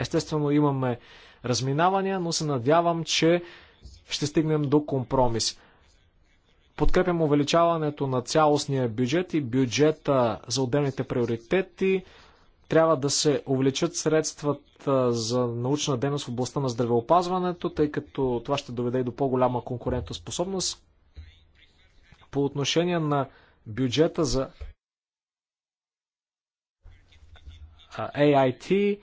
естествено, имаме разминавания, но се надявам, че ще стигнем до компромис. Подкрепям увеличаването на цялостния бюджет и бюджета за отделните приоритети. Трябва да се увеличат средствата за научна дейност в областта на здравеопазването, тъй като това ще доведе и до по-голяма конкурентоспособност. По отношение на бюджета за AIT,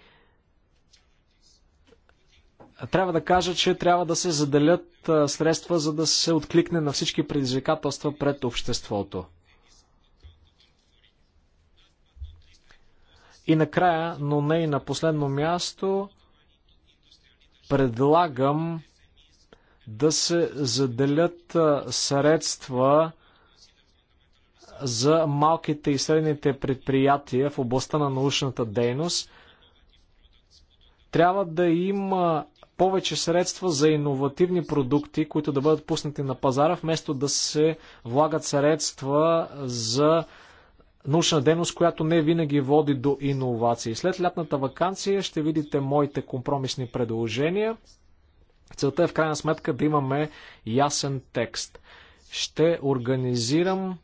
трябва да кажа, че трябва да се заделят средства, за да се откликне на всички предизвикателства пред обществото. И накрая, но не и на последно място, предлагам да се заделят средства за малките и средните предприятия в областта на научната дейност. Трябва да има повече средства за иновативни продукти, които да бъдат пуснати на пазара, вместо да се влагат средства за научна дейност, която не винаги води до иновации. След лятната вакансия ще видите моите компромисни предложения. Целта е в крайна сметка да имаме ясен текст. Ще организирам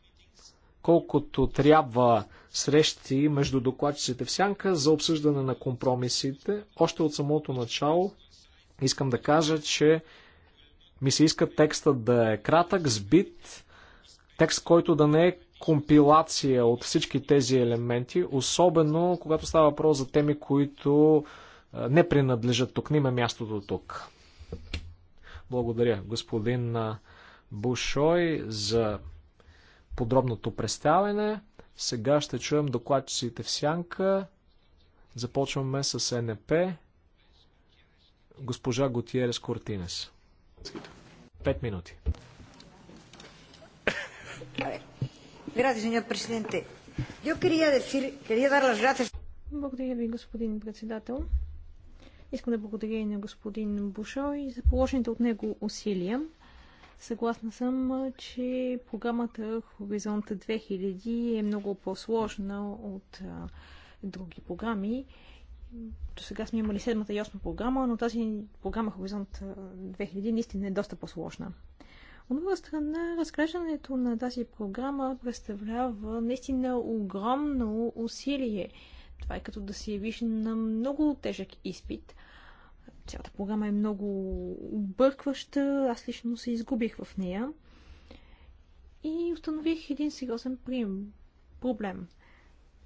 колкото трябва срещи между докладчиците в сянка за обсъждане на компромисите. Още от самото начало искам да кажа, че ми се иска текстът да е кратък, сбит, текст, който да не е компилация от всички тези елементи, особено когато става въпрос за теми, които не принадлежат тук, не има мястото тук. Благодаря, господин Бушой, за подробното представяне. Сега ще чуем докладчиците в сянка. Започваме с НП. Госпожа Готиерес Кортинес. Пет минути. Yo quería decir, quería dar las gracias. Благодаря ви, господин председател. Искам да благодаря и на господин Бушой за положените от него усилия. Съгласна съм, че програмата Хоризонта 2000 е много по-сложна от а, други програми. До сега сме имали седмата и осма програма, но тази програма Хоризонт 2000 наистина е доста по-сложна. От друга страна, разглеждането на тази програма представлява наистина огромно усилие. Това е като да се явиш на много тежък изпит – Цялата програма е много объркваща, аз лично се изгубих в нея и установих един сериозен прием. проблем.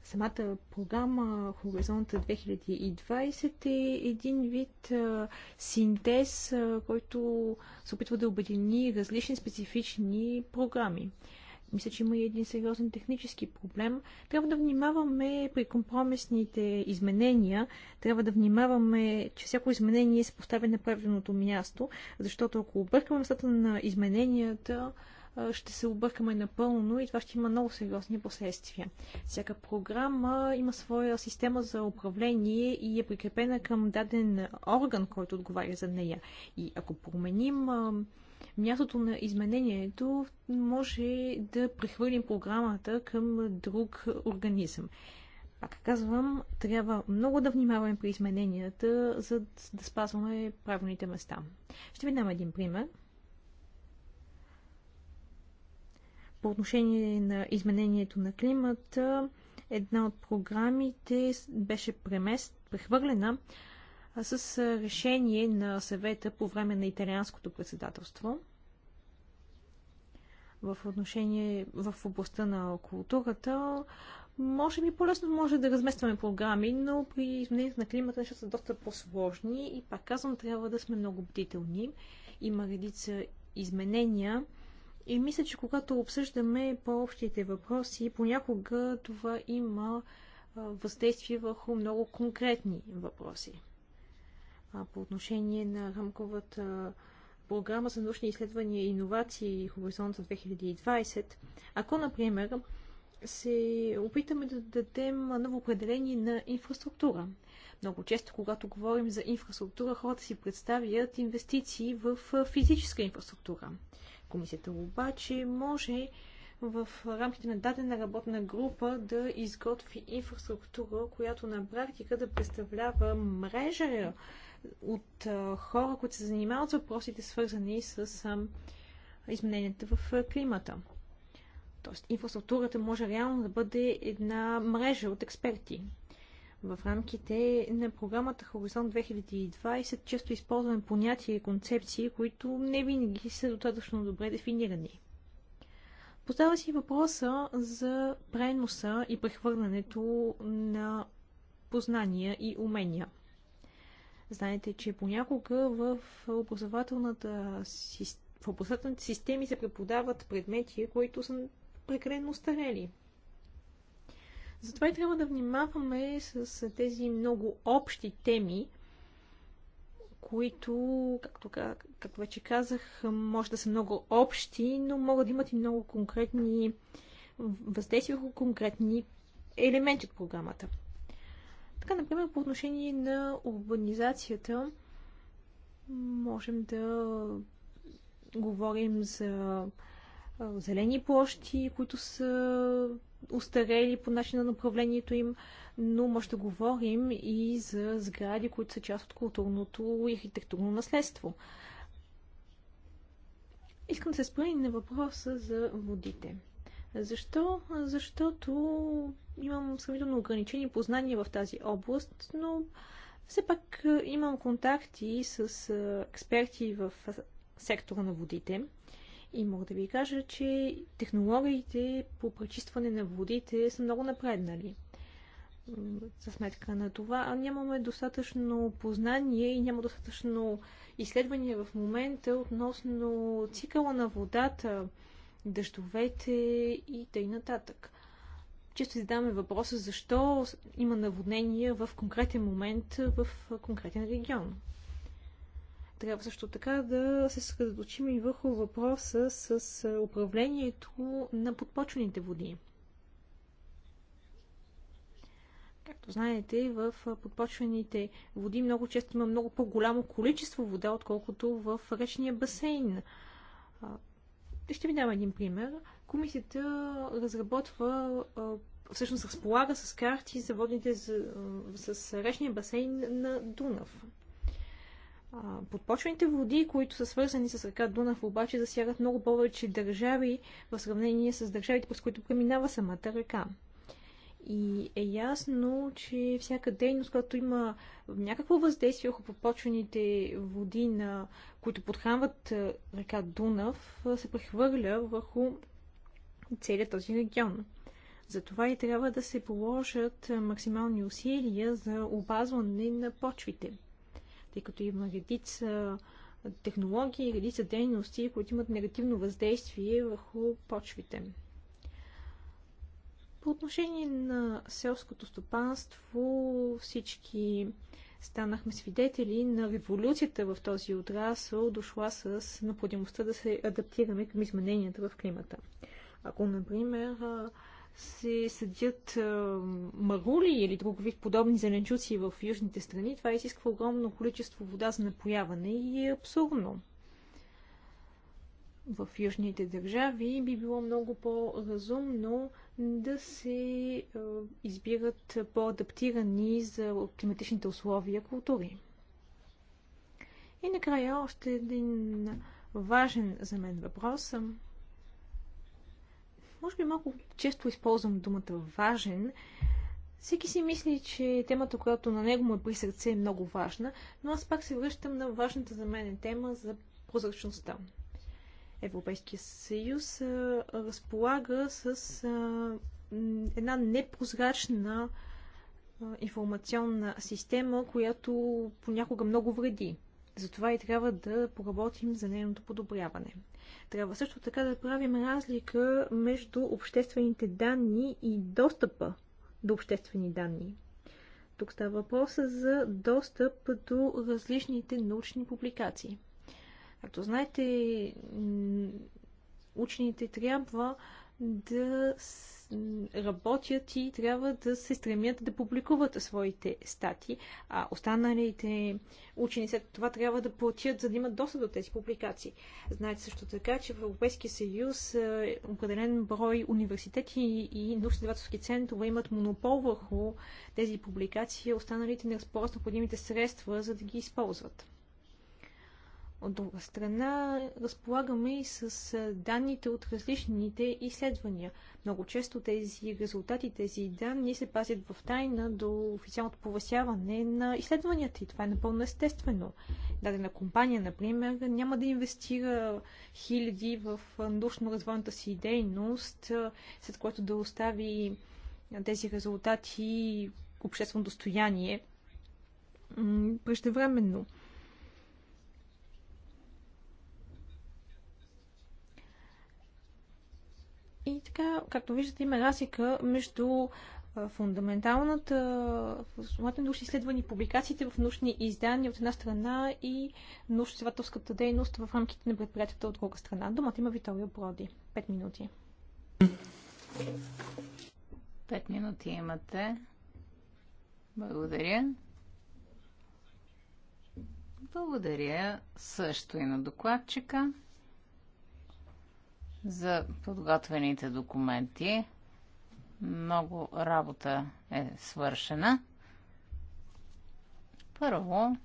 Самата програма Хоризонта 2020 е един вид а, синтез, а, който се опитва да обедини различни специфични програми мисля, че има и един сериозен технически проблем. Трябва да внимаваме при компромисните изменения, трябва да внимаваме, че всяко изменение се поставя на правилното място, защото ако объркаме местата на измененията, ще се объркаме напълно и това ще има много сериозни последствия. Всяка програма има своя система за управление и е прикрепена към даден орган, който отговаря за нея. И ако променим мястото на изменението може да прехвърлим програмата към друг организъм. Пак казвам, трябва много да внимаваме при измененията, за да спазваме правилните места. Ще ви дам един пример. По отношение на изменението на климата, една от програмите беше премест, прехвърлена с решение на съвета по време на италианското председателство в отношение в областта на културата. Може би по-лесно може да разместваме програми, но при изменението на климата нещата са доста по-сложни и пак казвам, трябва да сме много бдителни. Има редица изменения и мисля, че когато обсъждаме по-общите въпроси, понякога това има въздействие върху много конкретни въпроси по отношение на рамковата програма за научни изследвания и иновации Хоризонт 2020, ако, например, се опитаме да дадем ново определение на инфраструктура. Много често, когато говорим за инфраструктура, хората си представят инвестиции в физическа инфраструктура. Комисията обаче може в рамките на дадена работна група да изготви инфраструктура, която на практика да представлява мрежа от хора, които се занимават с въпросите, свързани с измененията в климата. Тоест, инфраструктурата може реално да бъде една мрежа от експерти. В рамките на програмата Хоризонт 2020 често е използваме понятия и концепции, които не винаги са достатъчно добре дефинирани. Поставя си въпроса за преноса и прехвърлянето на познания и умения – Знаете, че понякога в образователната система в образователните системи се преподават предмети, които са прекалено старели. Затова и трябва да внимаваме с тези много общи теми, които, както, както вече казах, може да са много общи, но могат да имат и много конкретни въздействия върху конкретни елементи от програмата. Така, например, по отношение на урбанизацията можем да говорим за зелени площи, които са устарели по начина на направлението им, но може да говорим и за сгради, които са част от културното и архитектурно наследство. Искам да се спра на въпроса за водите. Защо? Защото имам сравнително ограничени познания в тази област, но все пак е, имам контакти с е, експерти в сектора на водите и мога да ви кажа, че технологиите по пречистване на водите са много напреднали. За сметка на това нямаме достатъчно познание и няма достатъчно изследвания в момента относно цикъла на водата, дъждовете и тъй нататък. Често задаваме въпроса защо има наводнения в конкретен момент в конкретен регион. Трябва също така да се съсредоточим и върху въпроса с управлението на подпочвените води. Както знаете, в подпочвените води много често има много по-голямо количество вода, отколкото в речния басейн. Ще ви дам един пример. Комисията разработва, всъщност разполага с карти за водните с речния басейн на Дунав. Подпочвените води, които са свързани с река Дунав, обаче засягат много повече държави в сравнение с държавите, през които преминава самата река. И е ясно, че всяка дейност, която има някакво въздействие върху попочвените води, на които подхранват е, река Дунав, е, се прехвърля върху целият този регион. Затова и трябва да се положат е, максимални усилия за опазване на почвите, тъй като има редица технологии, редица дейности, които имат негативно въздействие върху почвите. По отношение на селското стопанство, всички станахме свидетели на революцията в този отрасъл, дошла с необходимостта да се адаптираме към измененията в климата. Ако, например, се съдят марули или друг вид подобни зеленчуци в южните страни, това изисква огромно количество вода за напояване и е абсурдно. В южните държави би било много по-разумно да се избират по-адаптирани за климатичните условия култури. И накрая още един важен за мен въпрос. Може би малко често използвам думата важен. Всеки си мисли, че темата, която на него му е при сърце, е много важна, но аз пак се връщам на важната за мен тема за прозрачността. Европейския съюз разполага с една непрозрачна информационна система, която понякога много вреди. Затова и трябва да поработим за нейното подобряване. Трябва също така да правим разлика между обществените данни и достъпа до обществени данни. Тук става въпроса за достъп до различните научни публикации. Както знаете, учените трябва да работят и трябва да се стремят да публикуват своите стати, а останалите учени след това трябва да платят, за да имат достъп до тези публикации. Знаете също така, че в Европейския съюз е, определен брой университети и научно-изследователски центрове имат монопол върху тези публикации, а останалите не разполагат необходимите средства, за да ги използват. От друга страна, разполагаме и с данните от различните изследвания. Много често тези резултати, тези данни се пазят в тайна до официалното повасяване на изследванията и това е напълно естествено. Дадена компания, например, няма да инвестира хиляди в научно-развойната си дейност, след което да остави тези резултати обществено достояние преждевременно. И така, както виждате, има разлика между фундаменталната, фундаменталните научни изследвания и публикациите в научни издания от една страна и научно-изследователската дейност в рамките на предприятията от друга страна. Думата има Витория Броди. Пет минути. Пет минути имате. Благодаря. Благодаря също и на докладчика за подготвените документи. Много работа е свършена. Първо,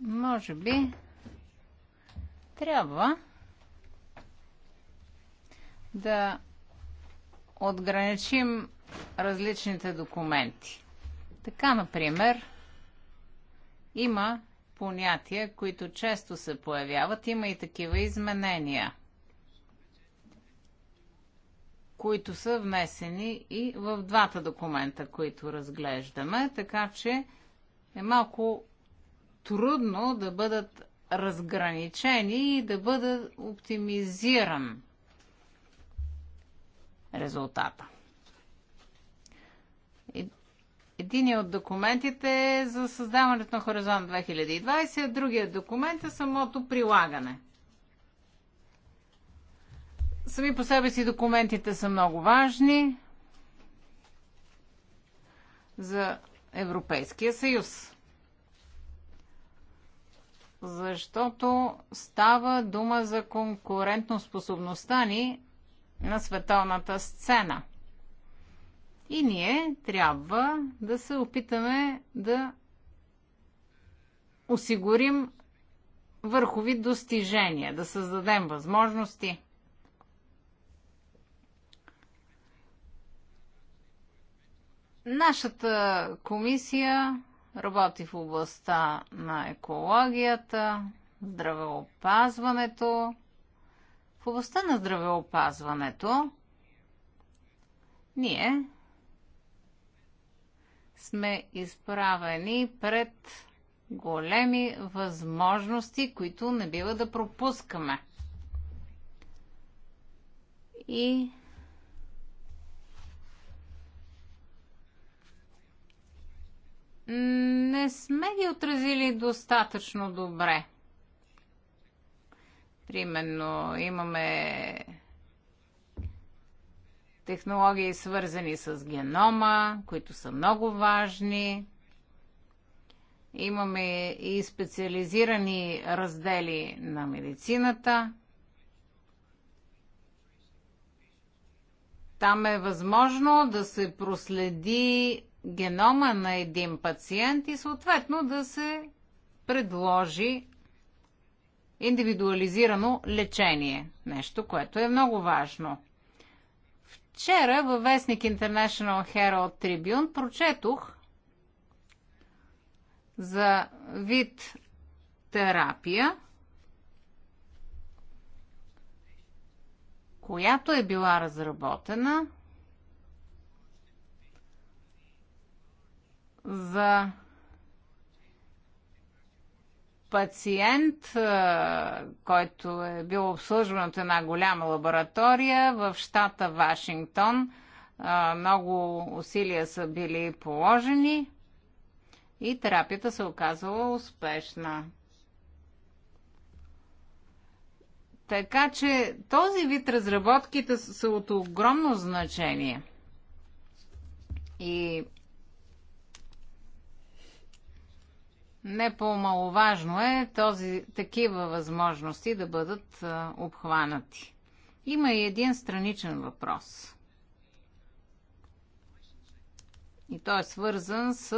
може би трябва да отграничим различните документи. Така, например, има понятия, които често се появяват. Има и такива изменения, които са внесени и в двата документа, които разглеждаме, така че е малко трудно да бъдат разграничени и да бъде оптимизиран резултата. Един от документите е за създаването на Хоризонт 2020, а другият документ е самото прилагане. Сами по себе си документите са много важни за Европейския съюз. Защото става дума за конкурентоспособността ни на световната сцена – и ние трябва да се опитаме да осигурим върхови достижения, да създадем възможности. Нашата комисия работи в областта на екологията, здравеопазването. В областта на здравеопазването ние сме изправени пред големи възможности, които не бива да пропускаме. И не сме ги отразили достатъчно добре. Примерно имаме технологии, свързани с генома, които са много важни. Имаме и специализирани раздели на медицината. Там е възможно да се проследи генома на един пациент и съответно да се предложи индивидуализирано лечение. Нещо, което е много важно. Вчера във вестник International Herald Tribune прочетох за вид терапия, която е била разработена за пациент, който е бил обслужван от една голяма лаборатория в щата Вашингтон. Много усилия са били положени и терапията се оказала успешна. Така че този вид разработките са от огромно значение. И Не по-маловажно е този, такива възможности да бъдат а, обхванати. Има и един страничен въпрос. И той е свързан с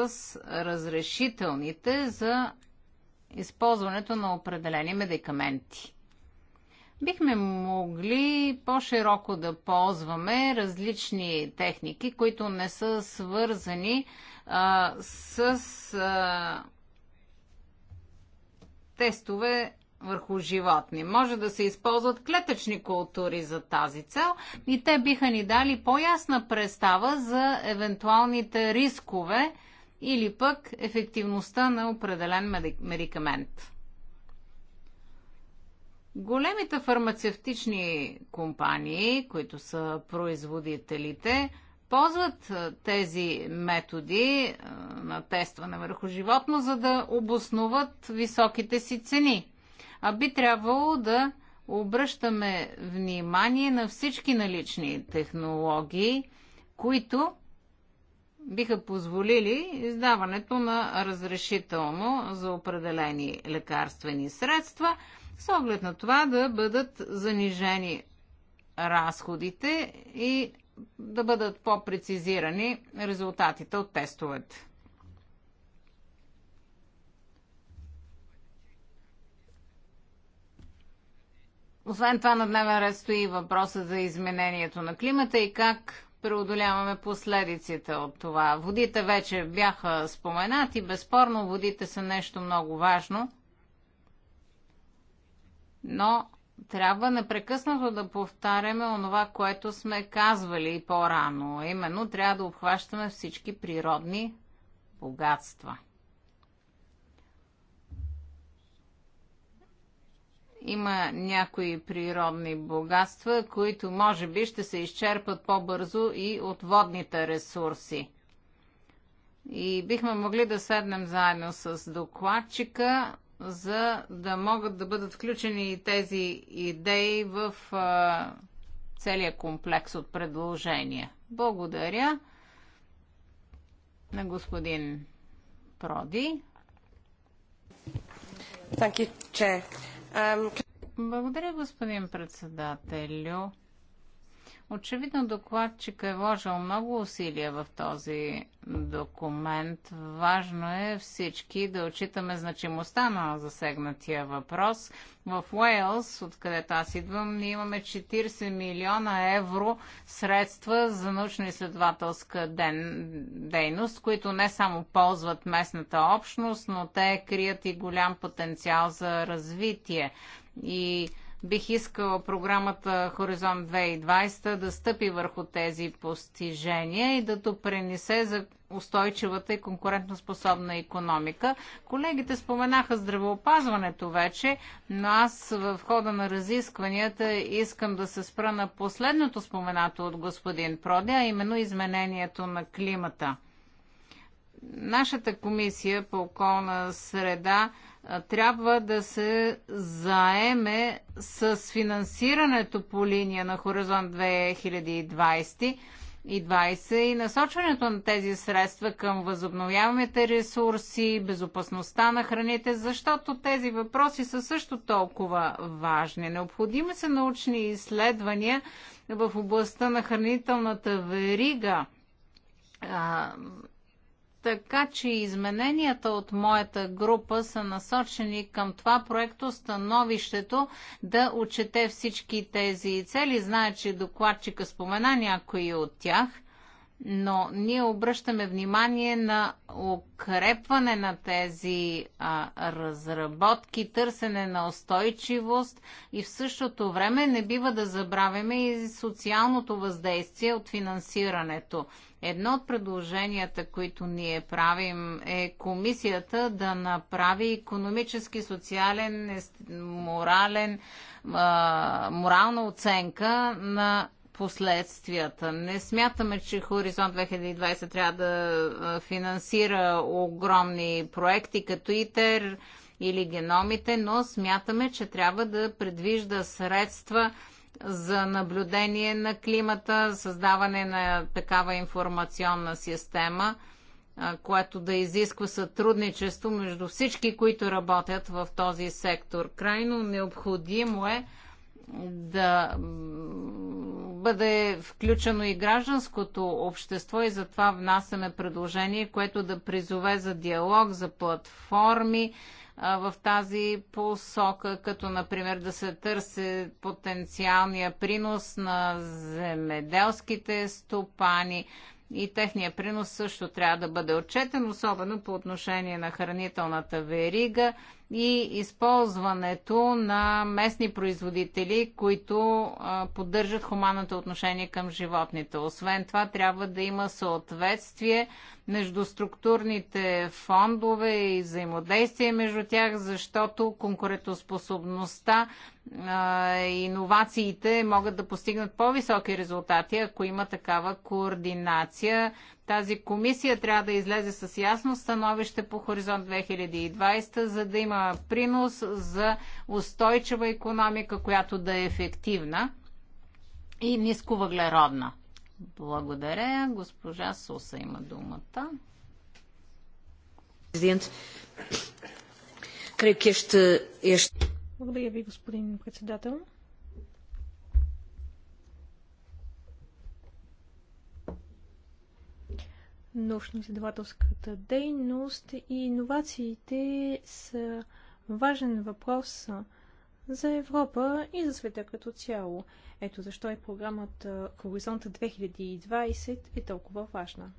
разрешителните за използването на определени медикаменти. Бихме могли по-широко да ползваме различни техники, които не са свързани а, с. А, тестове върху животни. Може да се използват клетъчни култури за тази цел и те биха ни дали по-ясна представа за евентуалните рискове или пък ефективността на определен медикамент. Големите фармацевтични компании, които са производителите, използват тези методи на тестване върху животно, за да обосноват високите си цени. А би трябвало да обръщаме внимание на всички налични технологии, които биха позволили издаването на разрешително за определени лекарствени средства, с оглед на това да бъдат занижени разходите и да бъдат по-прецизирани резултатите от тестовете. Освен това на дневен ред стои въпроса за изменението на климата и как преодоляваме последиците от това. Водите вече бяха споменати. Безспорно, водите са нещо много важно. Но трябва непрекъснато да повтаряме онова, което сме казвали по-рано. Именно трябва да обхващаме всички природни богатства. Има някои природни богатства, които може би ще се изчерпат по-бързо и от водните ресурси. И бихме могли да седнем заедно с докладчика за да могат да бъдат включени тези идеи в целия комплекс от предложения. Благодаря на господин Проди. Thank you, Chair. Um... Благодаря, господин председателю. Очевидно докладчик е вложил много усилия в този документ. Важно е всички да отчитаме значимостта на засегнатия въпрос. В Уейлс, откъдето аз идвам, ние имаме 40 милиона евро средства за научно-изследователска ден... дейност, които не само ползват местната общност, но те крият и голям потенциал за развитие. И Бих искала програмата Хоризонт 2020 да стъпи върху тези постижения и да допренесе за устойчивата и конкурентоспособна економика. Колегите споменаха здравеопазването вече, но аз в хода на разискванията искам да се спра на последното споменато от господин Проди, а именно изменението на климата. Нашата комисия по околна среда трябва да се заеме с финансирането по линия на Хоризонт 2020 и 20 и насочването на тези средства към възобновяемите ресурси, безопасността на храните, защото тези въпроси са също толкова важни. Необходими са научни изследвания в областта на хранителната верига така че измененията от моята група са насочени към това проекто становището да отчете всички тези цели. Знае, че докладчика спомена някои от тях – но ние обръщаме внимание на укрепване на тези а, разработки, търсене на устойчивост и в същото време не бива да забравяме и социалното въздействие от финансирането. Едно от предложенията, които ние правим е комисията да направи економически, социален, морален, а, морална оценка на последствията. Не смятаме, че Хоризонт 2020 трябва да финансира огромни проекти като ИТЕР или геномите, но смятаме, че трябва да предвижда средства за наблюдение на климата, създаване на такава информационна система, което да изисква сътрудничество между всички, които работят в този сектор. Крайно необходимо е да бъде включено и гражданското общество и затова внасяме предложение, което да призове за диалог, за платформи в тази посока, като например да се търси потенциалния принос на земеделските стопани и техния принос също трябва да бъде отчетен, особено по отношение на хранителната верига и използването на местни производители, които а, поддържат хуманното отношение към животните. Освен това, трябва да има съответствие между структурните фондове и взаимодействие между тях, защото конкурентоспособността и иновациите могат да постигнат по-високи резултати, ако има такава координация. Тази комисия трябва да излезе с ясно становище по Хоризонт 2020, за да има принос за устойчива економика, която да е ефективна и нисковъглеродна. Благодаря. Госпожа Суса има думата. Благодаря ви, господин председател. научно-изследователската дейност и иновациите са важен въпрос за Европа и за света като цяло. Ето защо и програмата Хоризонта 2020 е толкова важна.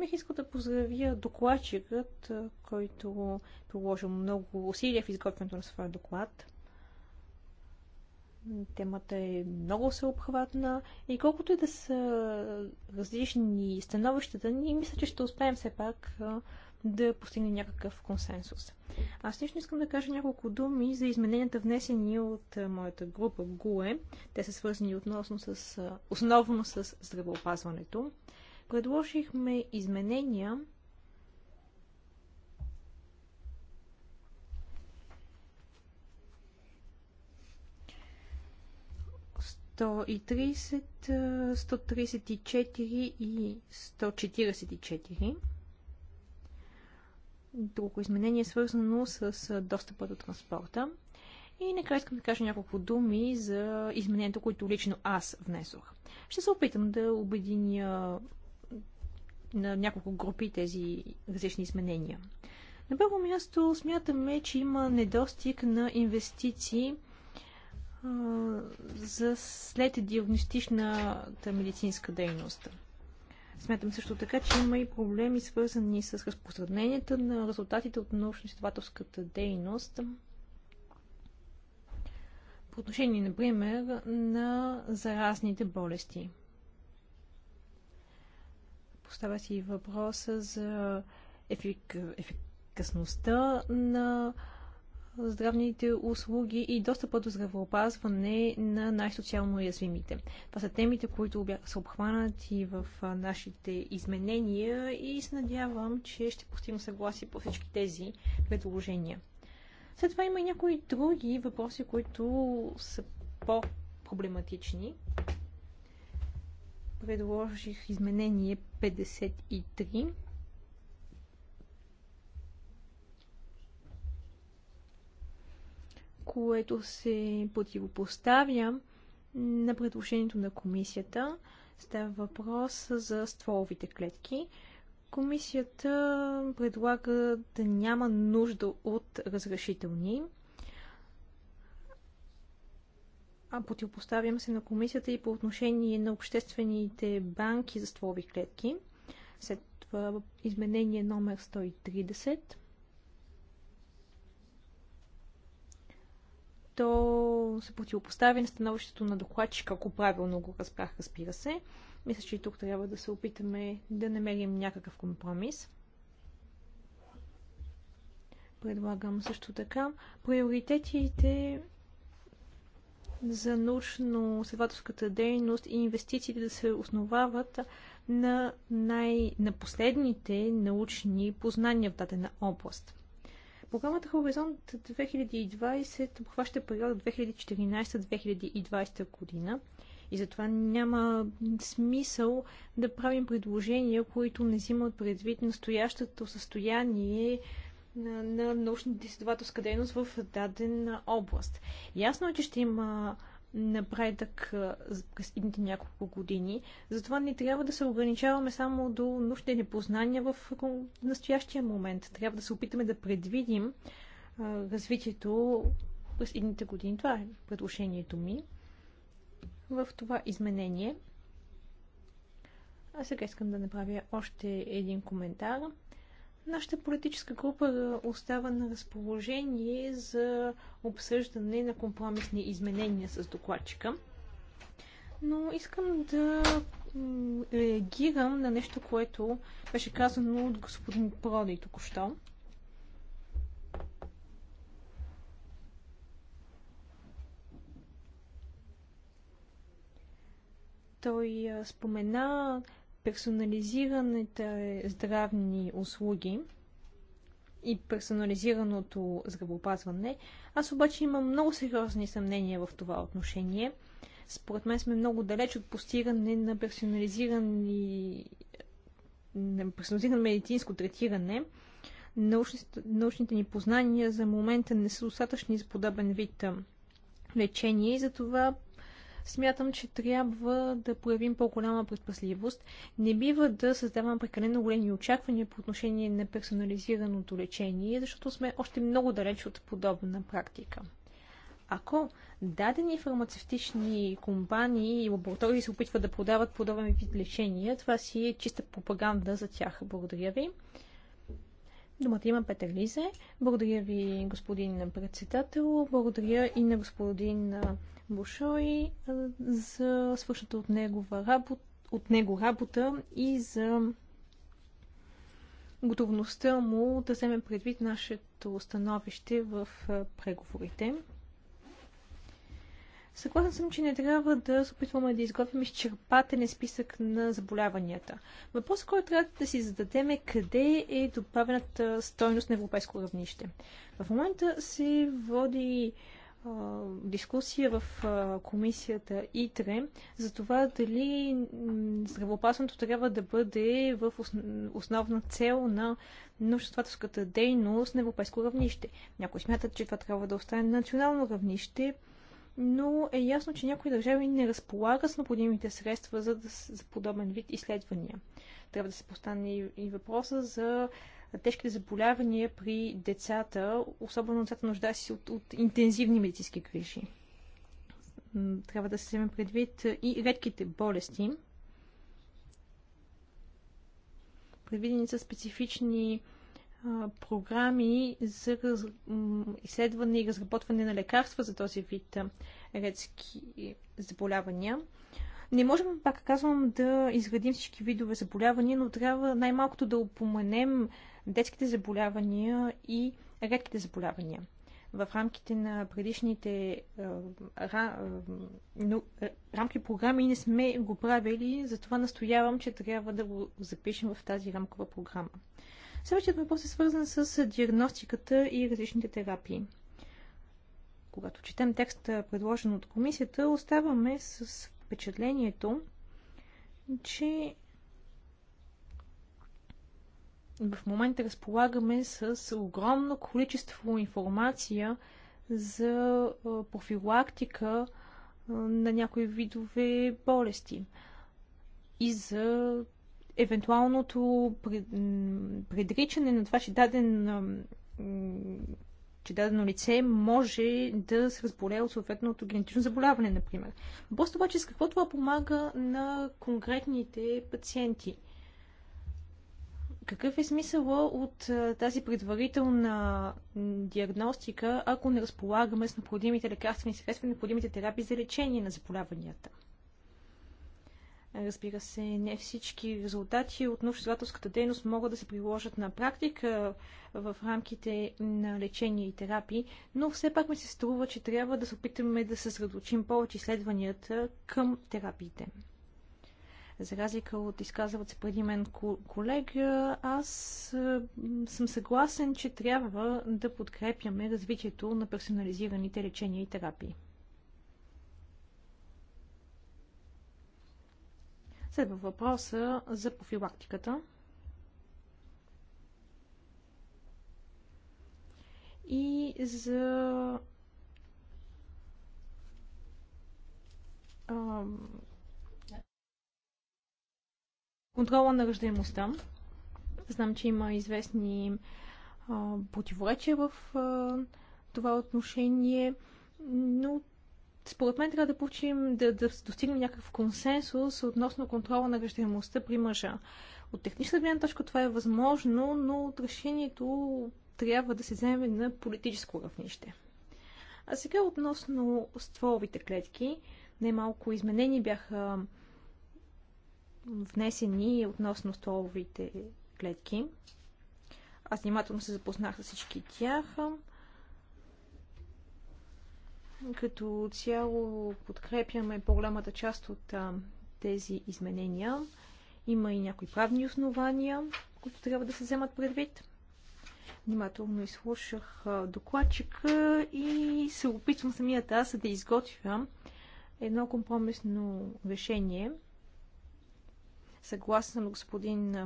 Бих искал да поздравя докладчикът, който приложил много усилия в изготвянето на своя доклад. Темата е много всеобхватна и колкото и да са различни становищата ни, мисля, че ще успеем все пак да постигне някакъв консенсус. Аз лично искам да кажа няколко думи за измененията внесени от моята група ГУЕ. Те са свързани относно с, основно с здравеопазването. Предложихме изменения, 130, 134 и 144. Друго изменение е свързано с достъпа до транспорта. И накрая искам да кажа няколко думи за изменението, които лично аз внесох. Ще се опитам да обединя на няколко групи тези различни изменения. На първо място смятаме, че има недостиг на инвестиции за след диагностичната медицинска дейност. Смятам също така, че има и проблеми свързани с разпространението на резултатите от научно-изследователската дейност по отношение, например, на заразните болести. Поставя си въпроса за ефик... ефикасността на здравните услуги и достъпа до здравеопазване на най-социално уязвимите. Това са темите, които са обхванати в нашите изменения и се надявам, че ще постигнем съгласие по всички тези предложения. След това има и някои други въпроси, които са по-проблематични. Предложих изменение 53 което се противопоставя на предложението на комисията. Става въпрос за стволовите клетки. Комисията предлага да няма нужда от разрешителни. А противопоставям се на комисията и по отношение на обществените банки за стволови клетки. След това изменение номер 130 то се противопостави на становището на докладчика, ако правилно го разбрах, разбира се. Мисля, че и тук трябва да се опитаме да намерим някакъв компромис. Предлагам също така приоритетите за научно-следователската дейност и инвестициите да се основават на, най- на последните научни познания в дадена област. Програмата Хоризонт 2020 обхваща период 2014-2020 година и затова няма смисъл да правим предложения, които не взимат предвид настоящото състояние на, на научно-изследователска дейност в дадена област. Ясно е, че ще има напредък през едните няколко години. Затова не трябва да се ограничаваме само до нужните непознания в настоящия момент. Трябва да се опитаме да предвидим развитието през едните години. Това е предложението ми в това изменение. А сега искам да направя още един коментар. Нашата политическа група остава на разположение за обсъждане на компромисни изменения с докладчика. Но искам да реагирам на нещо, което беше казано от господин Проди току-що. Той спомена персонализираните здравни услуги и персонализираното здравеопазване. Аз обаче имам много сериозни съмнения в това отношение. Според мен сме много далеч от постигане на персонализирани на персонализирано медицинско третиране. Научните, научните ни познания за момента не са достатъчни за подобен вид лечение и затова смятам, че трябва да проявим по-голяма предпазливост. Не бива да създаваме прекалено големи очаквания по отношение на персонализираното лечение, защото сме още много далеч от подобна практика. Ако дадени фармацевтични компании и лаборатории се опитват да продават подобен вид лечения, това си е чиста пропаганда за тях. Благодаря ви. Думата има Петър Лизе. Благодаря ви, господин председател. Благодаря и на господин Бушой за свършата от, него работа, от него работа и за готовността му да вземе предвид нашето становище в преговорите. Съгласен съм, че не трябва да се опитваме да изготвим изчерпателен списък на заболяванията. Въпросът, който трябва да си зададем е къде е добавената стойност на европейско равнище. В момента се води а, дискусия в а, комисията ИТРЕ за това дали здравеопазването трябва да бъде в основна цел на научно-стратовската дейност на европейско равнище. Някои смятат, че това трябва да остане на национално равнище, но е ясно, че някои държави не разполагат с необходимите средства за, да, за подобен вид изследвания. Трябва да се постане и въпроса за тежките заболявания при децата, особено децата нужда се от, от интензивни медицински грижи. Трябва да се вземе предвид и редките болести. Предвидени са специфични програми за раз... изследване и разработване на лекарства за този вид редски заболявания. Не можем, пак казвам, да изградим всички видове заболявания, но трябва най-малкото да упоменем детските заболявания и редките заболявания. В рамките на предишните ра, но, рамки програми не сме го правили, затова настоявам, че трябва да го запишем в тази рамкова програма. Следващият въпрос е свързан с диагностиката и различните терапии. Когато четем текста, предложен от комисията, оставаме с впечатлението, че в момента разполагаме с огромно количество информация за профилактика на някои видове болести и за евентуалното предричане на това, че даден че дадено лице може да се разболее от съответното генетично заболяване, например. Просто обаче е с какво това помага на конкретните пациенти? Какъв е смисъла от тази предварителна диагностика, ако не разполагаме с необходимите лекарствени средства, необходимите терапии за лечение на заболяванията? Е, разбира се, не всички резултати от научно-изследователската дейност могат да се приложат на практика е, в рамките на лечение и терапии, но все пак ми се струва, че трябва да се опитаме да съсредоточим повече изследванията към терапиите. За разлика от изказват се преди мен колега, аз е, съм съгласен, че трябва да подкрепяме развитието на персонализираните лечения и терапии. Следва въпроса за профилактиката. И за контрола на ръждаемостта. Знам, че има известни противоречия в а, това отношение, но според мен трябва да получим, да, да достигнем някакъв консенсус относно контрола на ръждаемостта при мъжа. От технична гледна точка това е възможно, но от решението трябва да се вземе на политическо равнище. А сега относно стволовите клетки, немалко изменения бяха внесени относно стволовите клетки. Аз внимателно се запознах с всички тях. Като цяло подкрепяме по-голямата част от а, тези изменения. Има и някои правни основания, които трябва да се вземат предвид. Внимателно изслушах докладчика и се опитвам самият аз да изготвя едно компромисно решение. Съгласен господин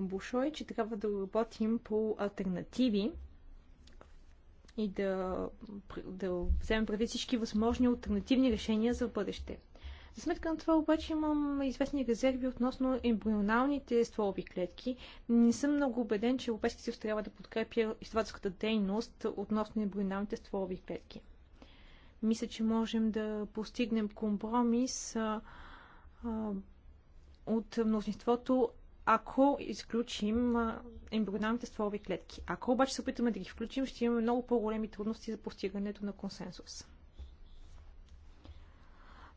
Бушой, че трябва да работим по альтернативи и да, да вземем преди всички възможни альтернативни решения за бъдеще. За сметка на това обаче имам известни резерви относно ембрионалните стволови клетки. Не съм много убеден, че Европейски съюз трябва да подкрепя изследователската дейност относно ембрионалните стволови клетки. Мисля, че можем да постигнем компромис а, а, от мнозинството ако изключим ембрионалните стволови клетки. Ако обаче се опитаме да ги включим, ще имаме много по-големи трудности за постигането на консенсус.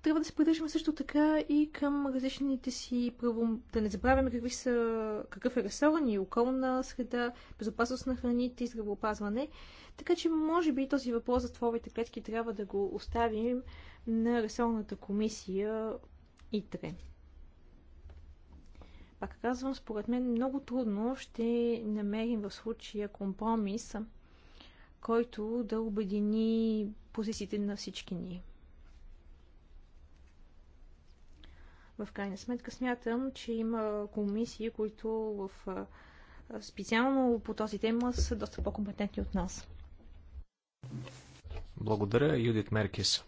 Трябва да се придържаме също така и към различните си правом... Да не забравяме какви са... какъв е ресора ни, околна среда, безопасност на храните и здравеопазване. Така че, може би, този въпрос за стволовите клетки трябва да го оставим на ресорната комисия ИТРЕ. Пак казвам, според мен много трудно ще намерим в случая компромис, който да обедини позициите на всички ни. В крайна сметка смятам, че има комисии, които в, специално по този тема са доста по-компетентни от нас. Благодаря, Юдит Меркис.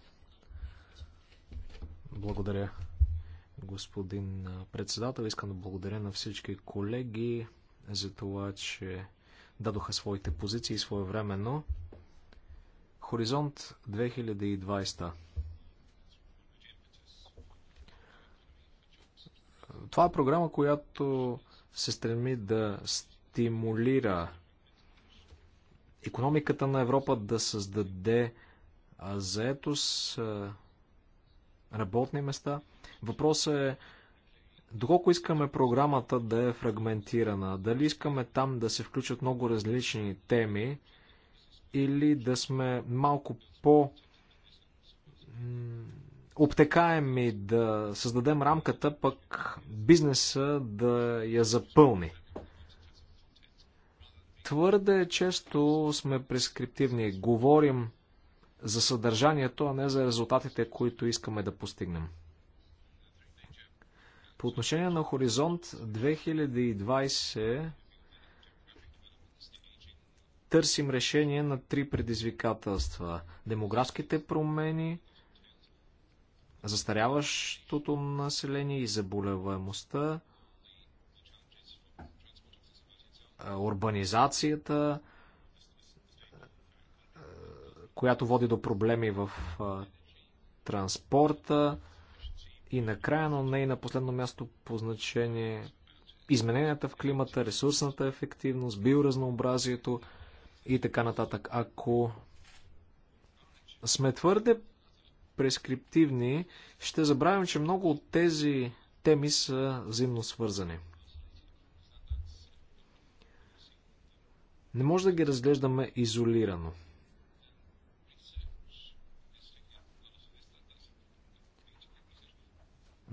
Благодаря, господин председател. Искам да благодаря на всички колеги за това, че дадоха своите позиции своевременно. Хоризонт 2020. Това е програма, която се стреми да стимулира економиката на Европа да създаде заетост, работни места – Въпросът е доколко искаме програмата да е фрагментирана, дали искаме там да се включат много различни теми или да сме малко по обтекаеми, да създадем рамката, пък бизнеса да я запълни. Твърде често сме прескриптивни. Говорим за съдържанието, а не за резултатите, които искаме да постигнем. По отношение на Хоризонт 2020 търсим решение на три предизвикателства. Демографските промени, застаряващото население и заболеваемостта, урбанизацията, която води до проблеми в транспорта, и накрая, но не и на последно място по значение измененията в климата, ресурсната ефективност, биоразнообразието и така нататък. Ако сме твърде прескриптивни, ще забравим, че много от тези теми са взаимно свързани. Не може да ги разглеждаме изолирано.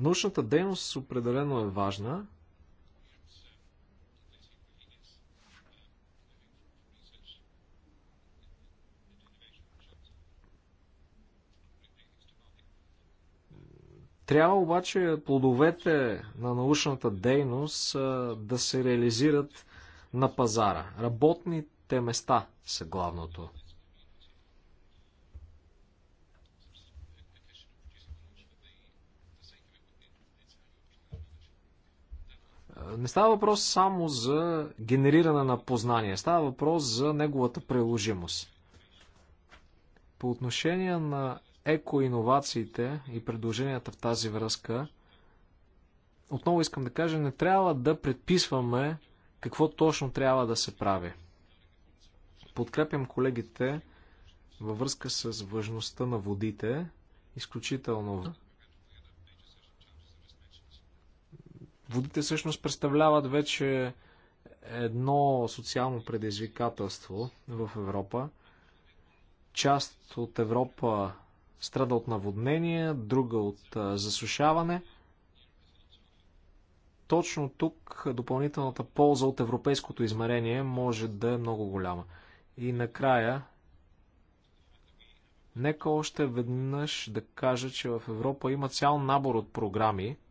Научната дейност определено е важна. Трябва обаче плодовете на научната дейност да се реализират на пазара. Работните места са главното. Не става въпрос само за генериране на познание, става въпрос за неговата приложимост. По отношение на екоиновациите и предложенията в тази връзка, отново искам да кажа, не трябва да предписваме какво точно трябва да се прави. Подкрепям колегите във връзка с важността на водите, изключително Водите всъщност представляват вече едно социално предизвикателство в Европа. Част от Европа страда от наводнение, друга от засушаване. Точно тук допълнителната полза от европейското измерение може да е много голяма. И накрая, нека още веднъж да кажа, че в Европа има цял набор от програми –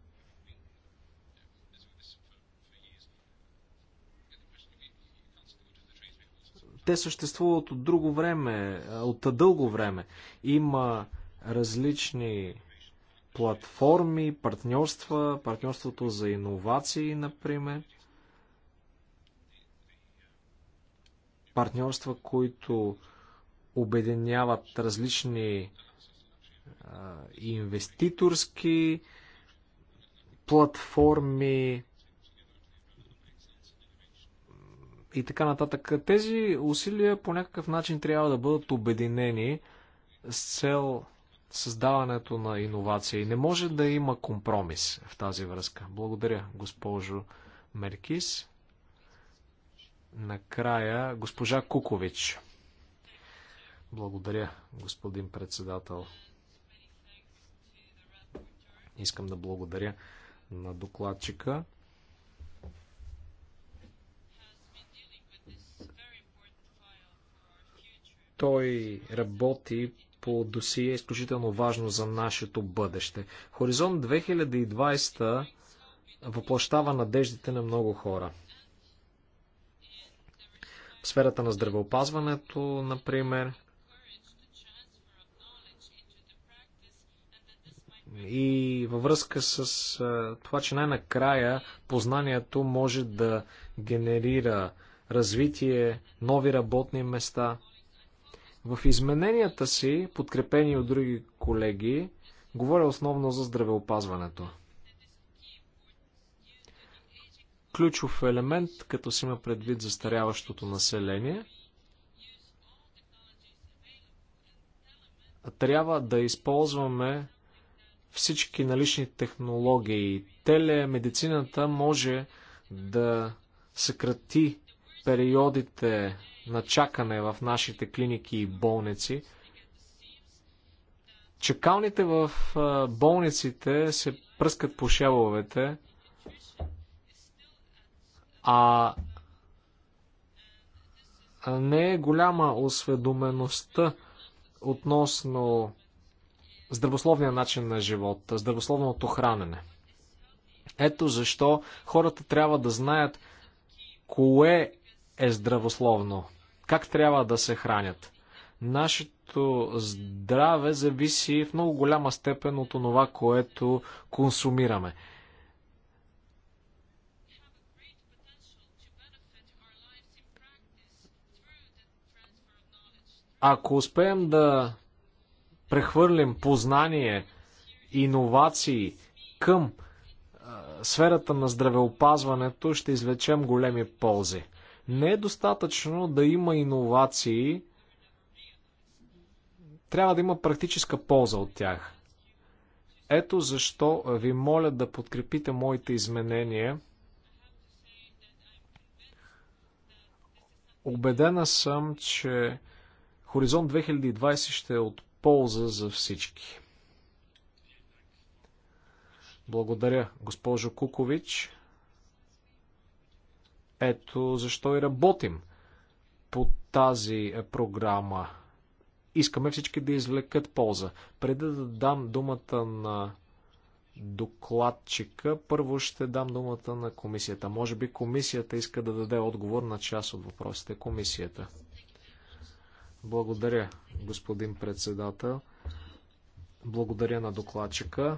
те съществуват от друго време, от дълго време. Има различни платформи, партньорства, партньорството за иновации, например. Партньорства, които обединяват различни а, инвеститорски платформи, и така нататък. Тези усилия по някакъв начин трябва да бъдат обединени с цел създаването на И Не може да има компромис в тази връзка. Благодаря, госпожо Меркис. Накрая, госпожа Кукович. Благодаря, господин председател. Искам да благодаря на докладчика. Той работи по досие е изключително важно за нашето бъдеще. Хоризонт 2020 въплащава надеждите на много хора. В сферата на здравеопазването, например, и във връзка с това, че най-накрая познанието може да генерира развитие, нови работни места – в измененията си, подкрепени от други колеги, говоря основно за здравеопазването. Ключов елемент, като си има предвид застаряващото население, трябва да използваме всички налични технологии. Телемедицината може да съкрати периодите на чакане в нашите клиники и болници. Чекалните в болниците се пръскат по шеловете, а не е голяма осведомеността относно здравословния начин на живот, здравословното хранене. Ето защо хората трябва да знаят кое е здравословно? Как трябва да се хранят? Нашето здраве зависи в много голяма степен от това, което консумираме. Ако успеем да прехвърлим познание, иновации към сферата на здравеопазването ще извлечем големи ползи. Не е достатъчно да има иновации, трябва да има практическа полза от тях. Ето защо ви моля да подкрепите моите изменения. Обедена съм, че Хоризонт 2020 ще е от полза за всички. Благодаря, госпожо Кукович. Ето защо и работим по тази е, програма. Искаме всички да извлекат полза. Преди да дам думата на докладчика, първо ще дам думата на комисията. Може би комисията иска да даде отговор на част от въпросите. Комисията. Благодаря, господин председател. Благодаря на докладчика.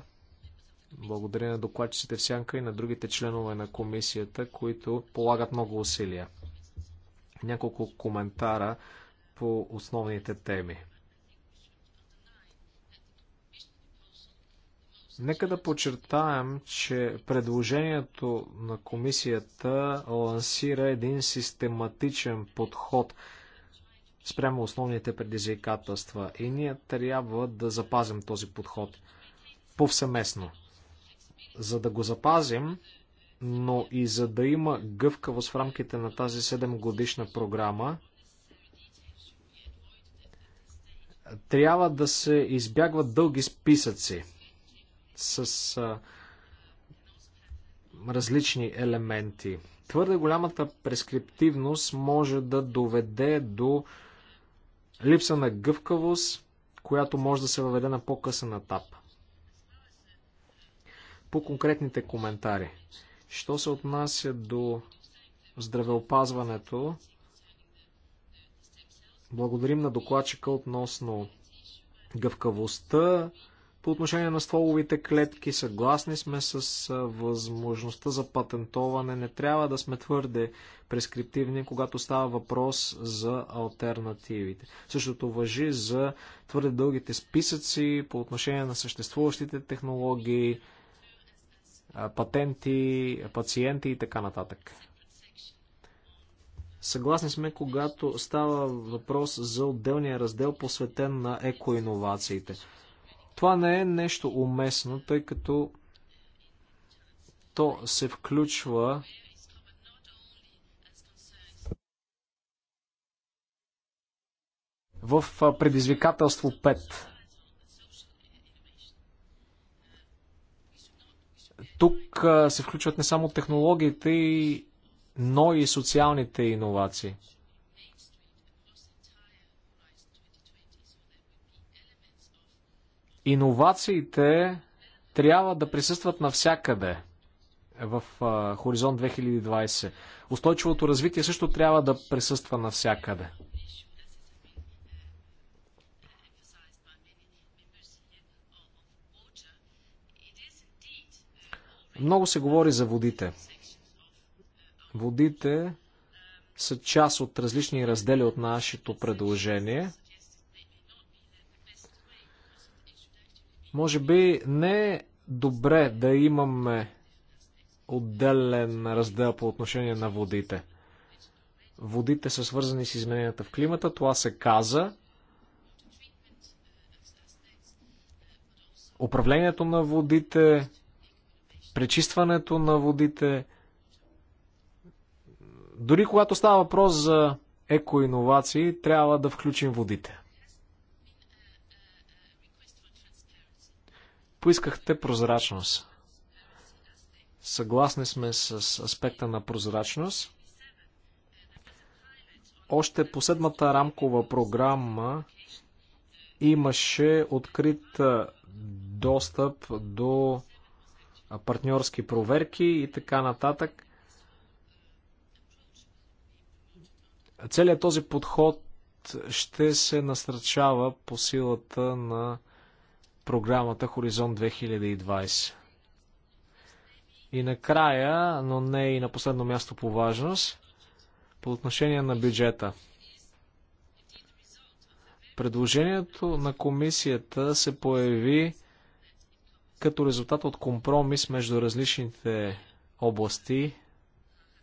Благодаря на докладчиците в Сянка и на другите членове на комисията, които полагат много усилия. Няколко коментара по основните теми. Нека да подчертаем, че предложението на комисията лансира един систематичен подход спрямо основните предизвикателства и ние трябва да запазим този подход повсеместно за да го запазим, но и за да има гъвкавост в рамките на тази 7 годишна програма, трябва да се избягват дълги списъци с а, различни елементи. Твърде голямата прескриптивност може да доведе до липса на гъвкавост, която може да се въведе на по-късен етап по конкретните коментари. Що се отнася до здравеопазването, благодарим на докладчика относно гъвкавостта по отношение на стволовите клетки. Съгласни сме с възможността за патентоване. Не трябва да сме твърде прескриптивни, когато става въпрос за альтернативите. Същото въжи за твърде дългите списъци по отношение на съществуващите технологии, патенти, пациенти и така нататък. Съгласни сме, когато става въпрос за отделния раздел, посветен на екоиновациите. Това не е нещо уместно, тъй като то се включва в предизвикателство 5. Тук се включват не само технологиите, но и социалните иновации. Иновациите трябва да присъстват навсякъде в Хоризонт 2020. Устойчивото развитие също трябва да присъства навсякъде. Много се говори за водите. Водите са част от различни раздели от нашето предложение. Може би не е добре да имаме отделен раздел по отношение на водите. Водите са свързани с измененията в климата, това се каза. Управлението на водите, пречистването на водите. Дори когато става въпрос за екоинновации, трябва да включим водите. Поискахте прозрачност. Съгласни сме с аспекта на прозрачност. Още по седмата рамкова програма имаше открит достъп до партньорски проверки и така нататък. Целият този подход ще се насръчава по силата на програмата Хоризон 2020. И накрая, но не и на последно място по важност, по отношение на бюджета. Предложението на комисията се появи като резултат от компромис между различните области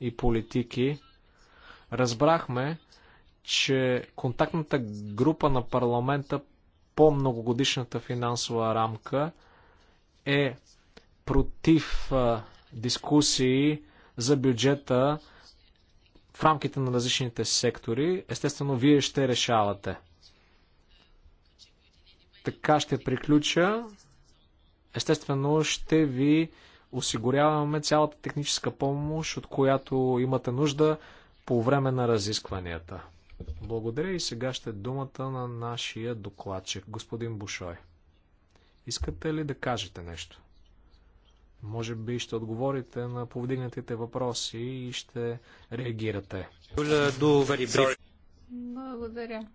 и политики, разбрахме, че контактната група на парламента по многогодишната финансова рамка е против дискусии за бюджета в рамките на различните сектори. Естествено, вие ще решавате. Така ще приключа. Естествено, ще ви осигуряваме цялата техническа помощ, от която имате нужда по време на разискванията. Благодаря и сега ще думата на нашия докладчик, господин Бушой. Искате ли да кажете нещо? Може би ще отговорите на повдигнатите въпроси и ще реагирате. Благодаря.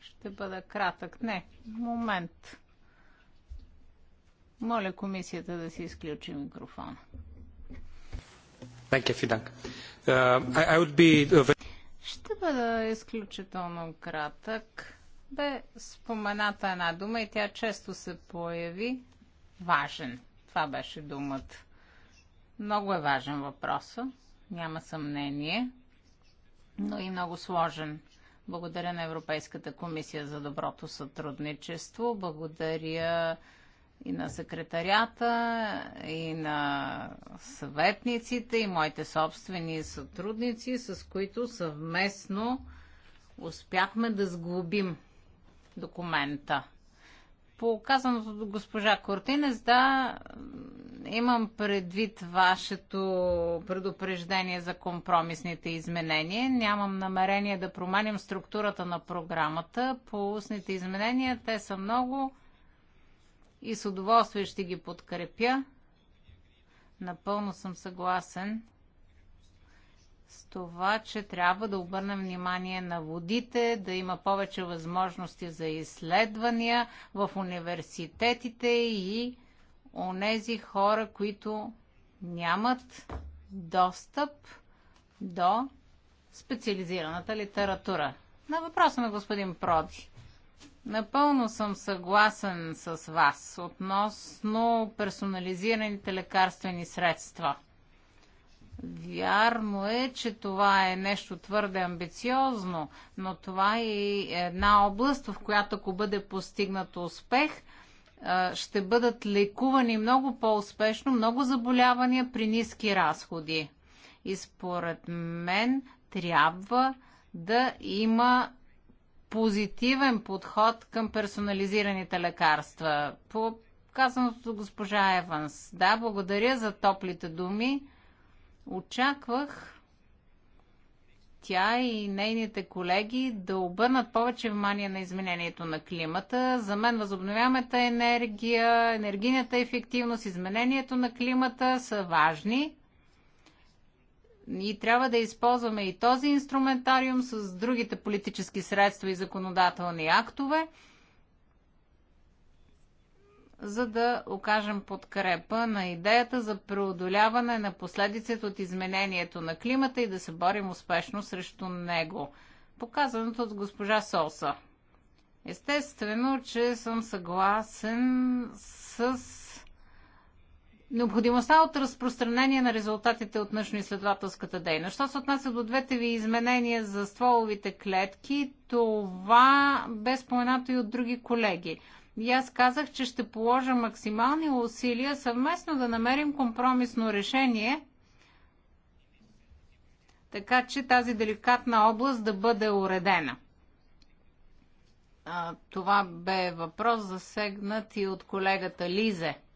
Ще бъда кратък. Не, момент. Моля комисията да си изключи микрофона. Uh, uh, Ще бъда изключително кратък. Бе спомената една дума и тя често се появи. Важен. Това беше думата. Много е важен въпрос. няма съмнение, но и много сложен. Благодаря на Европейската комисия за доброто сътрудничество. Благодаря и на секретарята, и на съветниците, и моите собствени сътрудници, с които съвместно успяхме да сглобим документа. По казаното до госпожа Кортинес, да, имам предвид вашето предупреждение за компромисните изменения. Нямам намерение да променим структурата на програмата. По устните изменения те са много и с удоволствие ще ги подкрепя. Напълно съм съгласен с това, че трябва да обърнем внимание на водите, да има повече възможности за изследвания в университетите и онези хора, които нямат достъп до специализираната литература. На въпроса на господин Проди. Напълно съм съгласен с вас относно персонализираните лекарствени средства. Вярно е, че това е нещо твърде амбициозно, но това е една област, в която ако бъде постигнат успех, ще бъдат лекувани много по-успешно много заболявания при ниски разходи. И според мен трябва да има позитивен подход към персонализираните лекарства. По казаното госпожа Еванс, да, благодаря за топлите думи. Очаквах тя и нейните колеги да обърнат повече внимание на изменението на климата. За мен възобновяемата енергия, енергийната ефективност, изменението на климата са важни и трябва да използваме и този инструментариум с другите политически средства и законодателни актове, за да окажем подкрепа на идеята за преодоляване на последиците от изменението на климата и да се борим успешно срещу него. Показаното от госпожа Солса. Естествено, че съм съгласен с необходимостта от разпространение на резултатите от научно-изследователската дейност. Що се отнася до двете ви изменения за стволовите клетки, това бе споменато и от други колеги. И аз казах, че ще положа максимални усилия съвместно да намерим компромисно решение, така че тази деликатна област да бъде уредена. А, това бе въпрос засегнат и от колегата Лизе –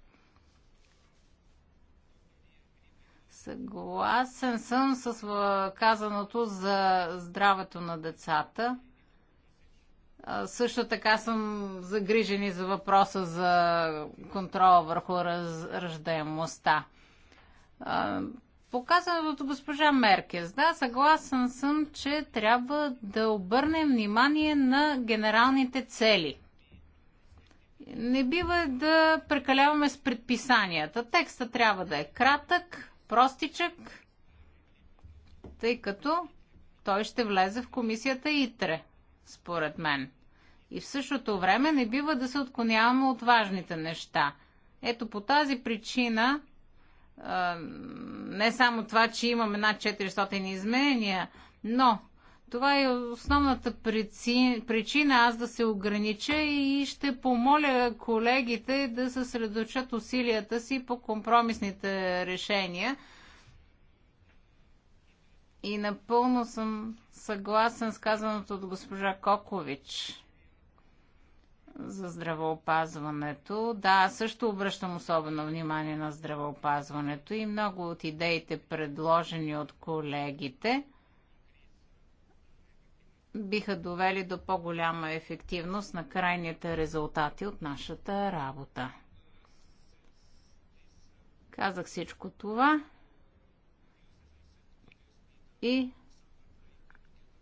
Съгласен съм с казаното за здравето на децата. Също така съм загрижени за въпроса за контрола върху раждаемостта. Показаното от госпожа Меркес. Да, съгласен съм, че трябва да обърнем внимание на генералните цели. Не бива да прекаляваме с предписанията. Текста трябва да е кратък, простичък, тъй като той ще влезе в комисията ИТРЕ, според мен. И в същото време не бива да се отклоняваме от важните неща. Ето по тази причина, не само това, че имаме над 400 изменения, но това е основната причина аз да се огранича и ще помоля колегите да съсредочат усилията си по компромисните решения. И напълно съм съгласен с казаното от госпожа Кокович за здравеопазването. Да, също обръщам особено внимание на здравеопазването и много от идеите, предложени от колегите – биха довели до по-голяма ефективност на крайните резултати от нашата работа. Казах всичко това и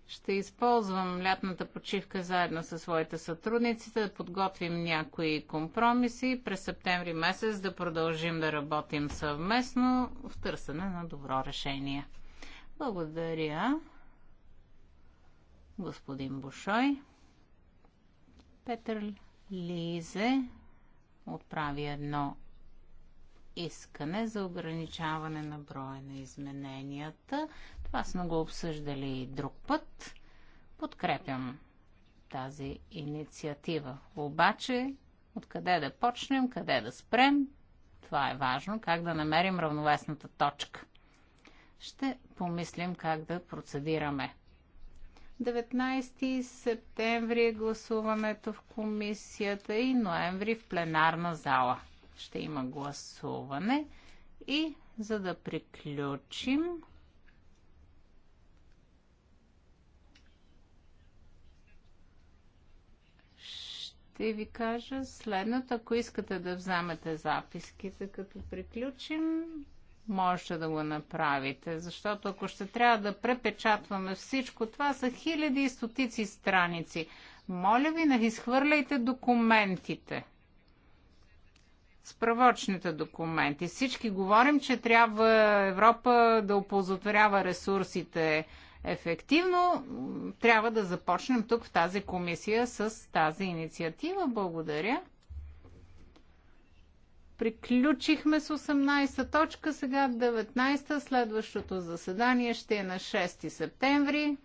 ще използвам лятната почивка заедно със своите сътрудници да подготвим някои компромиси през септември месец да продължим да работим съвместно в търсене на добро решение. Благодаря господин Бушой. Петър Лизе отправи едно искане за ограничаване на броя на измененията. Това сме го обсъждали и друг път. Подкрепям тази инициатива. Обаче, откъде да почнем, къде да спрем, това е важно, как да намерим равновесната точка. Ще помислим как да процедираме. 19 септември гласуването в комисията и ноември в пленарна зала. Ще има гласуване и за да приключим ще ви кажа следното. Ако искате да вземете записките, като приключим, можете да го направите, защото ако ще трябва да препечатваме всичко, това са хиляди и стотици страници. Моля ви, не изхвърляйте документите. Справочните документи. Всички говорим, че трябва Европа да оползотворява ресурсите ефективно. Трябва да започнем тук в тази комисия с тази инициатива. Благодаря. Приключихме с 18 точка, сега 19. Следващото заседание ще е на 6 септември.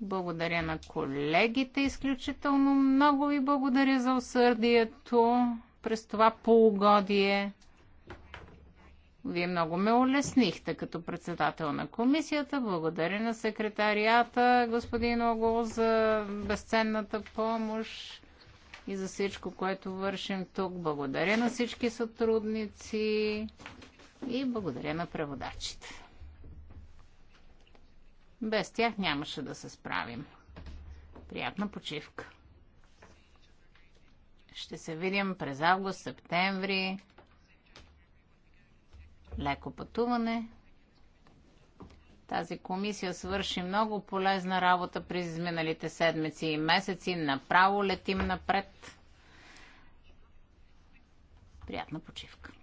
Благодаря на колегите изключително много и благодаря за усърдието през това полугодие. Вие много ме улеснихте като председател на комисията. Благодаря на секретарията, господин Ого, за безценната помощ и за всичко, което вършим тук. Благодаря на всички сътрудници и благодаря на преводачите. Без тях нямаше да се справим. Приятна почивка. Ще се видим през август, септември. Леко пътуване. Тази комисия свърши много полезна работа през изминалите седмици и месеци. Направо летим напред. Приятна почивка.